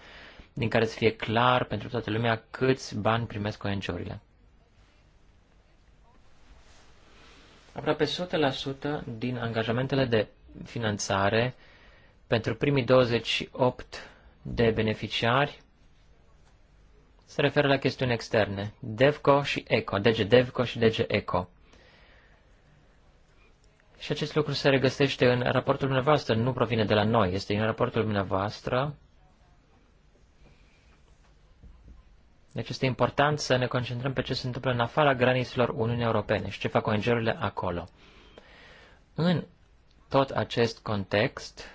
din care să fie clar pentru toată lumea câți bani primesc ONG-urile. Aproape 100% din angajamentele de finanțare pentru primii 28 de beneficiari se referă la chestiuni externe, DEVCO și ECO, dege DEVCO și dege ECO. Și acest lucru se regăsește în raportul dumneavoastră, nu provine de la noi, este în raportul dumneavoastră. Deci este important să ne concentrăm pe ce se întâmplă în afara granițelor Uniunii Europene și ce fac ONG-urile acolo. În tot acest context,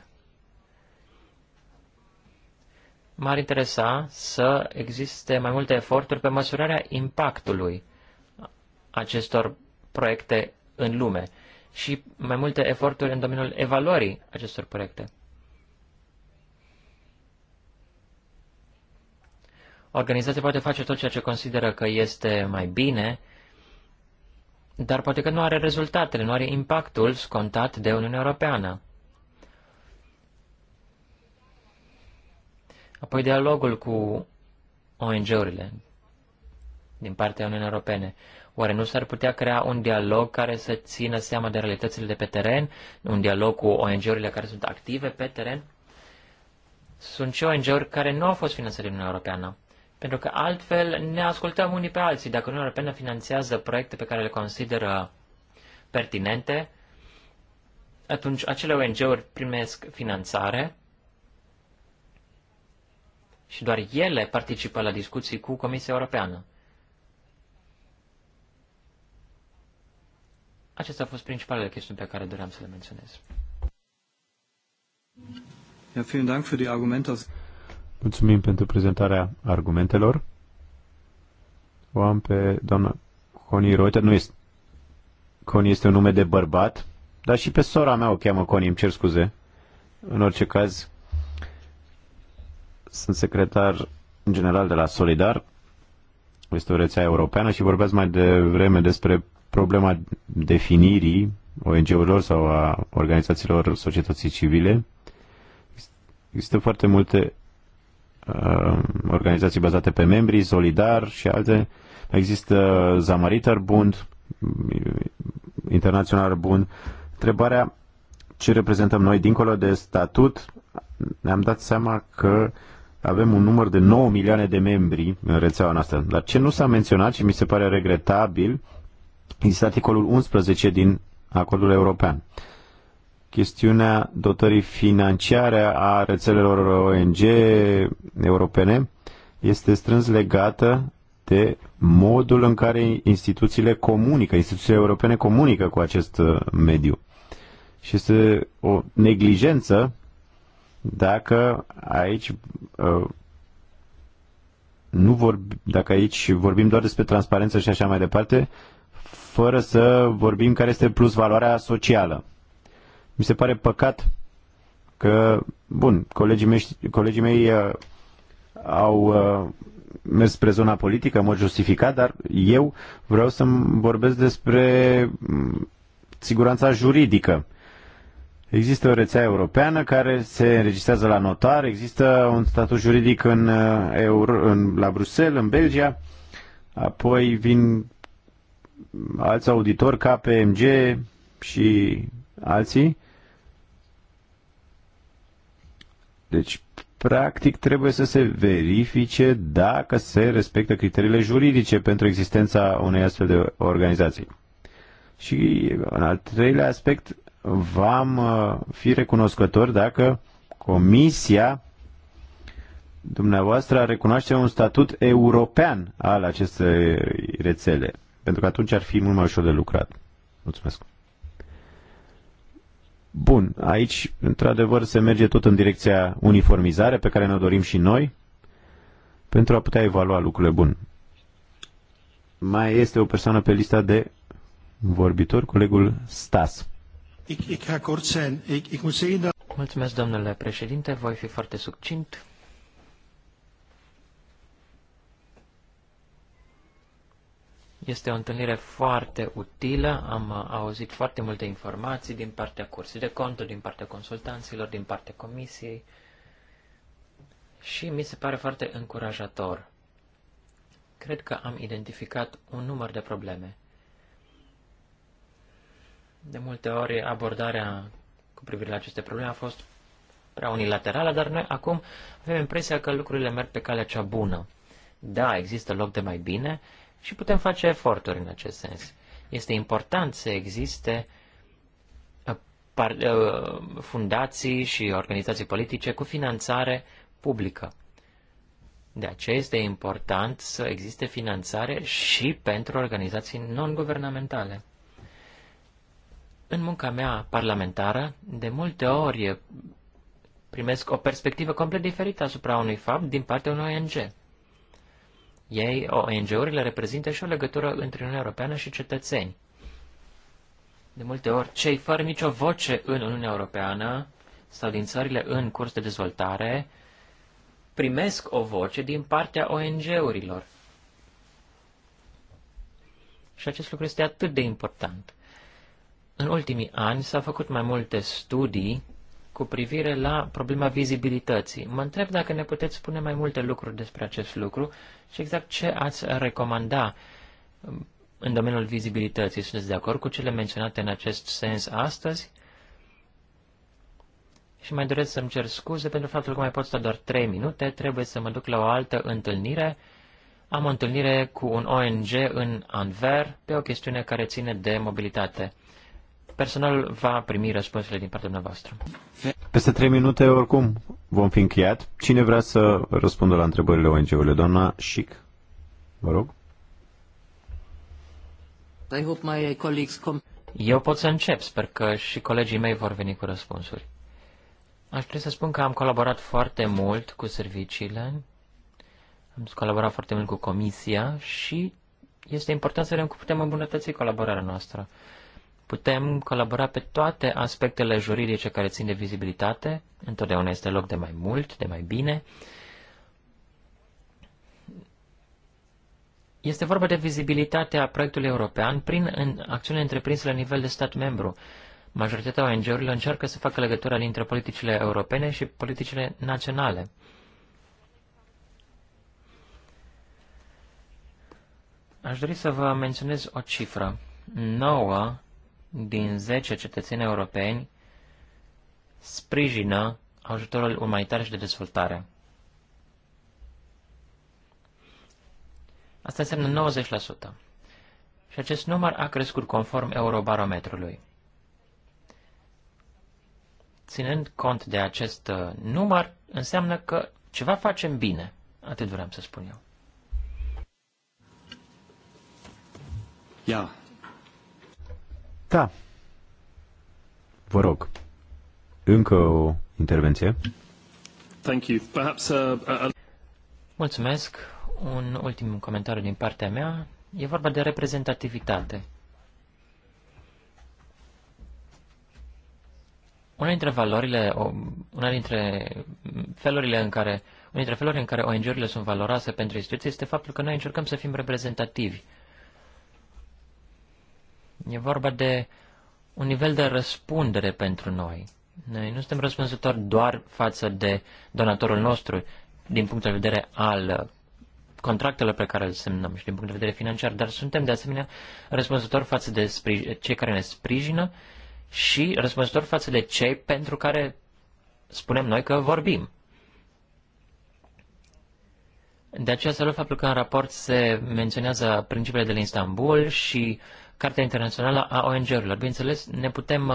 m-ar interesa să existe mai multe eforturi pe măsurarea impactului acestor proiecte în lume și mai multe eforturi în domeniul evaluării acestor proiecte. Organizația poate face tot ceea ce consideră că este mai bine, dar poate că nu are rezultatele, nu are impactul scontat de Uniunea Europeană. Apoi dialogul cu ONG-urile din partea Uniunii Europene. Oare nu s-ar putea crea un dialog care să țină seama de realitățile de pe teren, un dialog cu ONG-urile care sunt active pe teren? Sunt și ONG-uri care nu au fost finanțate de Uniunea Europeană, pentru că altfel ne ascultăm unii pe alții. Dacă Uniunea Europeană finanțează proiecte pe care le consideră pertinente, atunci acele ONG-uri primesc finanțare și doar ele participă la discuții cu Comisia Europeană. Acestea au fost principalele chestiuni pe care doream să le menționez. Mulțumim pentru prezentarea argumentelor. O am pe doamna Coni Reuter. Nu este... Coni este un nume de bărbat, dar și pe sora mea o cheamă Coni. îmi cer scuze. În orice caz, sunt secretar general de la Solidar, este o rețea europeană și vorbesc mai devreme despre problema definirii ONG-urilor sau a organizațiilor societății civile. Există foarte multe uh, organizații bazate pe membri, Solidar și alte. Există Zamaritar Bund, Internațional Bund. Întrebarea ce reprezentăm noi dincolo de statut, ne-am dat seama că uh, avem un număr de 9 milioane de membri în rețeaua noastră. Dar ce nu s-a menționat și mi se pare regretabil, este articolul 11 din acordul european. Chestiunea dotării financiare a rețelelor ONG europene este strâns legată de modul în care instituțiile comunică, instituțiile europene comunică cu acest uh, mediu. Și este o neglijență dacă aici uh, nu vor, dacă aici vorbim doar despre transparență și așa mai departe, fără să vorbim care este plus valoarea socială. Mi se pare păcat că, bun, colegii mei, colegii mei uh, au uh, mers spre zona politică, mă justificat, dar eu vreau să vorbesc despre mm, siguranța juridică. Există o rețea europeană care se înregistrează la notar, există un statut juridic în, uh, Euro, în, la Bruxelles, în Belgia, apoi vin alți auditori KPMG și alții. Deci, practic, trebuie să se verifice dacă se respectă criteriile juridice pentru existența unei astfel de organizații. Și, în al treilea aspect, v-am uh, fi recunoscători dacă Comisia dumneavoastră ar recunoaște un statut european al acestei rețele, pentru că atunci ar fi mult mai ușor de lucrat. Mulțumesc. Bun, aici, într-adevăr, se merge tot în direcția uniformizare pe care ne-o dorim și noi, pentru a putea evalua lucrurile bun. Mai este o persoană pe lista de vorbitori, colegul Stas. Mulțumesc, domnule președinte, voi fi foarte succint. Este o întâlnire foarte utilă, am uh, auzit foarte multe informații din partea cursului de conturi, din partea consultanților, din partea comisiei și mi se pare foarte încurajator. Cred că am identificat un număr de probleme. De multe ori abordarea cu privire la aceste probleme a fost prea unilaterală, dar noi acum avem impresia că lucrurile merg pe calea cea bună. Da, există loc de mai bine și putem face eforturi în acest sens. Este important să existe uh, uh, fundații și organizații politice cu finanțare publică. De aceea este important să existe finanțare și pentru organizații non-guvernamentale. În munca mea parlamentară, de multe ori primesc o perspectivă complet diferită asupra unui fapt din partea unui ONG. Ei, ONG-urile, reprezintă și o legătură între Uniunea Europeană și cetățeni. De multe ori, cei fără nicio voce în Uniunea Europeană sau din țările în curs de dezvoltare primesc o voce din partea ONG-urilor. Și acest lucru este atât de important. În ultimii ani s-au făcut mai multe studii cu privire la problema vizibilității. Mă întreb dacă ne puteți spune mai multe lucruri despre acest lucru și exact ce ați recomanda um, în domeniul vizibilității. Sunteți de acord cu cele menționate în acest sens astăzi? Și mai doresc să-mi cer scuze pentru faptul că mai pot sta doar 3 minute, trebuie să mă duc la o altă întâlnire. Am o întâlnire cu un ONG în Anver pe o chestiune care ține de mobilitate. Personal va primi răspunsurile din partea dumneavoastră. Peste trei minute, oricum, vom fi încheiat. Cine vrea să răspundă la întrebările ONG-urile? Doamna Șic, vă rog. I hope my colleagues come. Eu pot să încep, sper că și colegii mei vor veni cu răspunsuri. Aș trebui să spun că am colaborat foarte mult cu serviciile, am colaborat foarte mult cu comisia și este important să vedem cum putem îmbunătăți colaborarea noastră putem colabora pe toate aspectele juridice care țin de vizibilitate. Întotdeauna este loc de mai mult, de mai bine. Este vorba de vizibilitatea proiectului european prin acțiune întreprinse la nivel de stat membru. Majoritatea ONG-urilor încearcă să facă legătura dintre politicile europene și politicile naționale. Aș dori să vă menționez o cifră. 9 din 10 cetățeni europeni sprijină ajutorul umanitar și de dezvoltare. Asta înseamnă 90%. Și acest număr a crescut conform eurobarometrului. Ținând cont de acest uh, număr, înseamnă că ceva facem bine. Atât vreau să spun eu. Ja, da. Vă rog. Încă o intervenție. Thank you. Perhaps, uh, uh... Mulțumesc. Un ultim comentariu din partea mea. E vorba de reprezentativitate. Una dintre valorile, una dintre felurile în care, una dintre felurile în care ONG-urile sunt valoroase pentru instituții este faptul că noi încercăm să fim reprezentativi. E vorba de un nivel de răspundere pentru noi. Noi nu suntem răspunzători doar față de donatorul nostru din punct de vedere al uh, contractelor pe care le semnăm și din punct de vedere financiar, dar suntem de asemenea răspunzători față de cei care ne sprijină și răspunzători față de cei pentru care spunem noi că vorbim. De aceea salut faptul că în raport se menționează principiile de la Istanbul și uh, Cartea Internațională a ONG-urilor. Bineînțeles, ne putem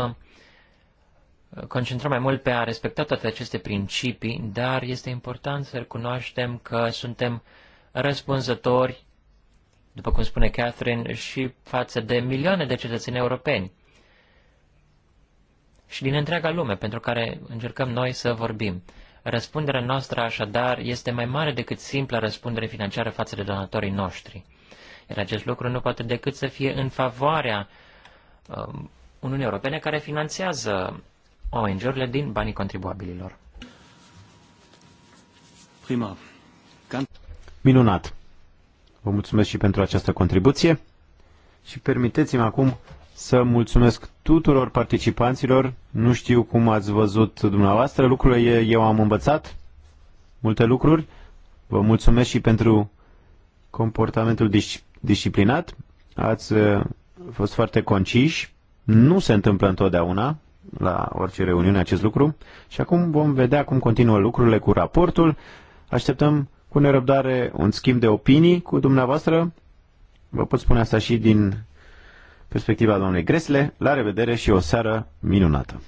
uh, concentra mai mult pe a respecta toate aceste principii, dar este important să recunoaștem că suntem răspunzători, după cum spune Catherine, și față de milioane de cetățeni europeni și din întreaga lume pentru care încercăm noi să vorbim. Răspunderea noastră așadar este mai mare decât simpla răspundere financiară față de donatorii noștri. Iar acest lucru nu poate decât să fie în favoarea um, Uniunii Europene care finanțează ONG-urile din banii contribuabililor. Prima. Minunat. Vă mulțumesc și pentru această contribuție și permiteți-mi acum să mulțumesc tuturor participanților. Nu știu cum ați văzut dumneavoastră lucrurile, eu am învățat multe lucruri. Vă mulțumesc și pentru comportamentul dis disciplinat, ați uh, fost foarte conciși. Nu se întâmplă întotdeauna la orice reuniune acest lucru și acum vom vedea cum continuă lucrurile cu raportul. Așteptăm cu nerăbdare un schimb de opinii cu dumneavoastră. Vă pot spune asta și din perspectiva domnului Gresle. La revedere și o seară minunată!